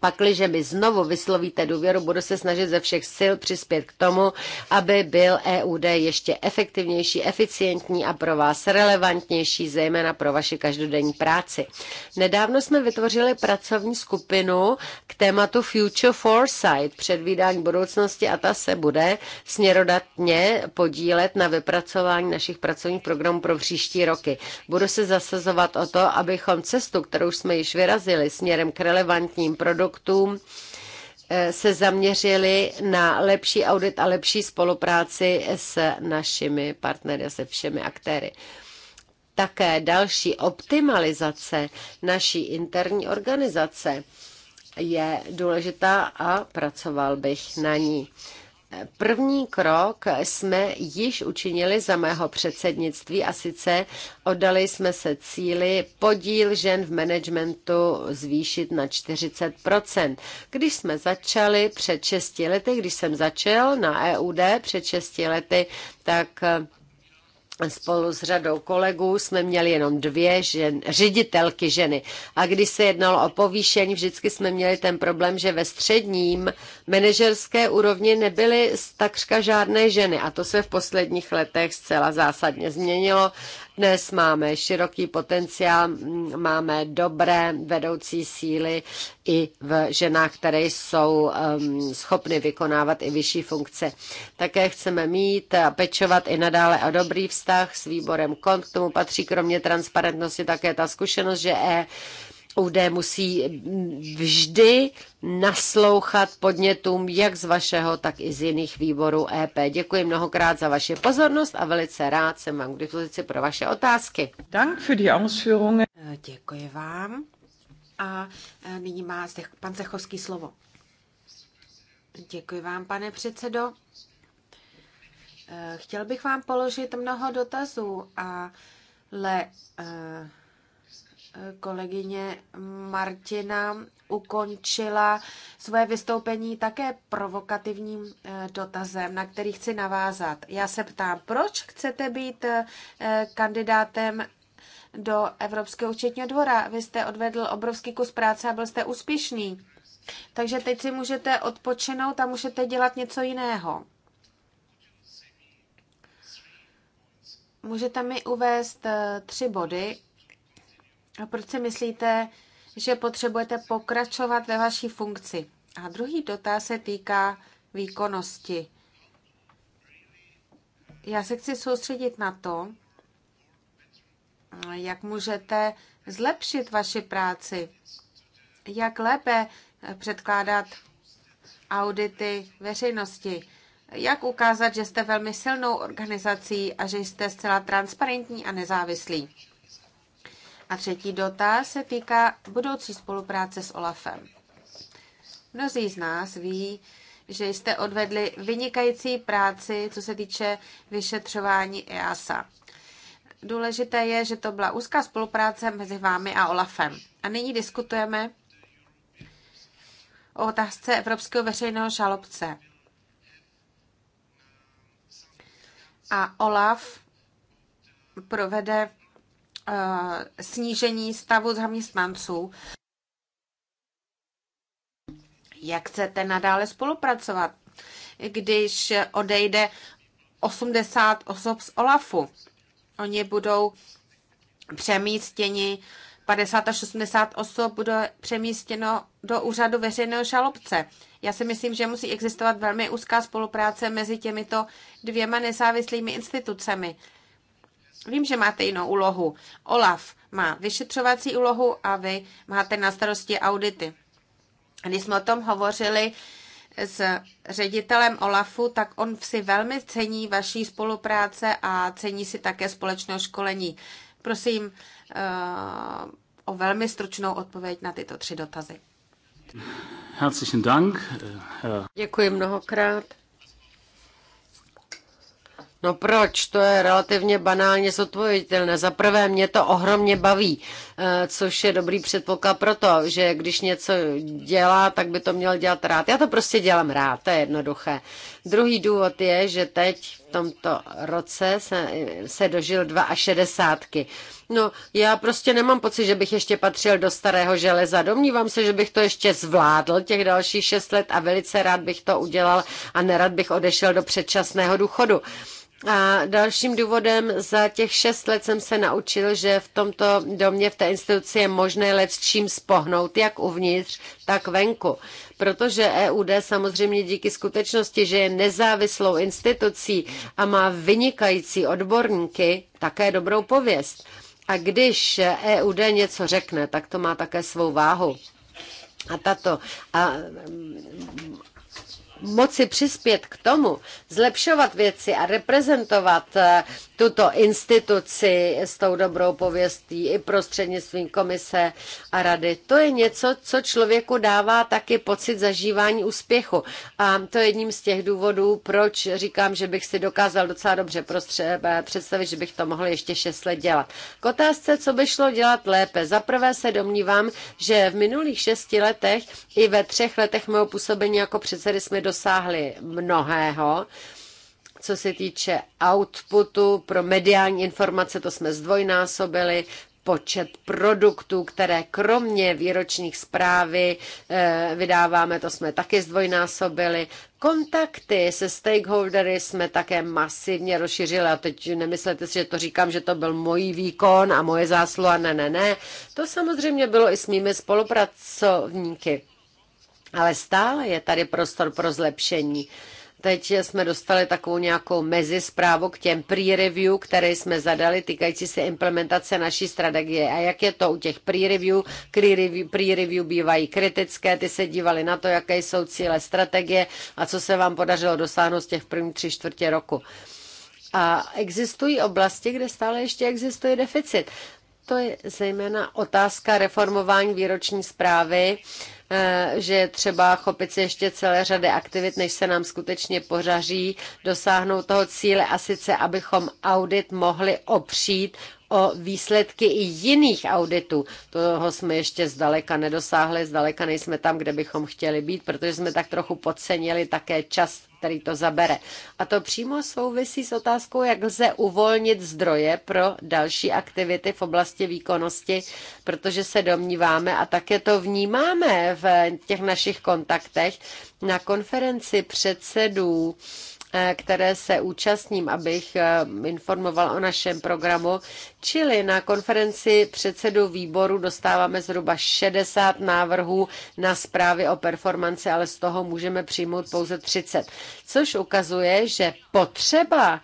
Speaker 1: Pakliže mi znovu vyslovíte důvěru, budu se snažit ze všech sil přispět k tomu, aby byl EUD ještě efektivnější, eficientní a pro vás relevantnější, zejména pro vaši každodenní práci. Nedávno jsme vytvořili pracovní skupinu k tématu Future Foresight, předvídání budoucnosti a ta se bude směrodatně podílet na vypracování našich pracovních programů pro příští roky. Budu se zasazovat o to, abychom cestu, kterou jsme již vyrazili směrem k relevantním produktům, produktům eh, se zaměřili na lepší audit a lepší spolupráci s našimi partnery a se všemi aktéry. Také další optimalizace naší interní organizace je důležitá a pracoval bych na ní. První krok jsme již učinili za mého předsednictví a sice oddali jsme se cíli podíl žen v managementu zvýšit na 40 Když jsme začali před 6 lety, když jsem začal na EUD před 6 lety, tak Spolu s řadou kolegů jsme měli jenom dvě žen, ředitelky ženy. A když se jednalo o povýšení, vždycky jsme měli ten problém, že ve středním manažerské úrovni nebyly takřka žádné ženy. A to se v posledních letech zcela zásadně změnilo. Dnes máme široký potenciál, máme dobré vedoucí síly i v ženách, které jsou um, schopny vykonávat i vyšší funkce. Také chceme mít a pečovat i nadále a dobrý vztah s výborem KONT. K tomu patří kromě transparentnosti také ta zkušenost, že E údaje musí vždy naslouchat podnětům jak z vašeho, tak i z jiných výborů EP. Děkuji mnohokrát za vaši pozornost a velice rád jsem vám k dispozici pro vaše otázky. Dank
Speaker 4: für die Ausführungen. Eh, děkuji vám. A eh, nyní má pan Zechovský slovo. Děkuji vám, pane předsedo. Eh, chtěl bych vám položit mnoho dotazů, ale kolegyně Martina ukončila svoje vystoupení také provokativním eh, dotazem, na který chci navázat. Já se ptám, proč chcete být eh, kandidátem do Evropského účetního dvora? Vy jste odvedl obrovský kus práce a byl jste úspěšný. Takže teď si můžete odpočinout a můžete dělat něco jiného. Můžete mi uvést eh, tři body, proč si myslíte, že potřebujete pokračovat ve vaší funkci? A druhý dotaz se týká výkonnosti. Já se chci soustředit na to, jak můžete zlepšit vaši práci, jak lépe předkládat audity veřejnosti, jak ukázat, že jste velmi silnou organizací a že jste zcela transparentní a nezávislí. A třetí dotaz se týká budoucí spolupráce s OLAFem. Mnozí z nás ví, že jste odvedli vynikající práci, co se týče vyšetřování EASA. Důležité je, že to byla úzká spolupráce mezi vámi a OLAFem. A nyní diskutujeme o otázce Evropského veřejného žalobce. A OLAF provede Eh, snížení stavu zaměstnanců. Jak chcete nadále spolupracovat, když odejde 80 osob z OLAFu? Oni budou přemístěni 50 až 80 osob bude přemístěno do úřadu veřejného žalobce. Já si myslím, že musí existovat velmi úzká spolupráce mezi těmito dvěma nezávislými institucemi. Vím, že máte jinou úlohu. Olaf má vyšetřovací úlohu a vy máte na starosti audity. Když jsme o tom hovořili s ředitelem Olafu, tak on si velmi cení vaší spolupráce a cení si také společné školení. Prosím uh, o velmi stručnou odpověď na tyto tři
Speaker 1: dotazy.
Speaker 2: Herzlichen Dank. Eh,
Speaker 1: Děkuji mnohokrát No proč? To je relativně banálně zodpověditelné. Za prvé mě to ohromně baví, eh, což je dobrý předpoklad pro to, že když něco dělá, tak by to měl dělat rád. Já to prostě dělám rád, to je jednoduché. Druhý důvod je, že teď v tomto roce se, se dožil 62. No, já prostě nemám pocit, že bych ještě patřil do starého železa. Domnívám se, že bych to ještě zvládl těch dalších šest let a velice rád bych to udělal a nerad bych odešel do předčasného důchodu. A dalším důvodem za těch šest let jsem se naučil, že v tomto domě, v té instituci je možné let s čím spohnout, jak uvnitř, tak venku. Protože EUD samozřejmě díky skutečnosti, že je nezávislou institucí a má vynikající odborníky, také dobrou pověst. A když EUD něco řekne, tak to má také svou váhu. A tato a moci přispět k tomu, zlepšovat věci a reprezentovat eh, tuto instituci s tou dobrou pověstí i prostřednictvím komise a rady, to je něco, co člověku dává taky pocit zažívání úspěchu. A to je jedním z těch důvodů, proč říkám, že bych si dokázal docela dobře eh, představit, že bych to mohl ještě šest let dělat. K otázce, co by šlo dělat lépe. Za prvé se domnívám, že v minulých šesti letech i ve třech letech mého působení jako předsedy jsme do dosáhli mnohého. Co se týče outputu pro mediální informace, to jsme zdvojnásobili, počet produktů, které kromě výročních zprávy eh, vydáváme, to jsme taky zdvojnásobili. Kontakty se stakeholdery jsme také masivně rozšířili a teď nemyslete si, že to říkám, že to byl můj výkon a moje zásluha, ne, ne, ne. To samozřejmě bylo i s mými spolupracovníky. Ale stále je tady prostor pro zlepšení. Teď jsme dostali takovou nějakou mezi zprávu k těm pre-review, které jsme zadali, týkající se implementace naší strategie. A jak je to u těch pre-review? Pre-review bývají kritické, ty se dívali na to, jaké jsou cíle strategie a co se vám podařilo dosáhnout z těch prvních tři čtvrtě roku. A existují oblasti, kde stále ještě existuje deficit. To je zejména otázka reformování výroční zprávy Eh, že je třeba chopit se ještě celé řady aktivit, než se nám skutečně pořaří dosáhnout toho cíle a sice, abychom audit mohli opřít o výsledky i jiných auditů. Toho jsme ještě zdaleka nedosáhli, zdaleka nejsme tam, kde bychom chtěli být, protože jsme tak trochu podcenili také čas, který to zabere. A to přímo souvisí s otázkou, jak lze uvolnit zdroje pro další aktivity v oblasti výkonnosti, protože se domníváme a také to vnímáme v těch našich kontaktech na konferenci předsedů eh, které se účastním, abych eh, informoval o našem programu. Čili na konferenci předsedů výboru dostáváme zhruba 60 návrhů na zprávy o performanci, ale z toho můžeme přijmout pouze 30, což ukazuje, že potřeba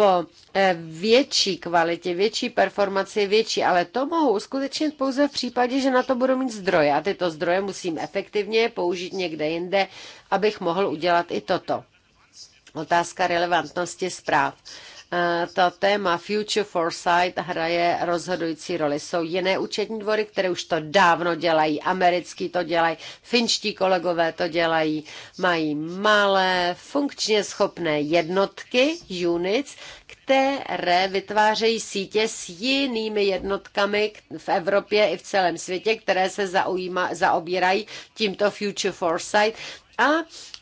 Speaker 1: po eh, větší kvalitě, větší performaci, větší, ale to mohu uskutečnit pouze v případě, že na to budu mít zdroje a tyto zdroje musím efektivně použít někde jinde, abych mohl udělat i toto. Otázka relevantnosti zpráv. Eh, to téma Future Foresight hraje rozhodující roli. Jsou jiné účetní dvory, které už to dávno dělají. Americký to dělají, finští kolegové to dělají. Mají malé, funkčně schopné jednotky, units, které vytvářejí sítě s jinými jednotkami v Evropě i v celém světě, které se zaujíma, zaobírají tímto Future Foresight a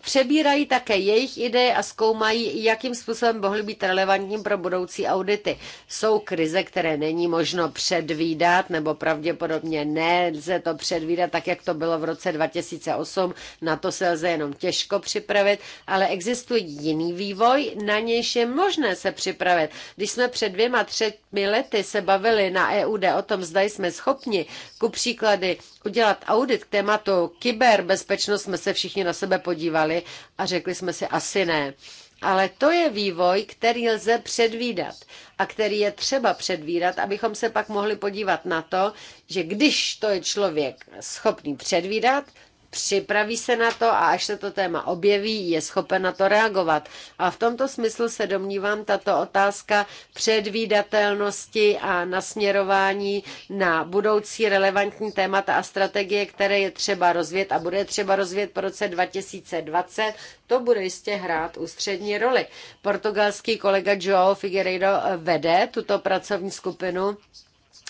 Speaker 1: přebírají také jejich ideje a zkoumají, jakým způsobem mohly být relevantním pro budoucí audity. Jsou krize, které není možno předvídat, nebo pravděpodobně nelze to předvídat, tak jak to bylo v roce 2008, na to se lze jenom těžko připravit, ale existuje jiný vývoj, na nějž je možné se připravit. Když jsme před dvěma, třemi lety se bavili na EUD o tom, zda jsme schopni, ku příklady, udělat audit k tématu kyberbezpečnost, jsme se všichni na sebe podívali a řekli jsme si asi ne. Ale to je vývoj, který lze předvídat a který je třeba předvídat, abychom se pak mohli podívat na to, že když to je člověk schopný předvídat, připraví se na to a až se to téma objeví, je schopen na to reagovat. A v tomto smyslu se domnívám, tato otázka předvídatelnosti a nasměrování na budoucí relevantní témata a strategie, které je třeba rozvět a bude třeba rozvět po roce 2020, to bude jistě hrát ústřední roli. Portugalský kolega João Figueiredo vede tuto pracovní skupinu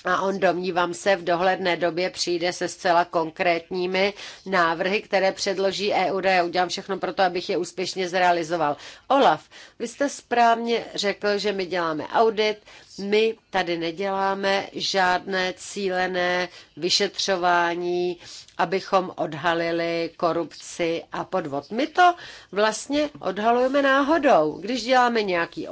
Speaker 1: a on, domnívám se, v dohledné době přijde se zcela konkrétními návrhy, které předloží EU. Já udělám všechno pro to, abych je úspěšně zrealizoval. Olaf, vy jste správně řekl, že my děláme audit, my tady neděláme žádné cílené vyšetřování, abychom odhalili korupci a podvod. My to vlastně odhalujeme náhodou. Když děláme nějaký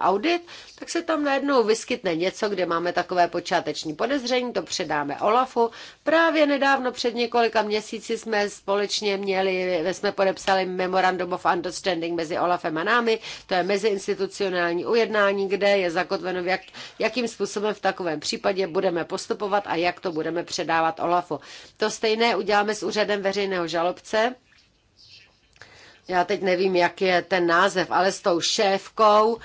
Speaker 1: audit, tak se tam najednou vyskytne něco, kde máme takové počáteční podezření, to předáme Olafu. Právě nedávno před několika měsíci jsme společně měli, jsme podepsali Memorandum of Understanding mezi Olafem a námi, to je meziinstitucionální ujednání, kde je zakotveno, v jak, jakým způsobem v takovém případě budeme postupovat a jak to budeme předávat Olafu. To stejné uděláme s úřadem veřejného žalobce. Já teď nevím, jak je ten název, ale s tou šéfkou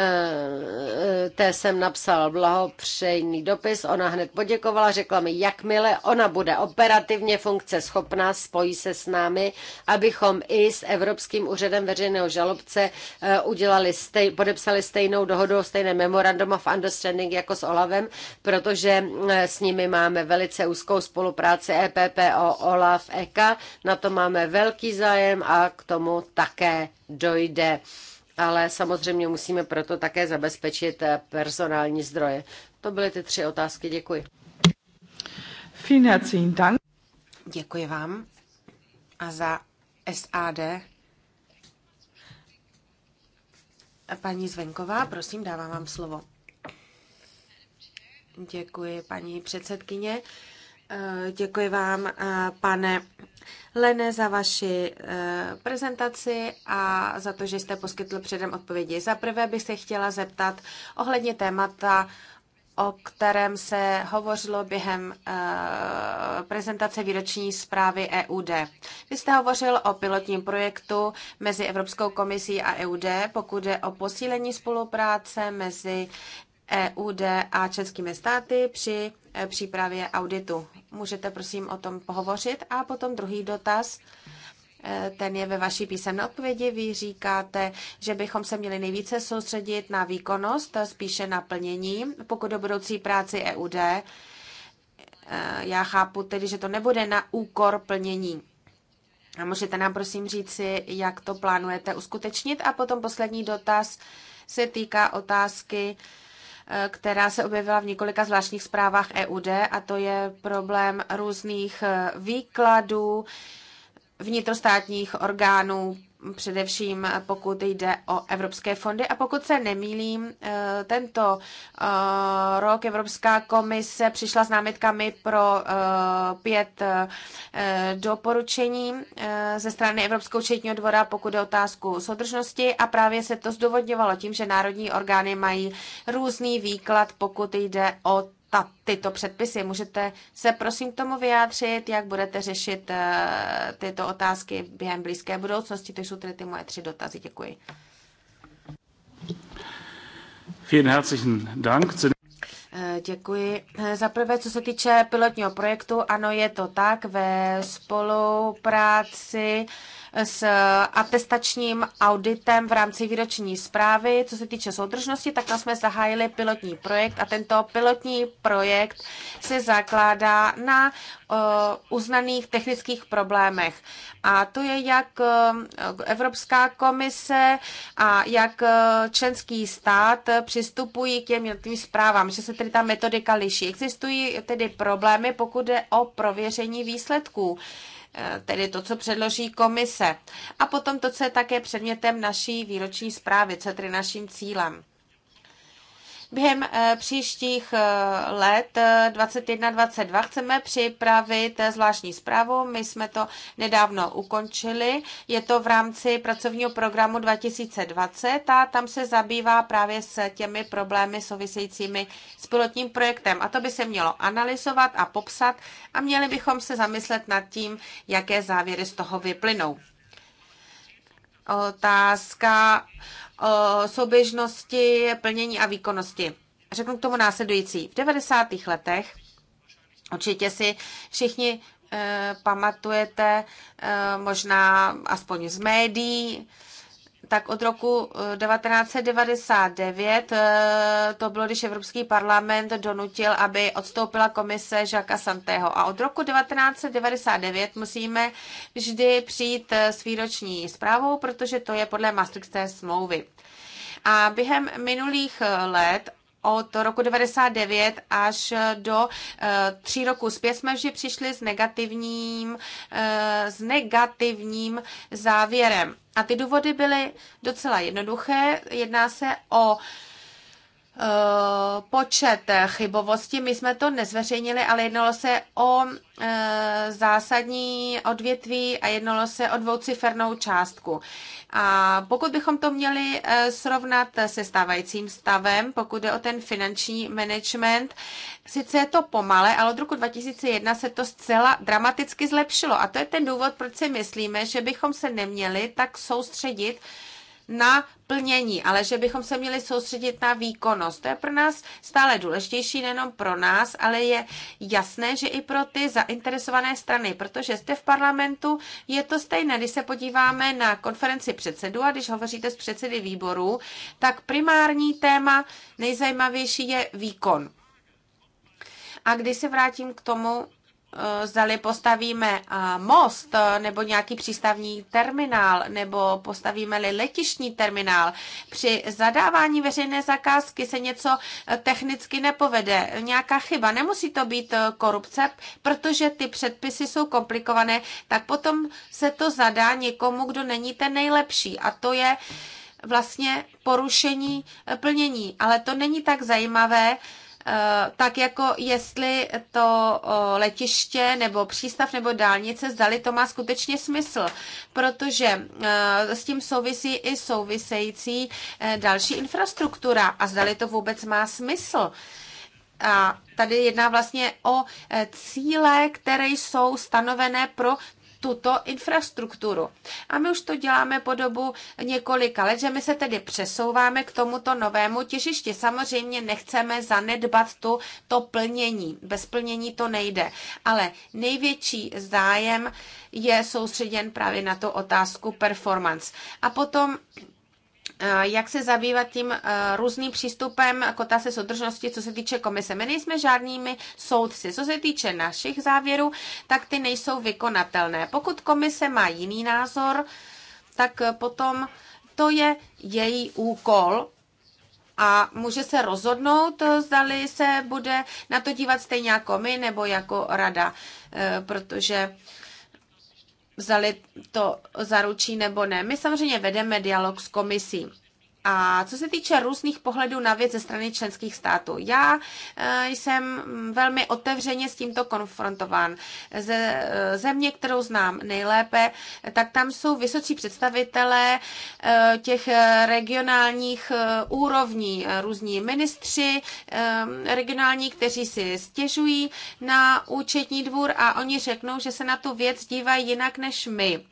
Speaker 1: Eh, eh, té jsem napsal blahopřejný dopis, ona hned poděkovala, řekla mi, jakmile ona bude operativně funkce schopná, spojí se s námi, abychom i s Evropským úřadem veřejného žalobce eh, udělali stej, podepsali stejnou dohodu, stejné memorandum of understanding jako s Olavem, protože s nimi máme velice úzkou spolupráci EPPO, Olaf, EKA, na to máme velký zájem a k tomu také dojde ale samozřejmě musíme proto také zabezpečit eh, personální zdroje. To byly ty tři otázky. Děkuji. Děkuji vám. A za SAD
Speaker 4: paní Zvenková, prosím, dávám vám slovo. Děkuji, paní předsedkyně. Eh, děkuji vám, eh, pane Lene, za vaši eh, prezentaci a za to, že jste poskytl předem odpovědi. Za prvé bych se chtěla zeptat ohledně témata, o kterém se hovořilo během prezentace výroční zprávy EUD. Vy jste hovořil o pilotním projektu mezi Evropskou komisí a EUD, pokud je o posílení spolupráce mezi EUD a českými státy při eh, přípravě auditu. Můžete prosím o tom pohovořit a potom druhý dotaz. Eh, ten je ve vaší písemné odpovědi. Vy říkáte, že bychom se měli nejvíce soustředit na výkonnost, spíše na plnění, pokud do budoucí práci EUD. Eh, já chápu tedy, že to nebude na úkor plnění. A můžete nám prosím říci, jak to plánujete uskutečnit? A potom poslední dotaz se týká otázky, Eh, která se objevila v několika zvláštních zprávách EUD, a to je problém různých eh, výkladů vnitrostátních orgánů především eh, pokud jde o evropské fondy. A pokud se nemýlím, eh, tento eh, rok Evropská komise přišla s námitkami pro pět doporučení ze strany Evropského účetního dvora, pokud je otázku soudržnosti a právě se to zdůvodňovalo tím, že národní orgány mají různý výklad, pokud jde o ta, tyto předpisy. Můžete se prosím k tomu vyjádřit, jak budete řešit eh, tyto otázky během blízké budoucnosti. To jsou tedy ty moje tři dotazy. Děkuji.
Speaker 2: Vielen herzlichen Dank.
Speaker 4: Eh, děkuji. Eh, za prvé, co se týče pilotního projektu, ano, je to tak, ve spolupráci s eh, atestačním auditem v rámci výroční zprávy. Co se týče soudržnosti, tak tam jsme zahájili pilotní projekt a tento pilotní projekt se zakládá na eh, uznaných technických problémech. A to je jak eh, Evropská komise a jak členský stát přistupují k těm zprávám, že se tedy ta metodika liší. Existují tedy problémy, pokud jde o prověření výsledků. Eh, tedy to, co předloží komise. A potom to, co je také předmětem naší výroční zprávy, co je tedy naším cílem. Během eh, příštích eh, let 21-22 eh, chceme připravit zvláštní zprávu. My jsme to nedávno ukončili. Je to v rámci pracovního programu 2020 a tam se zabývá právě s těmi problémy souvisejícími s pilotním projektem. A to by se mělo analyzovat a popsat a měli bychom se zamyslet nad tím, jaké závěry z toho vyplynou otázka souběžnosti, plnění a výkonnosti. Řeknu k tomu následující. V 90. letech určitě si všichni e, pamatujete, e, možná aspoň z médií, tak od roku 1999 eh, eh, to bylo, když Evropský parlament donutil, aby odstoupila komise Žaka Santého. A od roku 1999 musíme vždy přijít eh, s výroční zprávou, protože to je podle Maastrichtské smlouvy. A během minulých let od roku 99 až do eh, tří roku zpět jsme vždy přišli s negativním, eh, s negativním závěrem. A ty důvody byly docela jednoduché. Jedná se o Eh, počet eh, chybovosti. My jsme to nezveřejnili, ale jednalo se o eh, zásadní odvětví a jednalo se o dvoucifernou částku. A pokud bychom to měli srovnat se stávajícím stavem, pokud je o ten finanční management, sice je to pomale, ale od roku 2001 se to zcela dramaticky zlepšilo. A to je ten důvod, proč si myslíme, že bychom se neměli tak soustředit na plnění, ale že bychom se měli soustředit na výkonnost. To je pro nás stále důležitější, nejenom pro nás, ale je jasné, že i pro ty zainteresované strany, protože jste v parlamentu, je to stejné. Když se podíváme na konferenci předsedů a když hovoříte s předsedy výborů, tak primární téma nejzajímavější je výkon. A když se vrátím k tomu, Eh, zdali postavíme eh, most eh, nebo nějaký přístavní terminál nebo postavíme-li letišní terminál. Při zadávání veřejné zakázky se něco technicky nepovede, nějaká chyba. Nemusí to být korupce, protože ty předpisy jsou komplikované, tak potom se to zadá někomu, kdo není ten nejlepší. A to je vlastně porušení plnění. Ale to není tak zajímavé, Eh, tak jako jestli to letiště nebo přístav nebo dálnice, zdali to má skutečně smysl, protože eh, s tím souvisí i související eh, další infrastruktura a zdali to vůbec má smysl. A tady jedná vlastně o cíle, které jsou stanovené pro tuto infrastrukturu. A my už to děláme po dobu několika let, že my se tedy přesouváme k tomuto novému těžišti. Samozřejmě nechceme zanedbat tu, to plnění. Bez plnění to nejde. Ale největší zájem je soustředěn právě na tu otázku performance. A potom Eh, jak se zabývat tím eh, různým přístupem k otázce soudržnosti, co se týče komise. My nejsme žádnými soudci. Co se týče našich závěrů, tak ty nejsou vykonatelné. Pokud komise má jiný názor, tak eh, potom to je její úkol a může se rozhodnout, zdali se bude na to dívat stejně jako my nebo jako rada, protože vzali to zaručí nebo ne. My samozřejmě vedeme dialog s komisí. A co se týče různých pohledů na věc ze strany členských států, já eh, jsem velmi otevřeně s tímto konfrontován. Ze eh, země, kterou znám nejlépe, tak tam jsou vysocí představitelé eh, těch regionálních úrovní, různí ministři regionální, kteří si stěžují na účetní dvůr a oni řeknou, že se na tu věc dívají jinak než my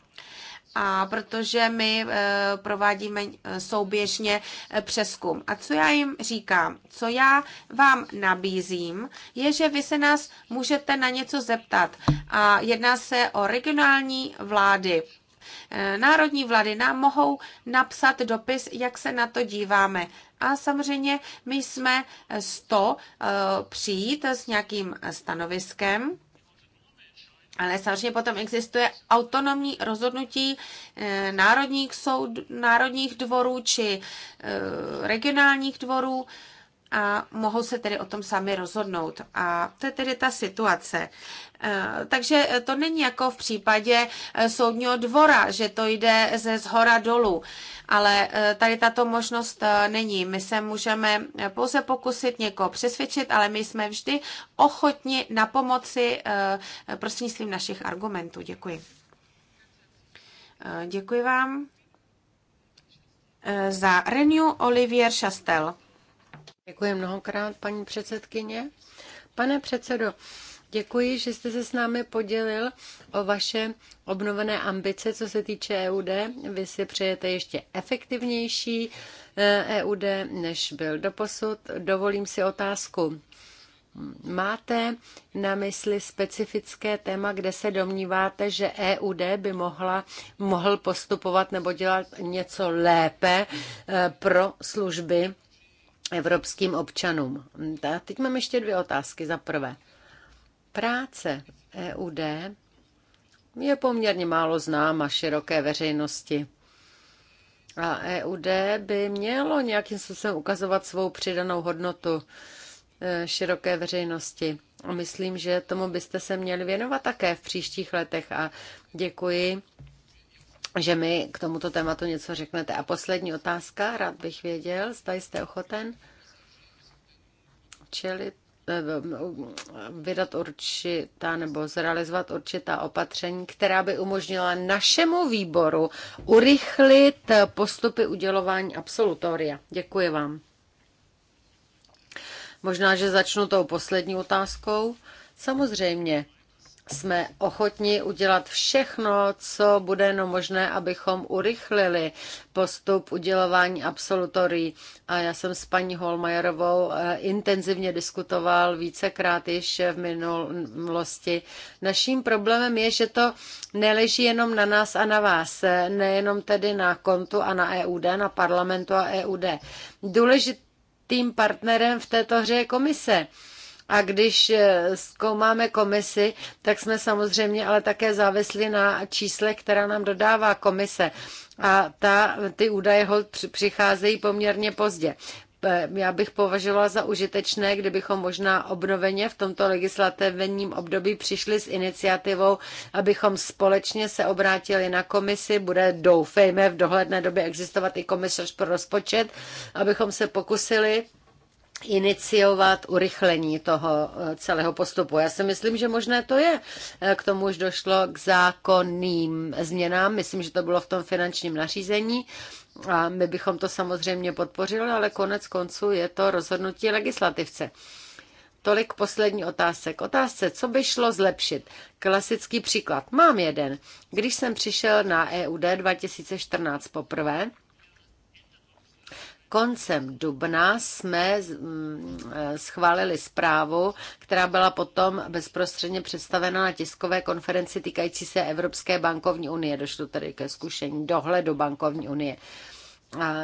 Speaker 4: a protože my eh, provádíme eh, souběžně eh, přeskum. A co já jim říkám, co já vám nabízím, je, že vy se nás můžete na něco zeptat. A jedná se o regionální vlády. Národní vlády nám mohou napsat dopis, jak se na to díváme. A samozřejmě my jsme 100 přijít s nějakým stanoviskem ale samozřejmě potom existuje autonomní rozhodnutí eh, národních, soud, národních dvorů či eh, regionálních dvorů a mohou se tedy o tom sami rozhodnout. A to je tedy ta situace. Eh, takže to není jako v případě soudního dvora, že to jde ze zhora dolů ale eh, tady tato možnost eh, není. My se můžeme eh, pouze pokusit někoho přesvědčit, ale my jsme vždy ochotni na pomoci prostřednictvím našich argumentů. Děkuji. Děkuji vám
Speaker 1: za Renew Olivier Chastel. Děkuji mnohokrát, paní předsedkyně. Pane předsedo, Děkuji, že jste se s námi podělil o vaše obnovené ambice, co se týče EUD. Vy si přejete ještě efektivnější EUD, eh, e než byl doposud. Dovolím si otázku. Máte na mysli specifické téma, kde se domníváte, že EUD by mohla, mohl postupovat nebo dělat něco lépe eh, pro služby evropským občanům? Teď mám ještě dvě otázky. Za prvé, Práce EUD je poměrně málo známa široké veřejnosti. A EUD by mělo nějakým způsobem ukazovat svou přidanou hodnotu eh, široké veřejnosti. A myslím, že tomu byste se měli věnovat také v příštích letech. A děkuji, že mi k tomuto tématu něco řeknete. A poslední otázka, rád bych věděl, zda jste ochoten čelit Eh, vydat určitá nebo zrealizovat určitá opatření, která by umožnila našemu výboru urychlit postupy udělování absolutoria. Děkuji vám. Možná, že začnu tou poslední otázkou. Samozřejmě, jsme ochotni udělat všechno, co bude jenom možné, abychom urychlili postup udělování absolutorií. A já jsem s paní Holmajerovou eh, intenzivně diskutoval vícekrát již v minulosti. Naším problémem je, že to neleží jenom na nás a na vás, nejenom tedy na kontu a na EUD, na parlamentu a EUD. Důležitým partnerem v této hře je komise a když eh, zkoumáme komisi, tak jsme samozřejmě ale také závislí na číslech, která nám dodává komise. A ta, ty údaje přicházejí poměrně pozdě já bych považovala za užitečné, kdybychom možná obnoveně v tomto legislativním období přišli s iniciativou, abychom společně se obrátili na komisi, bude doufejme v dohledné době existovat i komisař pro rozpočet, abychom se pokusili iniciovat urychlení toho eh, celého postupu. Já si myslím, že možné to je. Eh, k tomu už došlo k zákonným změnám. Myslím, že to bylo v tom finančním nařízení. A my bychom to samozřejmě podpořili, ale konec konců je to rozhodnutí legislativce. Tolik poslední otázek. Otázce, co by šlo zlepšit? Klasický příklad. Mám jeden. Když jsem přišel na EUD 2014 poprvé, koncem dubna jsme mm, eh, schválili zprávu, která byla potom bezprostředně představena na tiskové konferenci týkající se Evropské bankovní unie. Došlo tedy ke zkušení dohledu bankovní unie.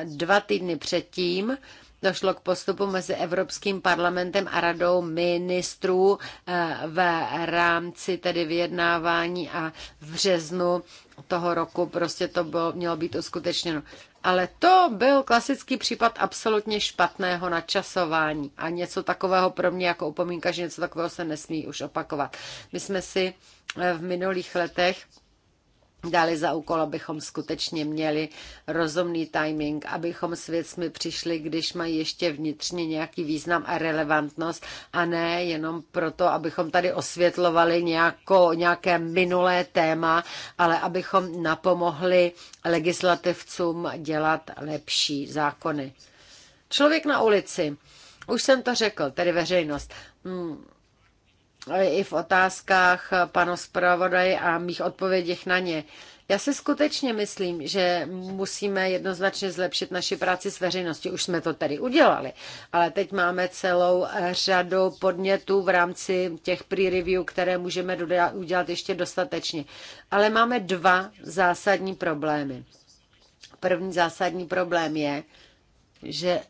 Speaker 1: dva týdny předtím došlo k postupu mezi Evropským parlamentem a radou ministrů eh, v rámci tedy vyjednávání a v březnu toho roku prostě to bylo, mělo být uskutečněno. Ale to byl klasický případ absolutně špatného načasování a něco takového pro mě jako upomínka, že něco takového se nesmí už opakovat. My jsme si eh, v minulých letech dali za úkol, abychom skutečně měli rozumný timing, abychom s věcmi přišli, když mají ještě vnitřně nějaký význam a relevantnost a ne jenom proto, abychom tady osvětlovali nějako, nějaké minulé téma, ale abychom napomohli legislativcům dělat lepší zákony. Člověk na ulici, už jsem to řekl, tedy veřejnost, hmm i v otázkách eh, panu zpravodaji a mých odpovědích na ně. Já si skutečně myslím, že musíme jednoznačně zlepšit naši práci s veřejností. Už jsme to tady udělali, ale teď máme celou eh, řadu podnětů v rámci těch pre-review, které můžeme udělat ještě dostatečně. Ale máme dva zásadní problémy. První zásadní problém je, že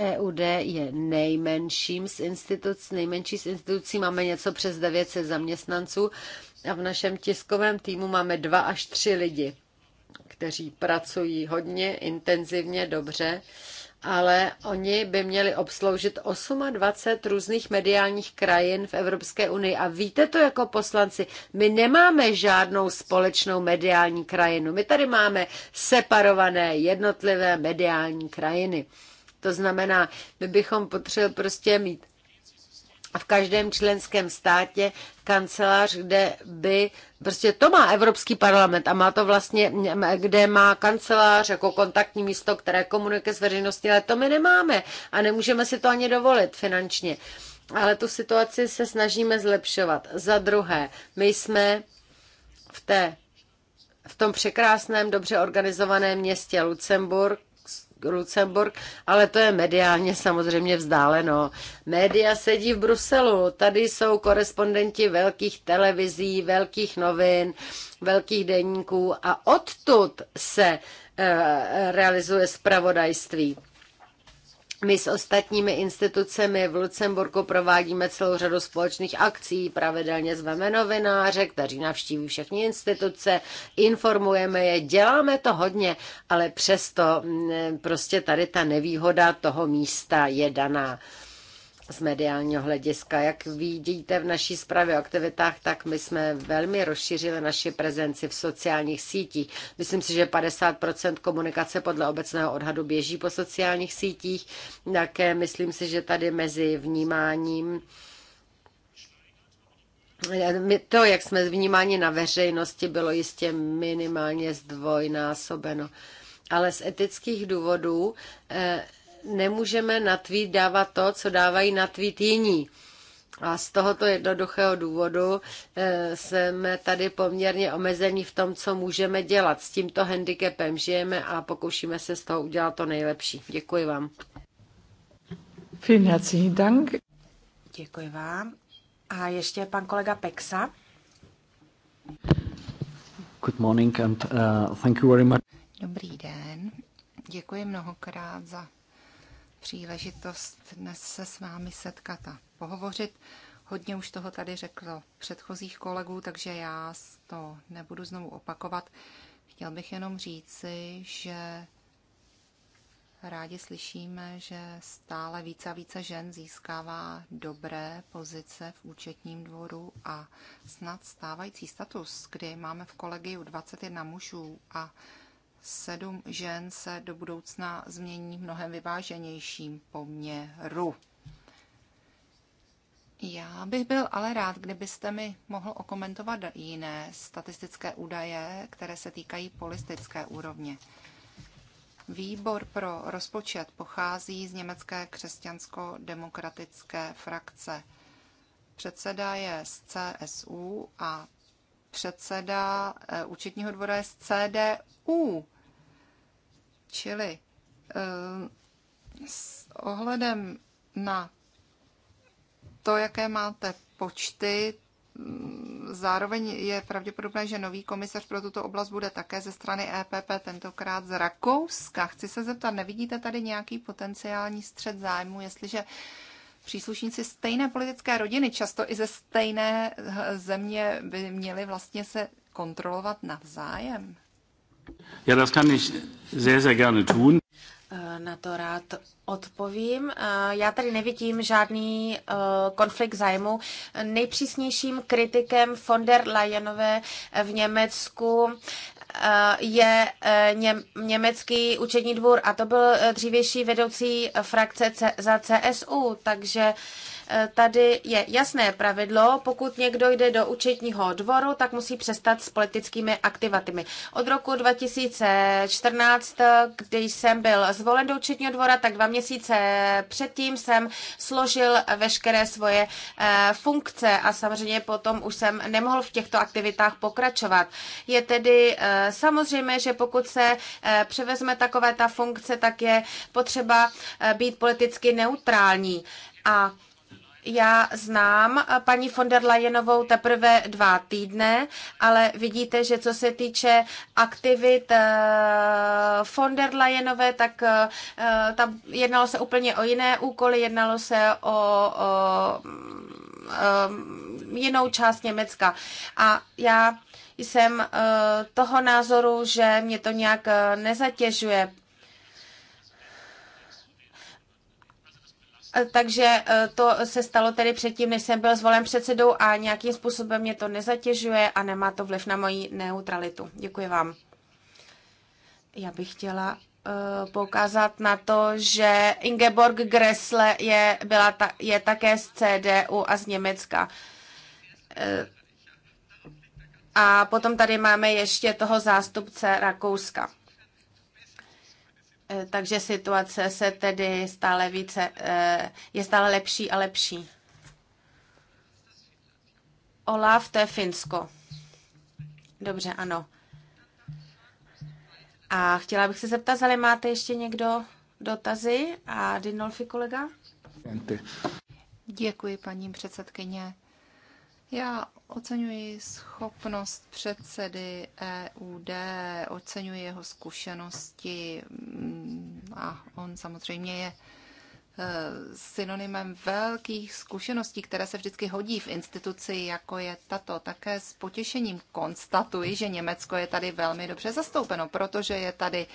Speaker 1: EUD je nejmenším z instituc, nejmenší z institucí, máme něco přes 900 zaměstnanců a v našem tiskovém týmu máme dva až tři lidi, kteří pracují hodně, intenzivně, dobře, ale oni by měli obsloužit 28 různých mediálních krajin v Evropské unii. A víte to jako poslanci, my nemáme žádnou společnou mediální krajinu. My tady máme separované jednotlivé mediální krajiny. To znamená, my bychom potřebovali prostě mít v každém členském státě kancelář, kde by, prostě to má Evropský parlament a má to vlastně, kde má kancelář jako kontaktní místo, které komunikuje s veřejností, ale to my nemáme a nemůžeme si to ani dovolit finančně. Ale tu situaci se snažíme zlepšovat. Za druhé, my jsme v té v tom překrásném, dobře organizovaném městě Lucemburg Lucemburg, ale to je mediálně samozřejmě vzdáleno. Média sedí v Bruselu, tady jsou korespondenti velkých televizí, velkých novin, velkých denníků a odtud se eh, realizuje spravodajství. My s ostatními institucemi v Lucemburku provádíme celou řadu společných akcí, pravidelně zveme novináře, kteří navštíví všechny instituce, informujeme je, děláme to hodně, ale přesto mm, prostě tady ta nevýhoda toho místa je daná z mediálního hlediska. Jak vidíte v naší zprávě o aktivitách, tak my jsme velmi rozšířili naši prezenci v sociálních sítích. Myslím si, že 50% komunikace podle obecného odhadu běží po sociálních sítích. Také myslím si, že tady mezi vnímáním to, jak jsme vnímáni na veřejnosti, bylo jistě minimálně zdvojnásobeno. Ale z etických důvodů eh, nemůžeme na tweet dávat to, co dávají na tweet jiní. A z tohoto jednoduchého důvodu eh, jsme tady poměrně omezení v tom, co můžeme dělat. S tímto handicapem žijeme a pokoušíme se z toho udělat to nejlepší. Děkuji vám.
Speaker 2: Vielen Dank.
Speaker 1: Děkuji vám.
Speaker 3: A ještě pan kolega Pexa.
Speaker 2: Good morning and uh, thank you very much.
Speaker 3: Dobrý den. Děkuji mnohokrát za příležitost dnes se s vámi setkat a pohovořit. Hodně už toho tady řeklo předchozích kolegů, takže já to nebudu znovu opakovat. Chtěl bych jenom říci, že rádi slyšíme, že stále více a více žen získává dobré pozice v účetním dvoru a snad stávající status, kdy máme v kolegiu 21 mužů a sedm žen se do budoucna změní v mnohem vyváženějším poměru. Já bych byl ale rád, kdybyste mi mohl okomentovat jiné statistické údaje, které se týkají politické úrovně. Výbor pro rozpočet pochází z německé křesťansko-demokratické frakce. Předseda je z CSU a předseda eh, účetního dvora je z CDU. Čili eh, s ohledem na to, jaké máte počty, mm, zároveň je pravděpodobné, že nový komisař pro tuto oblast bude také ze strany EPP, tentokrát z Rakouska. Chci se zeptat, nevidíte tady nějaký potenciální střed zájmu, jestliže příslušníci stejné politické rodiny, často i ze stejné eh, země, by měli vlastně se kontrolovat navzájem?
Speaker 2: Ja, das kann ich sehr, sehr gerne tun.
Speaker 3: Eh, na
Speaker 4: to rád odpovím. Eh, já tady nevidím žádný konflikt zájmu. Nejpřísnějším kritikem von der Leyenové v Německu Eh, je eh, německý účetní dvůr a to byl eh, dřívější vedoucí frakce za CSU, takže tady je jasné pravidlo, pokud někdo jde do účetního dvoru, tak musí přestat s politickými aktivatami. Od roku 2014, kdy jsem byl zvolen do účetního dvora, tak dva měsíce předtím jsem složil veškeré svoje eh, funkce a samozřejmě potom už jsem nemohl v těchto aktivitách pokračovat. Je tedy eh, samozřejmé, že pokud se eh, převezme takové ta funkce, tak je potřeba být politicky neutrální. A já znám paní von der Leyenovou teprve dva týdny, ale vidíte, že co se týče aktivit e, von der Leyenové, tak e, tam jednalo se úplně o jiné úkoly, jednalo se o, o mm, e, jinou část Německa. A já jsem toho názoru, že mě to nějak nezatěžuje Eh, takže eh, to se stalo tedy předtím, než jsem byl zvolen předsedou a nějakým způsobem mě to nezatěžuje a nemá to vliv na moji neutralitu. Děkuji vám. Já bych chtěla eh, poukázat na to, že Ingeborg Gressle je, byla ta, je také z CDU a z Německa. A potom tady máme ještě toho zástupce Rakouska takže situace se tedy stále více, eh, je stále lepší a lepší. Olaf, to je Finsko. Dobře, ano. A chtěla bych se zeptat, zda máte ještě někdo
Speaker 3: dotazy? A Dinolfi kolega? Děkuji, paní předsedkyně. Já oceňuji schopnost předsedy EUD, oceňuji jeho zkušenosti mm, a on samozřejmě je Eh, synonymem velkých zkušeností, které se vždycky hodí v instituci, jako je tato. Také s potěšením konstatuji, že Německo je tady velmi dobře zastoupeno, protože je tady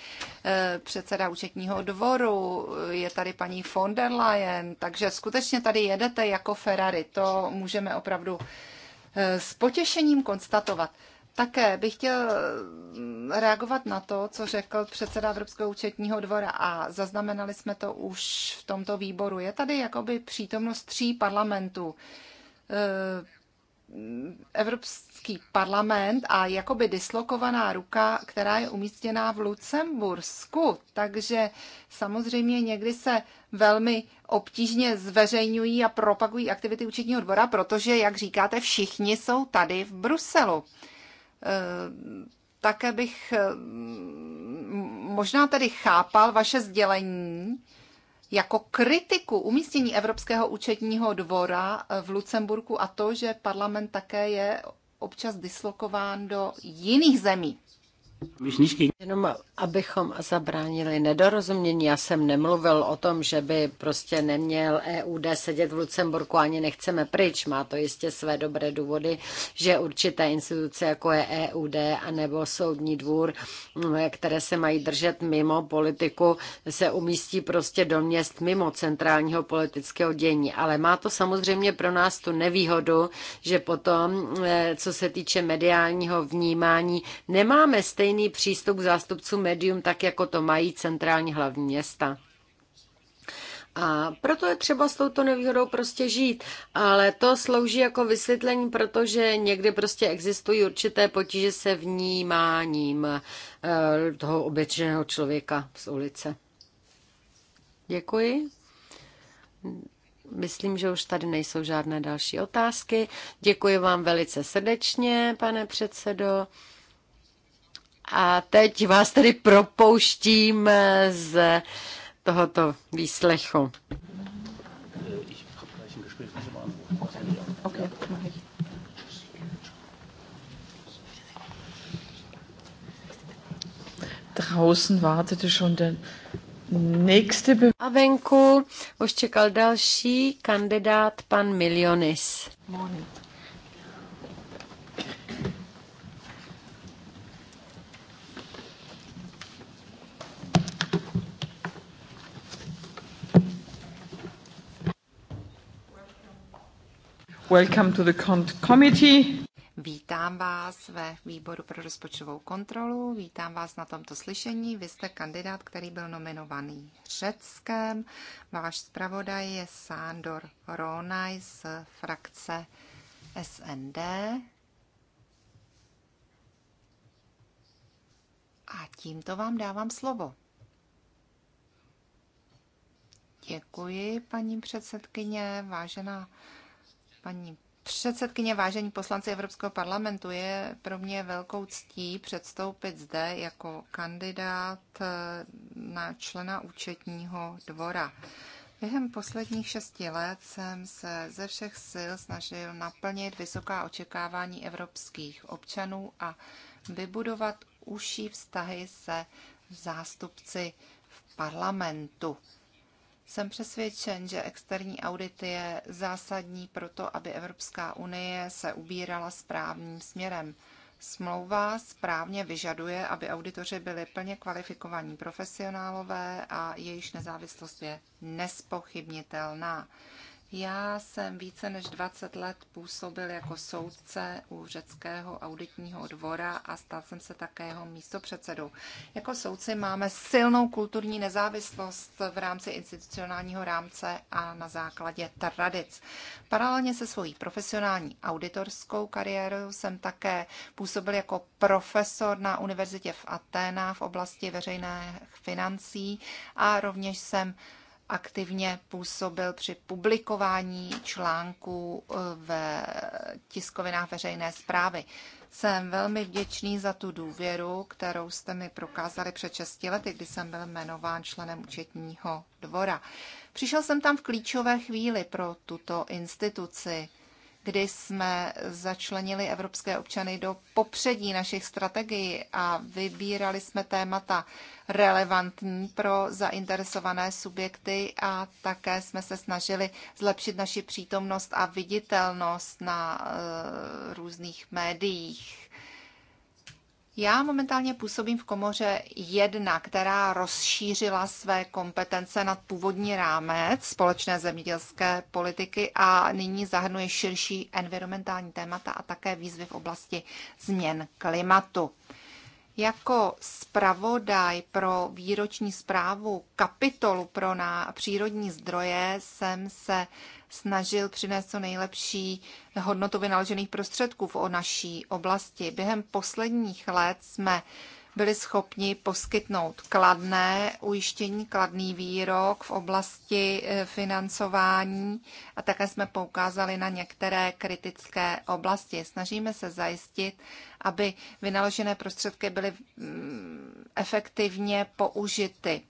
Speaker 3: eh, předseda účetního dvoru, je tady paní von der Leyen, takže skutečně tady jedete jako Ferrari, to můžeme opravdu eh, s potěšením konstatovat. Také bych chtěl mm, reagovat na to, co řekl předseda Evropského účetního dvora a zaznamenali jsme to už v tomto výboru. Je tady jakoby přítomnost tří parlamentů. Eh, Evropský parlament a jakoby dislokovaná ruka, která je umístěná v Lucembursku. Takže samozřejmě někdy se velmi obtížně zveřejňují a propagují aktivity účetního dvora, protože, jak říkáte, všichni jsou tady v Bruselu. Eh, také bych eh, možná tedy chápal vaše sdělení jako kritiku umístění Evropského účetního dvora eh, v Lucemburku a to, že parlament také je občas dislokován do jiných zemí.
Speaker 1: Jenom abychom zabránili nedorozumění, já jsem nemluvil o tom, že by prostě neměl EUD sedět v Lucemburku, ani nechceme pryč. Má to jistě své dobré důvody, že určité instituce, jako je EUD a nebo Soudní dvůr, které se mají držet mimo politiku, se umístí prostě do měst mimo centrálního politického dění. Ale má to samozřejmě pro nás tu nevýhodu, že potom, eh, co se týče mediálního vnímání, nemáme stejně stejný přístup k zástupcům médium, tak jako to mají centrální hlavní města. A proto je třeba s touto nevýhodou prostě žít. Ale to slouží jako vysvětlení, protože někdy prostě existují určité potíže se vnímáním eh, toho obyčejného člověka z ulice. Děkuji. Myslím, že už tady nejsou žádné další otázky. Děkuji vám velice srdečně, pane předsedo. A teď vás tedy propouštím eh, z tohoto výslechu. Draußen wartete schon der nächste Be A venku už čekal další kandidát, pan Milionis.
Speaker 3: Morning.
Speaker 2: Welcome to the committee.
Speaker 3: Vítám vás ve výboru pro rozpočtovou kontrolu, vítám vás na tomto slyšení. Vy jste kandidát, který byl nominovaný Řeckem. Váš zpravodaj je Sándor Ronaj z frakce SND. A tímto vám dávám slovo. Děkuji, paní předsedkyně, vážená Paní předsedkyně, vážení poslanci Evropského parlamentu, je pro mě velkou ctí předstoupit zde jako kandidát eh, na člena účetního dvora. Během posledních šesti let jsem se ze všech sil snažil naplnit vysoká očekávání evropských občanů a vybudovat užší vztahy se zástupci v parlamentu. Jsem přesvědčen, že externí audit je zásadní pro to, aby Evropská unie se ubírala správným směrem. Smlouva správně vyžaduje, aby auditoři byli plně kvalifikovaní profesionálové a jejich nezávislost je nespochybnitelná. Já jsem více než 20 let působil jako soudce u řeckého auditního dvora a stal jsem se také jeho místopředsedou. Jako soudci máme silnou kulturní nezávislost v rámci institucionálního rámce a na základě tradic. Paralelně se svojí profesionální auditorskou kariérou jsem také působil jako profesor na univerzitě v Aténách v oblasti veřejných financí a rovněž jsem aktivně působil při publikování článků eh, ve tiskovinách veřejné zprávy. Jsem velmi vděčný za tu důvěru, kterou jste mi prokázali před 6 lety, kdy jsem byl jmenován členem účetního dvora. Přišel jsem tam v klíčové chvíli pro tuto instituci kdy jsme začlenili evropské občany do popředí našich strategií a vybírali jsme témata relevantní pro zainteresované subjekty a také jsme se snažili zlepšit naši přítomnost a viditelnost na eh, různých médiích. Já momentálně působím v komoře jedna, která rozšířila své kompetence nad původní rámec společné zemědělské politiky a nyní zahrnuje širší environmentální témata a také výzvy v oblasti změn klimatu. Jako zpravodaj pro výroční zprávu kapitolu pro na přírodní zdroje jsem se snažil přinést co nejlepší hodnotu vynaložených prostředků v naší oblasti. Během posledních let jsme byli schopni poskytnout kladné ujištění, kladný výrok v oblasti e, financování a také jsme poukázali na některé kritické oblasti. Snažíme se zajistit, aby vynaložené prostředky byly mm, efektivně použity.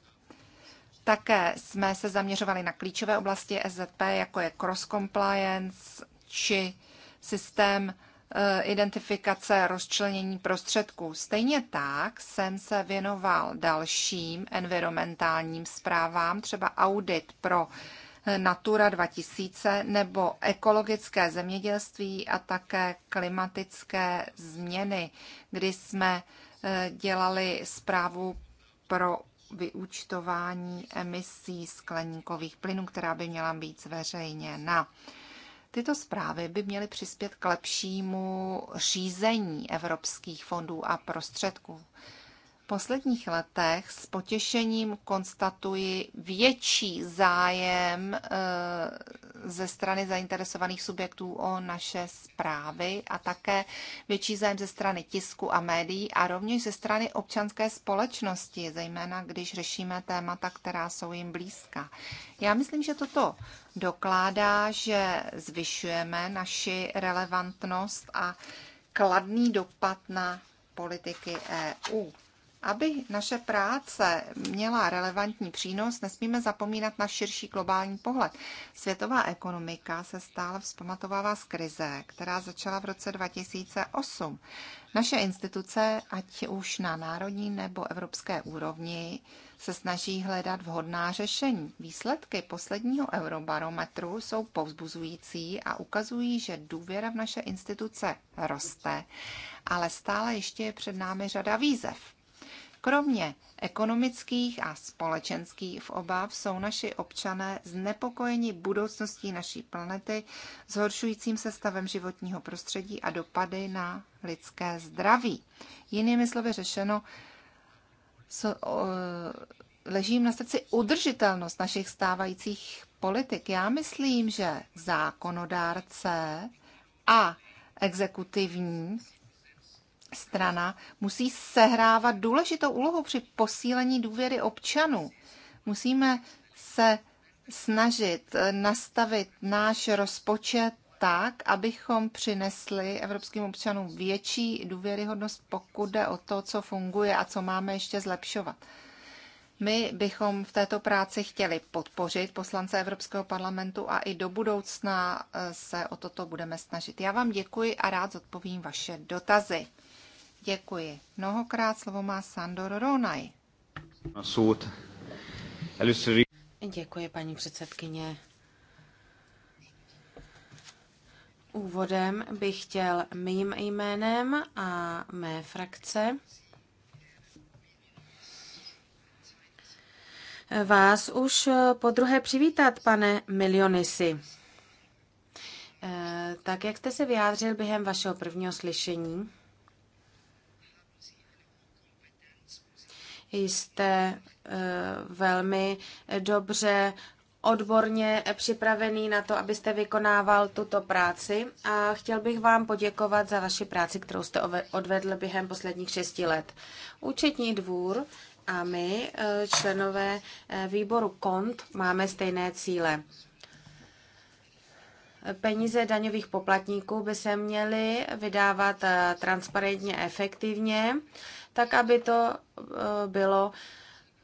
Speaker 3: Také jsme se zaměřovali na klíčové oblasti SZP, jako je cross-compliance či systém eh, identifikace rozčlenění prostředků. Stejně tak jsem se věnoval dalším environmentálním zprávám, třeba audit pro eh, Natura 2000 nebo ekologické zemědělství a také klimatické změny, kdy jsme eh, dělali zprávu pro vyúčtování emisí skleníkových plynů, která by měla být zveřejněna. Tyto zprávy by měly přispět k lepšímu řízení evropských fondů a prostředků posledních letech s potěšením konstatuji větší zájem eh, ze strany zainteresovaných subjektů o naše zprávy a také větší zájem ze strany tisku a médií a rovněž ze strany občanské společnosti, zejména když řešíme témata, která jsou jim blízká. Já myslím, že toto dokládá, že zvyšujeme naši relevantnost a kladný dopad na politiky EU. Aby naše práce měla relevantní přínos, nesmíme zapomínat na širší globální pohled. Světová ekonomika se stále vzpamatovává z krize, která začala v roce 2008. Naše instituce, ať už na národní nebo evropské úrovni, se snaží hledat vhodná řešení. Výsledky posledního eurobarometru jsou povzbuzující a ukazují, že důvěra v naše instituce roste, ale stále ještě je před námi řada výzev. Kromě ekonomických a společenských obav jsou naši občané znepokojeni budoucností naší planety, zhoršujícím se stavem životního prostředí a dopady na lidské zdraví. Jinými slovy řešeno, so, ležím na srdci udržitelnost našich stávajících politik. Já myslím, že zákonodárce a exekutivní strana musí sehrávat důležitou úlohu při posílení důvěry občanů. Musíme se snažit nastavit náš rozpočet tak, abychom přinesli evropským občanům větší důvěryhodnost, pokud jde o to, co funguje a co máme ještě zlepšovat. My bychom v této práci chtěli podpořit poslance Evropského parlamentu a i do budoucna eh, se o toto budeme snažit. Já vám děkuji a rád zodpovím vaše dotazy. Děkuji. Mnohokrát slovo má Sandor Ronaj. Děkuji, paní předsedkyně.
Speaker 4: Úvodem bych chtěl mým jménem a mé frakce vás už po druhé přivítat, pane Milionisi. Eh, tak jak jste se vyjádřil během vašeho prvního slyšení, jste e, velmi dobře odborně připravený na to, abyste vykonával tuto práci a chtěl bych vám poděkovat za vaši práci, kterou jste odvedl během posledních šesti let. Účetní dvůr a my, e, členové e, výboru KONT, máme stejné cíle. Peníze daňových poplatníků by se měly vydávat eh, transparentně, efektivně, tak aby to eh, bylo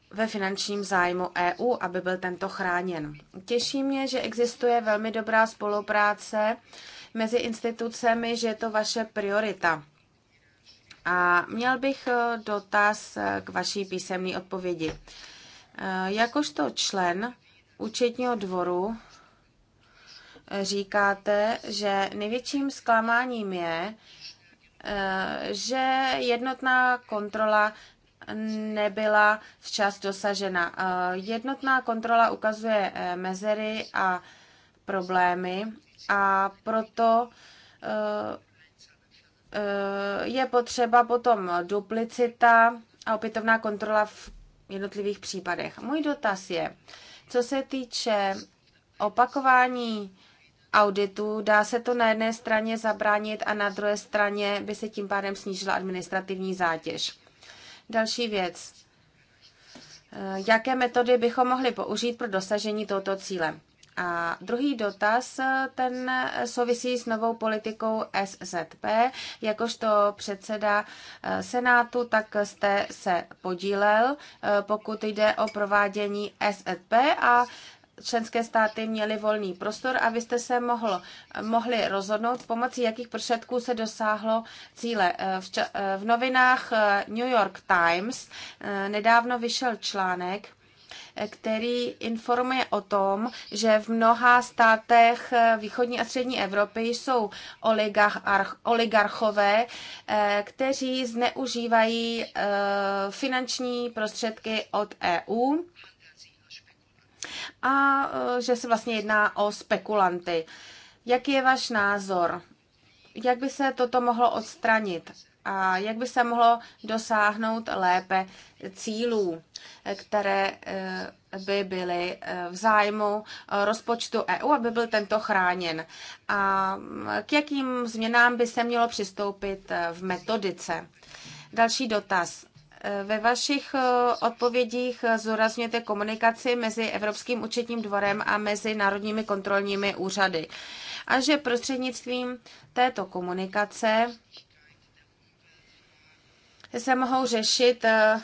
Speaker 4: ve finančním zájmu EU, aby byl tento chráněn. Těší mě, že existuje velmi dobrá spolupráce mezi institucemi, že je to vaše priorita. A měl bych eh, dotaz k vaší písemné odpovědi. Jakožto člen účetního dvoru říkáte, že největším zklamáním je, eh, že jednotná kontrola nebyla včas dosažena. Eh, jednotná kontrola ukazuje eh, mezery a problémy a proto je potřeba potom duplicita a opětovná kontrola v jednotlivých případech. Můj dotaz je, co se týče opakování Auditu Dá se to na jedné straně zabránit a na druhé straně by se tím pádem snížila administrativní zátěž. Další věc. Eh, jaké metody bychom mohli použít pro dosažení tohoto cíle? A druhý dotaz, ten souvisí s novou politikou SZP. Jakožto předseda eh, Senátu, tak jste se podílel, eh, pokud jde o provádění SZP a členské státy měly volný prostor a se mohl, mohli rozhodnout, pomocí jakých prostředků se dosáhlo cíle. Eh, v, ča, eh, v novinách eh, New York Times nedávno vyšel článek, který informuje o tom, že v mnoha státech východní a střední Evropy jsou oligarchové, kteří zneužívají finanční prostředky od EU a eh, že se vlastně jedná o spekulanty. Jaký je váš názor? Jak by se toto mohlo odstranit? A jak by se mohlo dosáhnout lépe cílů, které eh, by byly eh, v zájmu rozpočtu EU, aby byl tento chráněn? A mm, k jakým změnám by se mělo přistoupit v metodice? Další dotaz. Ve vašich eh, odpovědích zúrazňujete komunikaci mezi Evropským účetním dvorem a mezi národními kontrolními úřady a že prostřednictvím této komunikace se mohou řešit eh,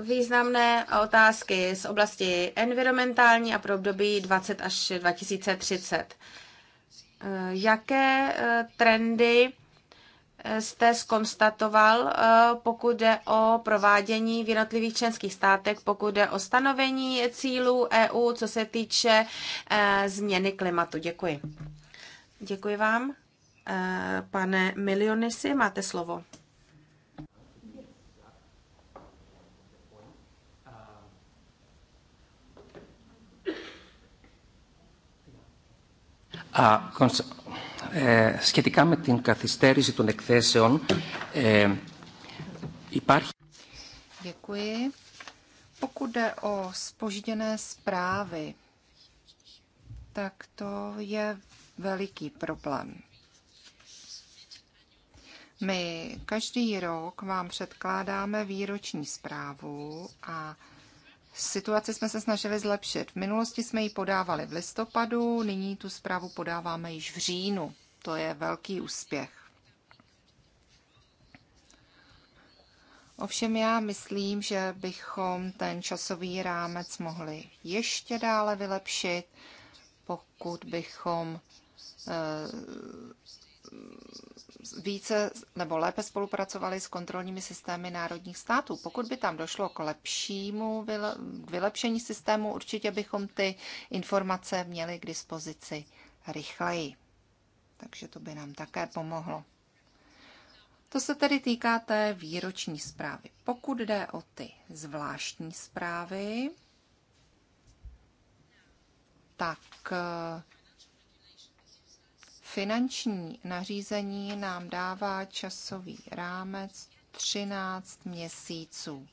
Speaker 4: významné otázky z oblasti environmentální a pro období 20 až 2030. Eh, jaké trendy jste skonstatoval, eh, pokud jde o provádění v jednotlivých členských státech, pokud jde o stanovení cílů EU, co se týče eh, změny klimatu. Děkuji. Děkuji vám. Eh, pane Milionisi, máte slovo.
Speaker 2: Uh, ε, eh, σχετικά με την καθυστέρηση των εκθέσεων ε, υπάρχει...
Speaker 3: Děkuji. Pokud jde o spožděné zprávy, tak to je veliký problém. My každý rok vám předkládáme výroční zprávu a Situaci jsme se snažili zlepšit. V minulosti jsme ji podávali v listopadu, nyní tu zprávu podáváme již v říjnu. To je velký úspěch. Ovšem já myslím, že bychom ten časový rámec mohli ještě dále vylepšit, pokud bychom eh, více nebo lépe spolupracovali s kontrolními systémy národních států. Pokud by tam došlo k lepšímu k vylepšení systému, určitě bychom ty informace měli k dispozici rychleji. Takže to by nám také pomohlo. To se tedy týká té výroční zprávy. Pokud jde o ty zvláštní zprávy, tak eh, Finanční nařízení nám dává časový rámec 13 měsíců.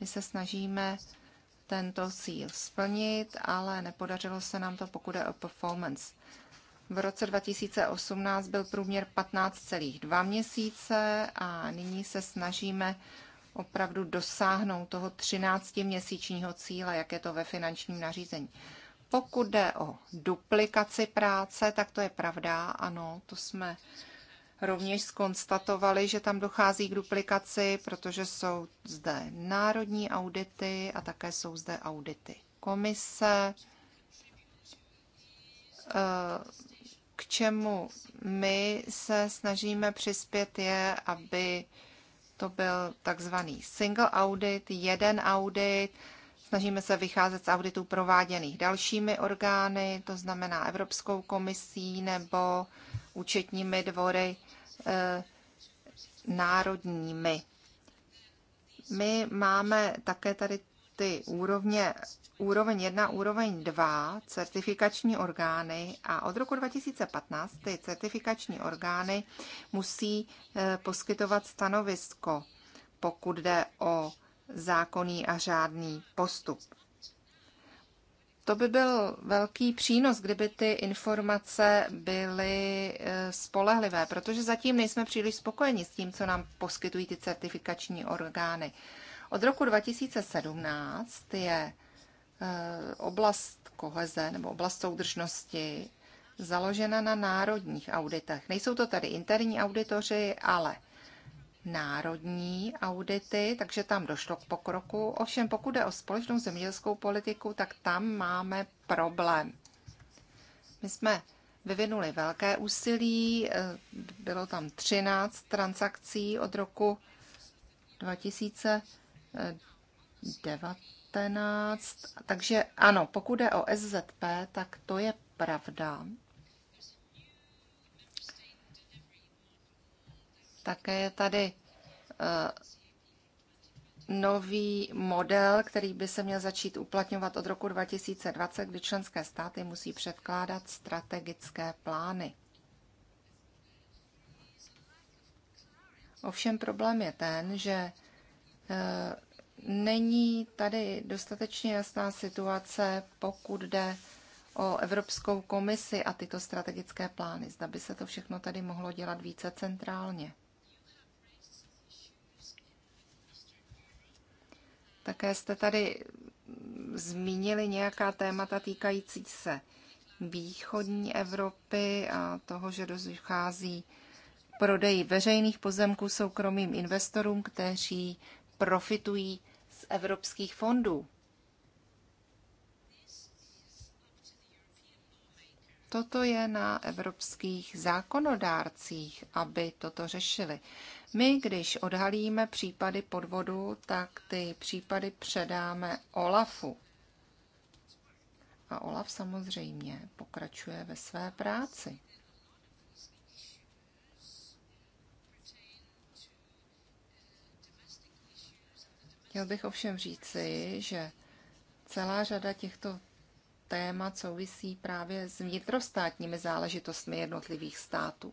Speaker 3: My se snažíme tento cíl splnit, ale nepodařilo se nám to, pokud je o performance. V roce 2018 byl průměr 15,2 měsíce a nyní se snažíme opravdu dosáhnout toho 13-měsíčního cíle, jak je to ve finančním nařízení. Pokud jde o duplikaci práce, tak to je pravda, ano, to jsme rovněž skonstatovali, že tam dochází k duplikaci, protože jsou zde národní audity a také jsou zde audity komise. Eh, k čemu my se snažíme přispět je, aby to byl takzvaný single audit, jeden audit, Snažíme se vycházet z auditů prováděných dalšími orgány, to znamená Evropskou komisí nebo účetními dvory e, národními. My máme také tady ty úrovně, úroveň 1, úroveň 2, certifikační orgány a od roku 2015 ty certifikační orgány musí eh, poskytovat stanovisko, pokud jde o zákonný a řádný postup. To by byl velký přínos, kdyby ty informace byly e, spolehlivé, protože zatím nejsme příliš spokojeni s tím, co nám poskytují ty certifikační orgány. Od roku 2017 je e, oblast koheze nebo oblast soudržnosti založena na národních auditech. Nejsou to tady interní auditoři, ale národní audity, takže tam došlo k pokroku. Ovšem, pokud jde o společnou zemědělskou politiku, tak tam máme problém. My jsme vyvinuli velké úsilí, eh, bylo tam 13 transakcí od roku 2019, takže ano, pokud jde o SZP, tak to je pravda. Také je tady eh, nový model, který by se měl začít uplatňovat od roku 2020, kdy členské státy musí předkládat strategické plány. Ovšem problém je ten, že eh, není tady dostatečně jasná situace, pokud jde o Evropskou komisi a tyto strategické plány. Zda by se to všechno tady mohlo dělat více centrálně. Také jste tady zmínili nějaká témata týkající se východní Evropy a toho, že dochází prodej veřejných pozemků soukromým investorům, kteří profitují z evropských fondů. Toto je na evropských zákonodárcích, aby toto řešili. My, když odhalíme případy podvodu, tak ty případy předáme OLAFu. A OLAF samozřejmě pokračuje ve své práci. Chtěl bych ovšem říci, že celá řada těchto téma souvisí právě s vnitrostátními záležitostmi jednotlivých států.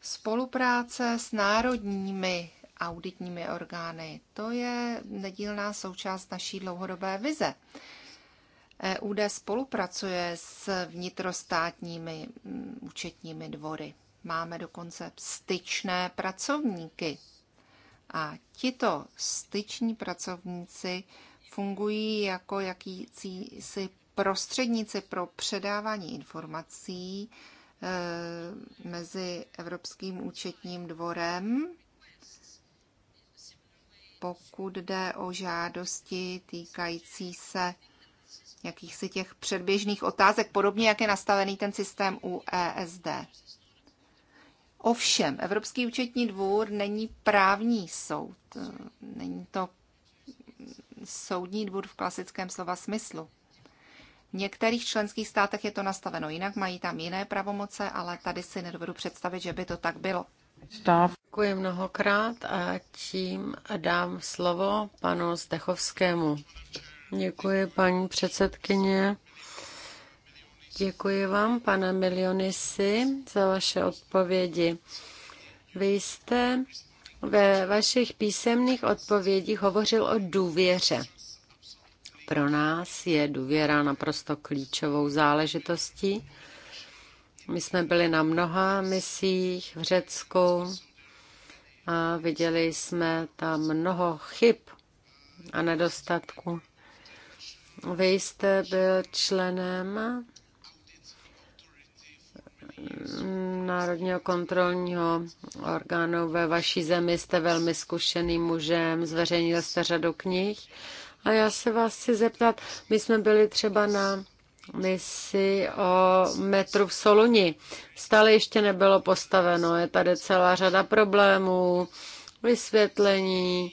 Speaker 3: Spolupráce s národními auditními orgány, to je nedílná součást naší dlouhodobé vize. EUD spolupracuje s vnitrostátními mm, účetními dvory. Máme dokonce styčné pracovníky. A tito styční pracovníci fungují jako jakýsi prostředníci pro předávání informací eh, mezi Evropským účetním dvorem, pokud jde o žádosti týkající se jakýchsi těch předběžných otázek, podobně jak je nastavený ten systém u ESD. Ovšem, Evropský účetní dvůr není právní soud, eh, není to soudní dvůr v klasickém slova smyslu. V některých členských státech je to nastaveno jinak, mají tam jiné pravomoce, ale tady si nedovedu představit, že by to tak bylo. Děkuji
Speaker 1: mnohokrát a tím dám slovo panu Zdechovskému. Děkuji, paní předsedkyně. Děkuji vám, pane Milionisi, za vaše odpovědi. Vy jste ve vašich písemných odpovědích hovořil o důvěře. Pro nás je důvěra naprosto klíčovou záležitostí. My jsme byli na mnoha misích v Řecku a viděli jsme tam mnoho chyb a nedostatků. Vy jste byl členem Národního kontrolního orgánu ve vaší zemi. Jste velmi zkušeným mužem, zveřejnil jste řadu knih. A já se vás chci zeptat, my jsme byli třeba na misi o metru v Soluni. Stále ještě nebylo postaveno, je tady celá řada problémů, vysvětlení.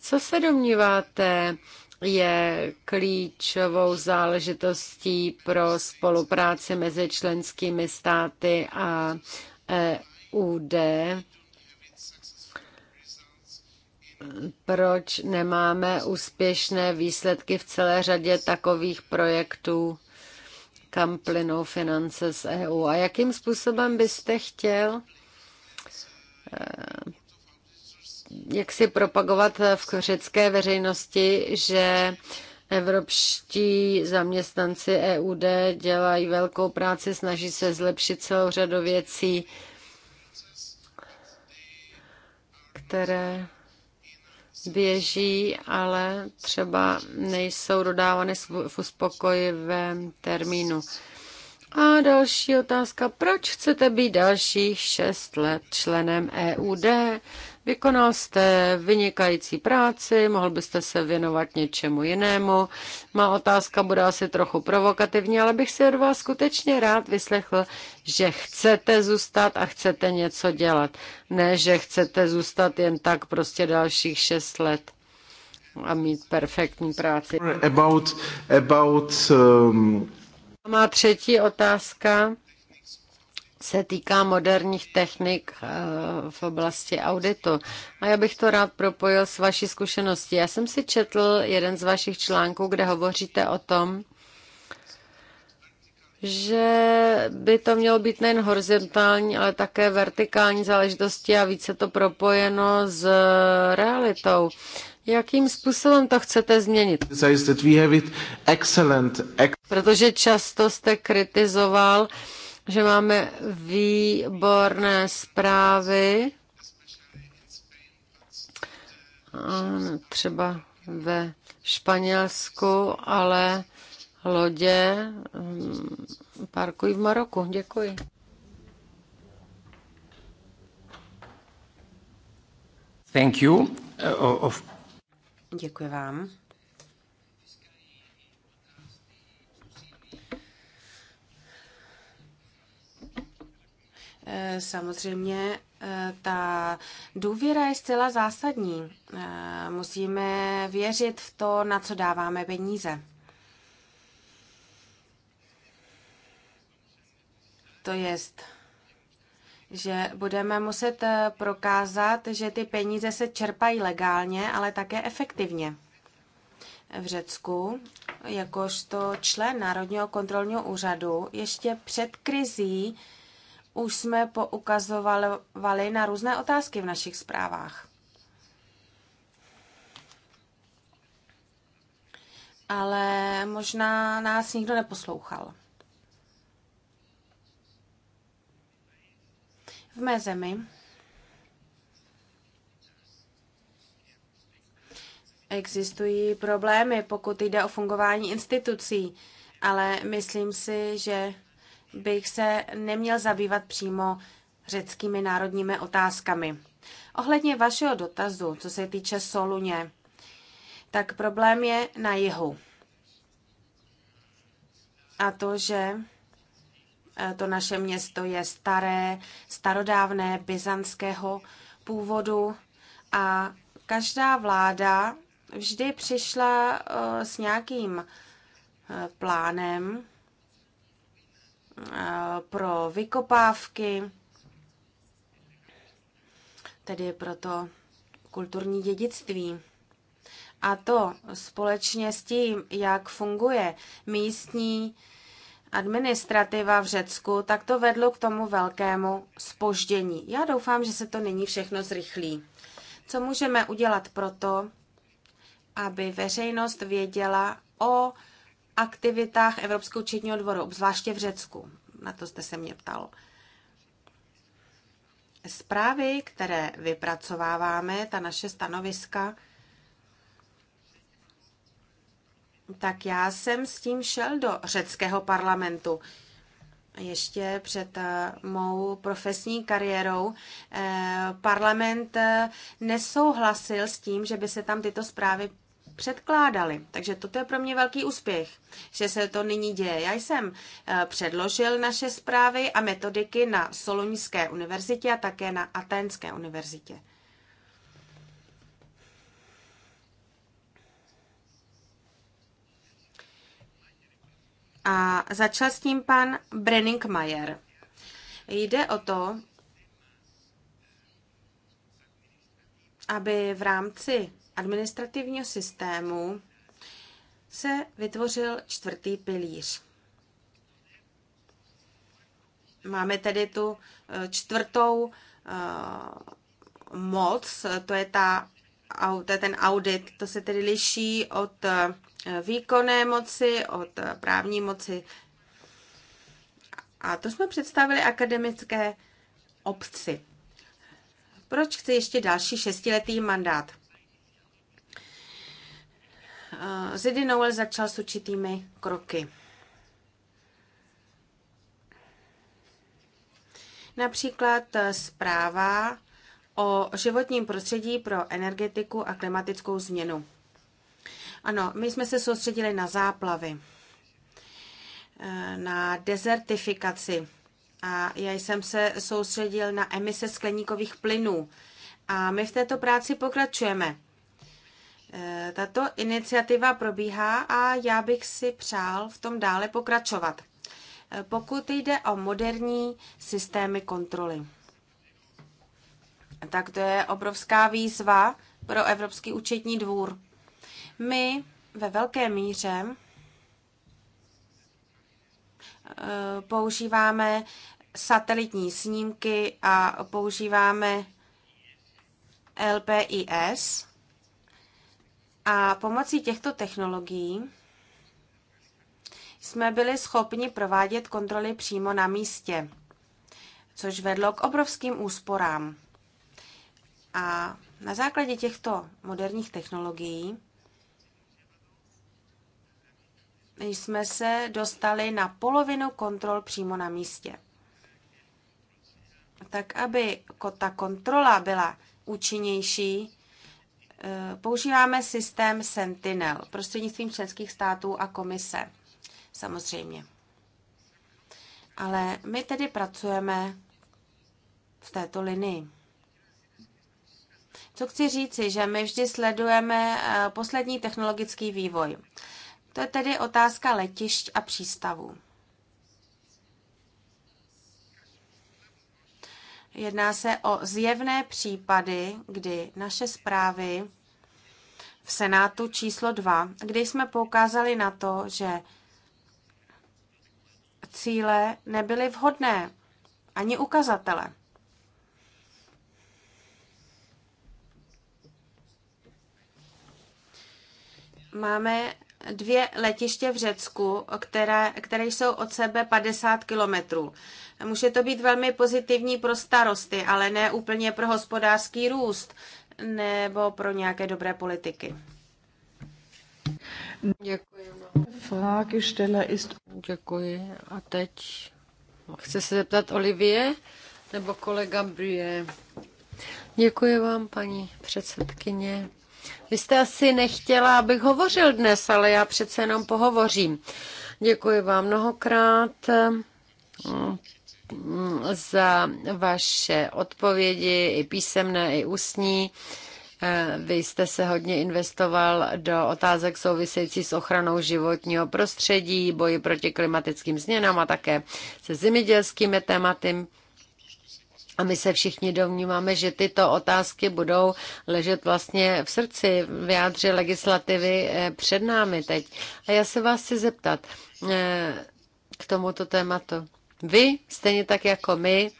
Speaker 1: Co se domníváte? je klíčovou záležitostí pro spolupráci mezi členskými státy a EUD. Proč nemáme úspěšné výsledky v celé řadě takových projektů, kam plynou finance z EU? A jakým způsobem byste chtěl jak si propagovat v řecké veřejnosti, že Evropští zaměstnanci EUD dělají velkou práci, snaží se zlepšit celou řadu věcí, které běží, ale třeba nejsou dodávány v uspokojivém termínu. A další otázka. Proč chcete být dalších šest let členem EUD? Vykonal jste vynikající práci, mohl byste se věnovat něčemu jinému. Má otázka bude asi trochu provokativní, ale bych si od vás skutečně rád vyslechl, že chcete zůstat a chcete něco dělat. Ne, že chcete zůstat jen tak prostě dalších šest let a mít perfektní práci.
Speaker 2: About, about, um...
Speaker 1: Má třetí otázka se týká moderních technik eh, v oblasti auditu. A já bych to rád propojil s vaší zkušeností. Já jsem si četl jeden z vašich článků, kde hovoříte o tom, že by to mělo být nejen horizontální, ale také vertikální záležitosti a více to propojeno s realitou. Jakým způsobem to chcete změnit? Protože často jste kritizoval uh, že máme výborné zprávy, třeba ve Španělsku, ale lodě mm, parkují v Maroku. Děkuji.
Speaker 2: Thank you. Uh, of...
Speaker 4: Děkuji vám. Eh, samozřejmě eh, ta důvěra je zcela zásadní. Eh, musíme věřit v to, na co dáváme peníze. To jest, že budeme muset prokázat, že ty peníze se čerpají legálně, ale také efektivně. V Řecku, jakožto člen Národního kontrolního úřadu, ještě před krizí už jsme poukazovali na různé otázky v našich zprávách. Ale možná nás nikdo neposlouchal. V mé zemi existují problémy, pokud jde o fungování institucí, ale myslím si, že bych se neměl zabývat přímo řeckými národními otázkami. Ohledně vašeho dotazu, co se týče Soluně, tak problém je na jihu. A to, že e, to naše město je staré, starodávné, byzantského původu a každá vláda vždy přišla e, s nějakým e, plánem, Eh, pro vykopávky, tedy pro to kulturní dědictví. A to společně s tím, jak funguje místní administrativa v Řecku, tak to vedlo k tomu velkému spoždění. Já doufám, že se to nyní všechno zrychlí. Co můžeme udělat proto, aby veřejnost věděla o aktivitách Evropského četního dvoru, obzvláště v Řecku. Na to jste se mě ptal. Zprávy, které vypracováváme, ta naše stanoviska, tak já jsem s tím šel do řeckého parlamentu. Ještě před eh, mou profesní kariérou eh, parlament eh, nesouhlasil s tím, že by se tam tyto zprávy předkládali. Takže toto je pro mě velký úspěch, že se to nyní děje. Já jsem eh, předložil naše zprávy a metodiky na Soloňské univerzitě a také na Aténské univerzitě. A začal s tím pan Mayer. Jde o to, aby v rámci administrativního systému se vytvořil čtvrtý pilíř. Máme tedy tu eh, čtvrtou eh, moc, to je, ta, to je ten audit, to se tedy liší od eh, výkonné moci, od právní moci. A to jsme představili akademické obci. Proč chci ještě další šestiletý mandát? Eh, Zidy Noel začal s určitými kroky. Například eh, zpráva o životním prostředí pro energetiku a klimatickou změnu. Ano, my jsme se soustředili na záplavy, eh, na desertifikaci a já jsem se soustředil na emise skleníkových plynů. A my v této práci pokračujeme. Eh, tato iniciativa probíhá a já bych si přál v tom dále pokračovat, eh, pokud jde o moderní systémy kontroly. Tak to je obrovská výzva pro Evropský účetní dvůr. My ve velké míře eh, používáme satelitní snímky a používáme LPIS – a pomocí těchto technologií jsme byli schopni provádět kontroly přímo na místě, což vedlo k obrovským úsporám. A na základě těchto moderních technologií jsme se dostali na polovinu kontrol přímo na místě. Tak, aby ta kontrola byla účinnější, Eh, používáme systém Sentinel prostřednictvím členských států a komise, samozřejmě. Ale my tedy pracujeme v této linii. Co chci říci, že my vždy sledujeme eh, poslední technologický vývoj. To je tedy otázka letišť a přístavů. Jedná se o zjevné případy, kdy naše zprávy v Senátu číslo 2, kdy jsme poukázali na to, že cíle nebyly vhodné, ani ukazatele. Máme dvě letiště v Řecku, které, které jsou od sebe 50 kilometrů. Může to být velmi pozitivní pro starosty, ale ne úplně pro hospodářský růst nebo pro nějaké dobré politiky.
Speaker 1: Děkuji. Děkuji. A teď chce se zeptat Olivie nebo kolega Brie. Děkuji vám, paní předsedkyně. Vy jste asi nechtěla, abych hovořil dnes, ale já přece jenom pohovořím. Děkuji vám mnohokrát za vaše odpovědi, i písemné, i ústní. Eh, vy jste se hodně investoval do otázek související s ochranou životního prostředí, boji proti klimatickým změnám a také se zemědělskými tématy. A my se všichni domníváme, že tyto otázky budou ležet vlastně v srdci, v jádře legislativy eh, před námi teď. A já se vás chci zeptat eh, k tomuto tématu. Vy, stejně tak jako my,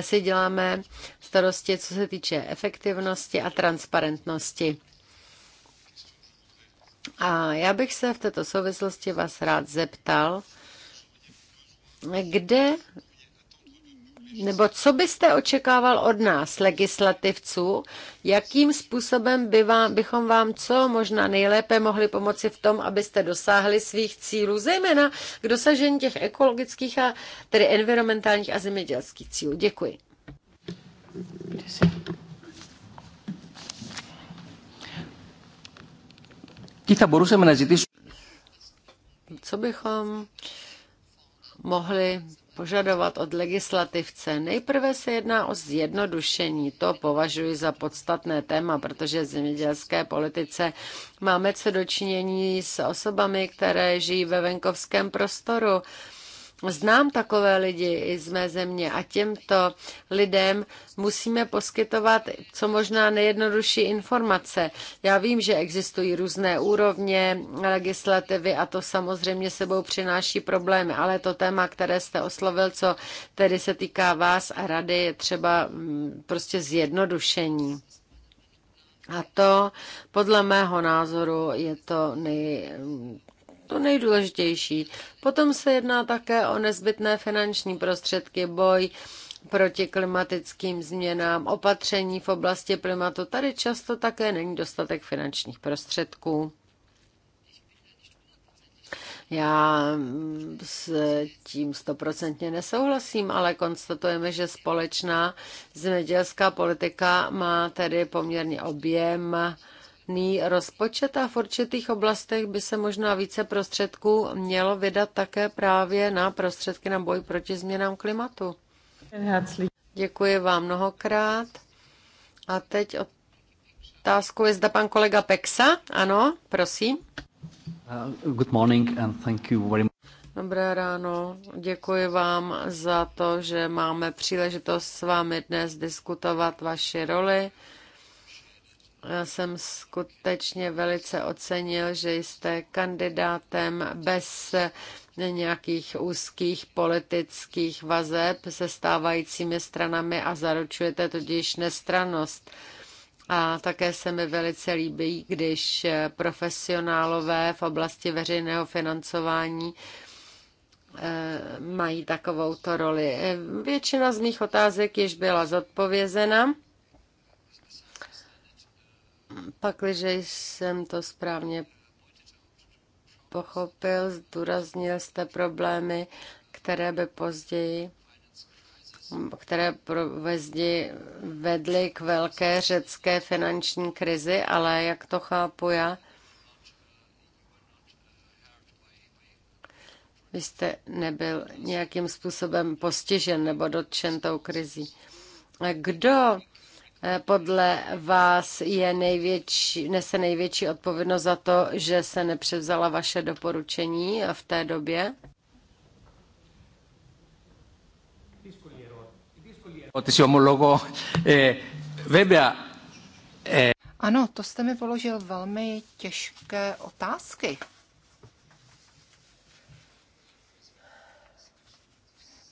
Speaker 1: si děláme starosti, co se týče efektivnosti a transparentnosti. A já bych se v této souvislosti vás rád zeptal, kde nebo co byste očekával od nás, legislativců, jakým způsobem by vám, bychom vám co možná nejlépe mohli pomoci v tom, abyste dosáhli svých cílů, zejména k dosažení těch ekologických a tedy environmentálních a zemědělských cílů. Děkuji. Co bychom mohli požadovat od legislativce. Nejprve se jedná o zjednodušení. To považuji za podstatné téma, protože v zemědělské politice máme co dočinění s osobami, které žijí ve venkovském prostoru Znám takové lidi i z mé země a těmto lidem musíme poskytovat co možná nejjednodušší informace. Já vím, že existují různé úrovně legislativy a to samozřejmě sebou přináší problémy, ale to téma, které jste oslovil, co tedy se týká vás a rady, je třeba mm, prostě zjednodušení. A to podle mého názoru je to nej, to nejdůležitější. Potom se jedná také o nezbytné finanční prostředky, boj proti klimatickým změnám, opatření v oblasti klimatu. Tady často také není dostatek finančních prostředků. Já s tím stoprocentně nesouhlasím, ale konstatujeme, že společná zemědělská politika má tedy poměrně objem ný rozpočet a v určitých oblastech by se možná více prostředků mělo vydat také právě na prostředky na boj proti změnám klimatu. Děkuji vám mnohokrát. A teď otázku je zda pan kolega Pexa. Ano, prosím.
Speaker 2: Uh, good morning and thank you very much.
Speaker 1: Dobré ráno, děkuji vám za to, že máme příležitost s vámi dnes diskutovat vaši roli já jsem skutečně velice ocenil, že jste kandidátem bez nějakých úzkých politických vazeb se stávajícími stranami a zaručujete tudíž nestranost. A také se mi velice líbí, když profesionálové v oblasti veřejného financování eh, mají takovouto roli. Eh, většina z mých otázek již byla zodpovězena. Pakliže jsem to správně pochopil, zdůraznil jste problémy, které by později které provezdi vedly k velké řecké finanční krizi, ale jak to chápu já, vy jste nebyl nějakým způsobem postižen nebo dotčen tou krizí. Kdo podle vás je největší, nese největší odpovědnost za to, že se nepřevzala vaše doporučení v té době?
Speaker 2: Eh, eh,
Speaker 3: ano, to jste mi položil velmi těžké otázky.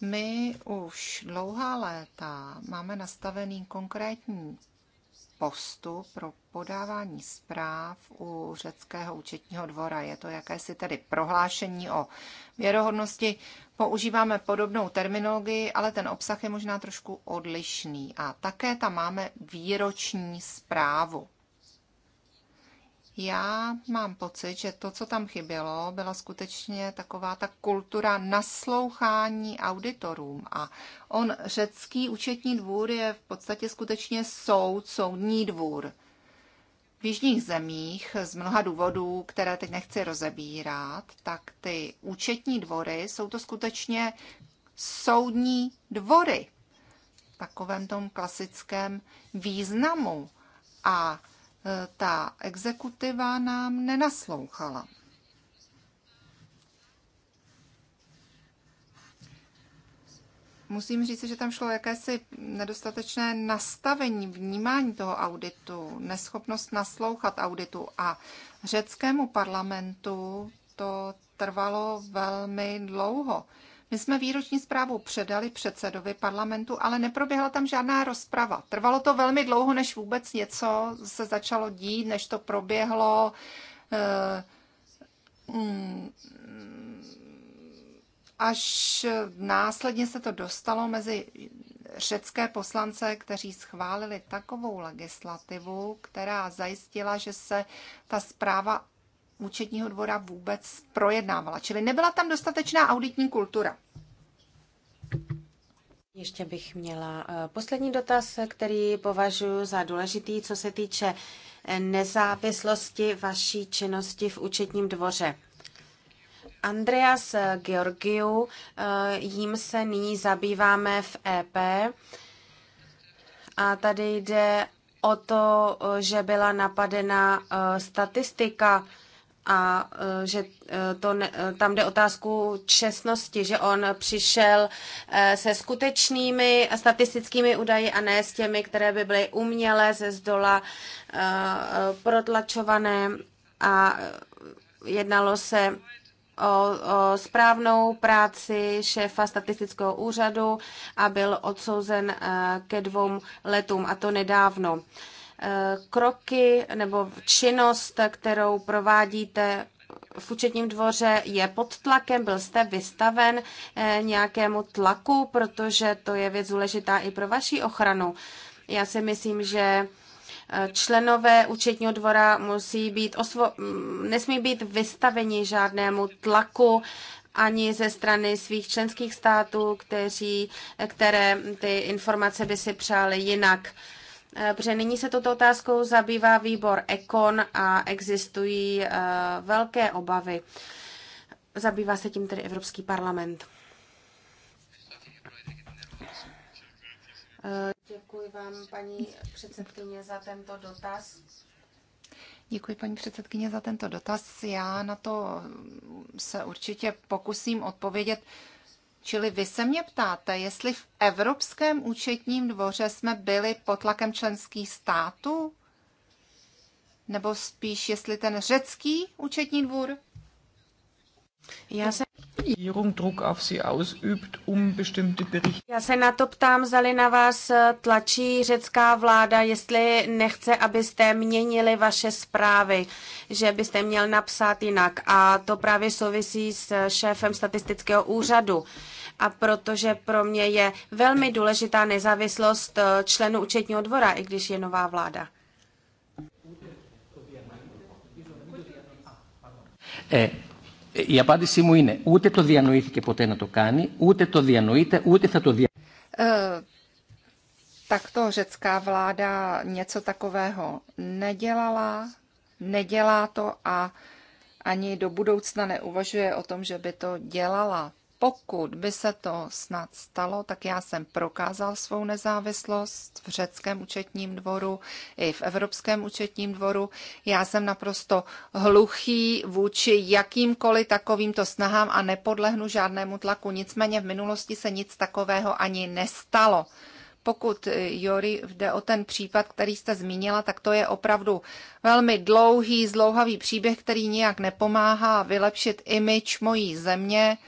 Speaker 3: My už dlouhá léta máme nastavený konkrétní postup pro podávání zpráv u řeckého účetního dvora. Je to jakési tedy prohlášení o věrohodnosti. Používáme podobnou terminologii, ale ten obsah je možná trošku odlišný. A také tam máme výroční zprávu. Já mám pocit, že to, co tam chybělo, byla skutečně taková ta kultura naslouchání auditorům. A on, řecký účetní dvůr, je v podstatě skutečně soud, soudní dvůr. V jižních zemích z mnoha důvodů, které teď nechci rozebírat, tak ty účetní dvory jsou to skutečně soudní dvory v takovém tom klasickém významu. A ta exekutiva nám nenaslouchala. Musím říct, že tam šlo jakési nedostatečné nastavení, vnímání toho auditu, neschopnost naslouchat auditu a řeckému parlamentu to trvalo velmi dlouho. My jsme výroční zprávu předali předsedovi parlamentu, ale neproběhla tam žádná rozprava. Trvalo to velmi dlouho, než vůbec něco se začalo dít, než to proběhlo. Eh, mm, až následně se to dostalo mezi řecké poslance, kteří schválili takovou legislativu, která zajistila, že se ta zpráva účetního dvora vůbec projednávala. Čili nebyla tam dostatečná auditní kultura. Ještě bych měla eh, poslední dotaz, eh, který považuji za
Speaker 4: důležitý, co se týče eh, nezávislosti vaší činnosti v účetním dvoře. Andreas Georgiou, jím se nyní zabýváme v EP a tady jde o to, že byla napadena statistika a e, že e, to ne, e, tam jde otázku čestnosti, že on přišel se skutečnými statistickými údaji a ne s těmi, které by byly uměle ze zdola protlačované a jednalo se o, o správnou práci šéfa statistického úřadu a byl odsouzen ke dvou letům, a to nedávno. Eh, kroky nebo činnost, kterou provádíte v účetním dvoře je pod tlakem, byl jste vystaven eh, nějakému tlaku, protože to je věc důležitá i pro vaši ochranu. Já si myslím, že eh, členové účetního dvora musí být osvo- mm, nesmí být vystaveni žádnému tlaku ani ze strany svých členských států, kteří, které ty informace by si přáli jinak. Eh, protože nyní se toto otázkou zabývá výbor Ekon a existují eh, velké obavy. Zabývá se tím tedy Evropský parlament. Eh, děkuji vám, paní předsedkyně, za tento dotaz.
Speaker 3: Děkuji, paní předsedkyně, za tento dotaz. Já na to se určitě pokusím odpovědět Čili vy se mě ptáte, jestli v Evropském účetním dvoře jsme byli pod tlakem členských států? Nebo spíš, jestli ten řecký účetní dvůr?
Speaker 2: Já se... Um
Speaker 4: Já se na to ptám, zali na vás eh, tlačí řecká vláda, jestli nechce, abyste měnili vaše zprávy, že byste měl napsat jinak. A to právě souvisí s eh, šéfem statistického úřadu a protože pro mě je velmi důležitá nezávislost eh, členů účetního dvora, i když je nová vláda.
Speaker 2: Ε, η απάντησή μου είναι ούτε το διανοήθηκε ποτέ να το κάνει, ούτε το διανοείται, ούτε θα το διανοήσει.
Speaker 3: Takto řecká vláda něco takového nedělala, nedělá to a ani do budoucna neuvažuje o tom, že by to dělala pokud by se to snad stalo, tak já jsem prokázal svou nezávislost v řeckém účetním dvoru i v Evropském účetním dvoru. Já jsem naprosto hluchý vůči jakýmkoliv takovýmto snahám a nepodlehnu žádnému tlaku. Nicméně v minulosti se nic takového ani nestalo. Pokud, eh, Jory, jde o ten případ, který jste zmínila, tak to je opravdu velmi dlouhý, zlouhavý příběh, který nijak nepomáhá vylepšit imič mojí země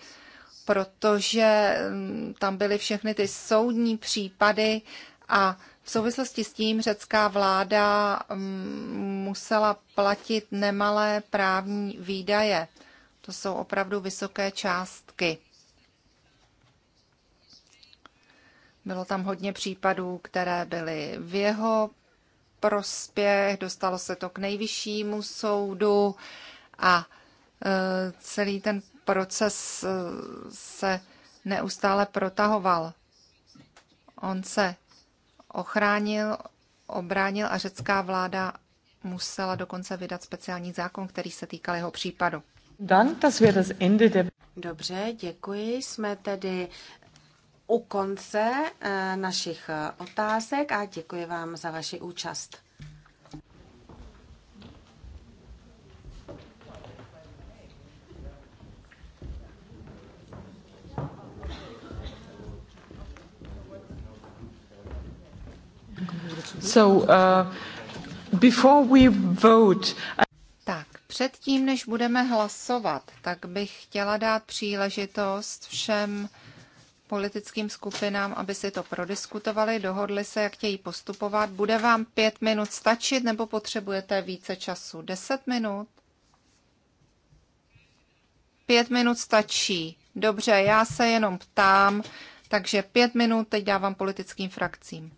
Speaker 3: protože mm, tam byly všechny ty soudní případy a v souvislosti s tím řecká vláda mm, musela platit nemalé právní výdaje. To jsou opravdu vysoké částky. Bylo tam hodně případů, které byly v jeho prospěch, dostalo se to k nejvyššímu soudu a e, celý ten proces eh, se neustále protahoval. On se ochránil, obránil a řecká vláda musela dokonce vydat speciální zákon, který se týkal jeho případu. Dobře, děkuji. Jsme tedy
Speaker 4: u konce eh, našich eh, otázek a děkuji vám za vaši účast.
Speaker 2: Uh,
Speaker 3: tak, předtím, než budeme hlasovat, tak bych chtěla dát příležitost všem politickým skupinám, aby si to prodiskutovali, dohodli se, jak chtějí postupovat. Bude vám pět minut stačit nebo potřebujete více času? Deset minut? Pět minut stačí. Dobře, já se jenom ptám, takže pět minut teď dávám politickým frakcím.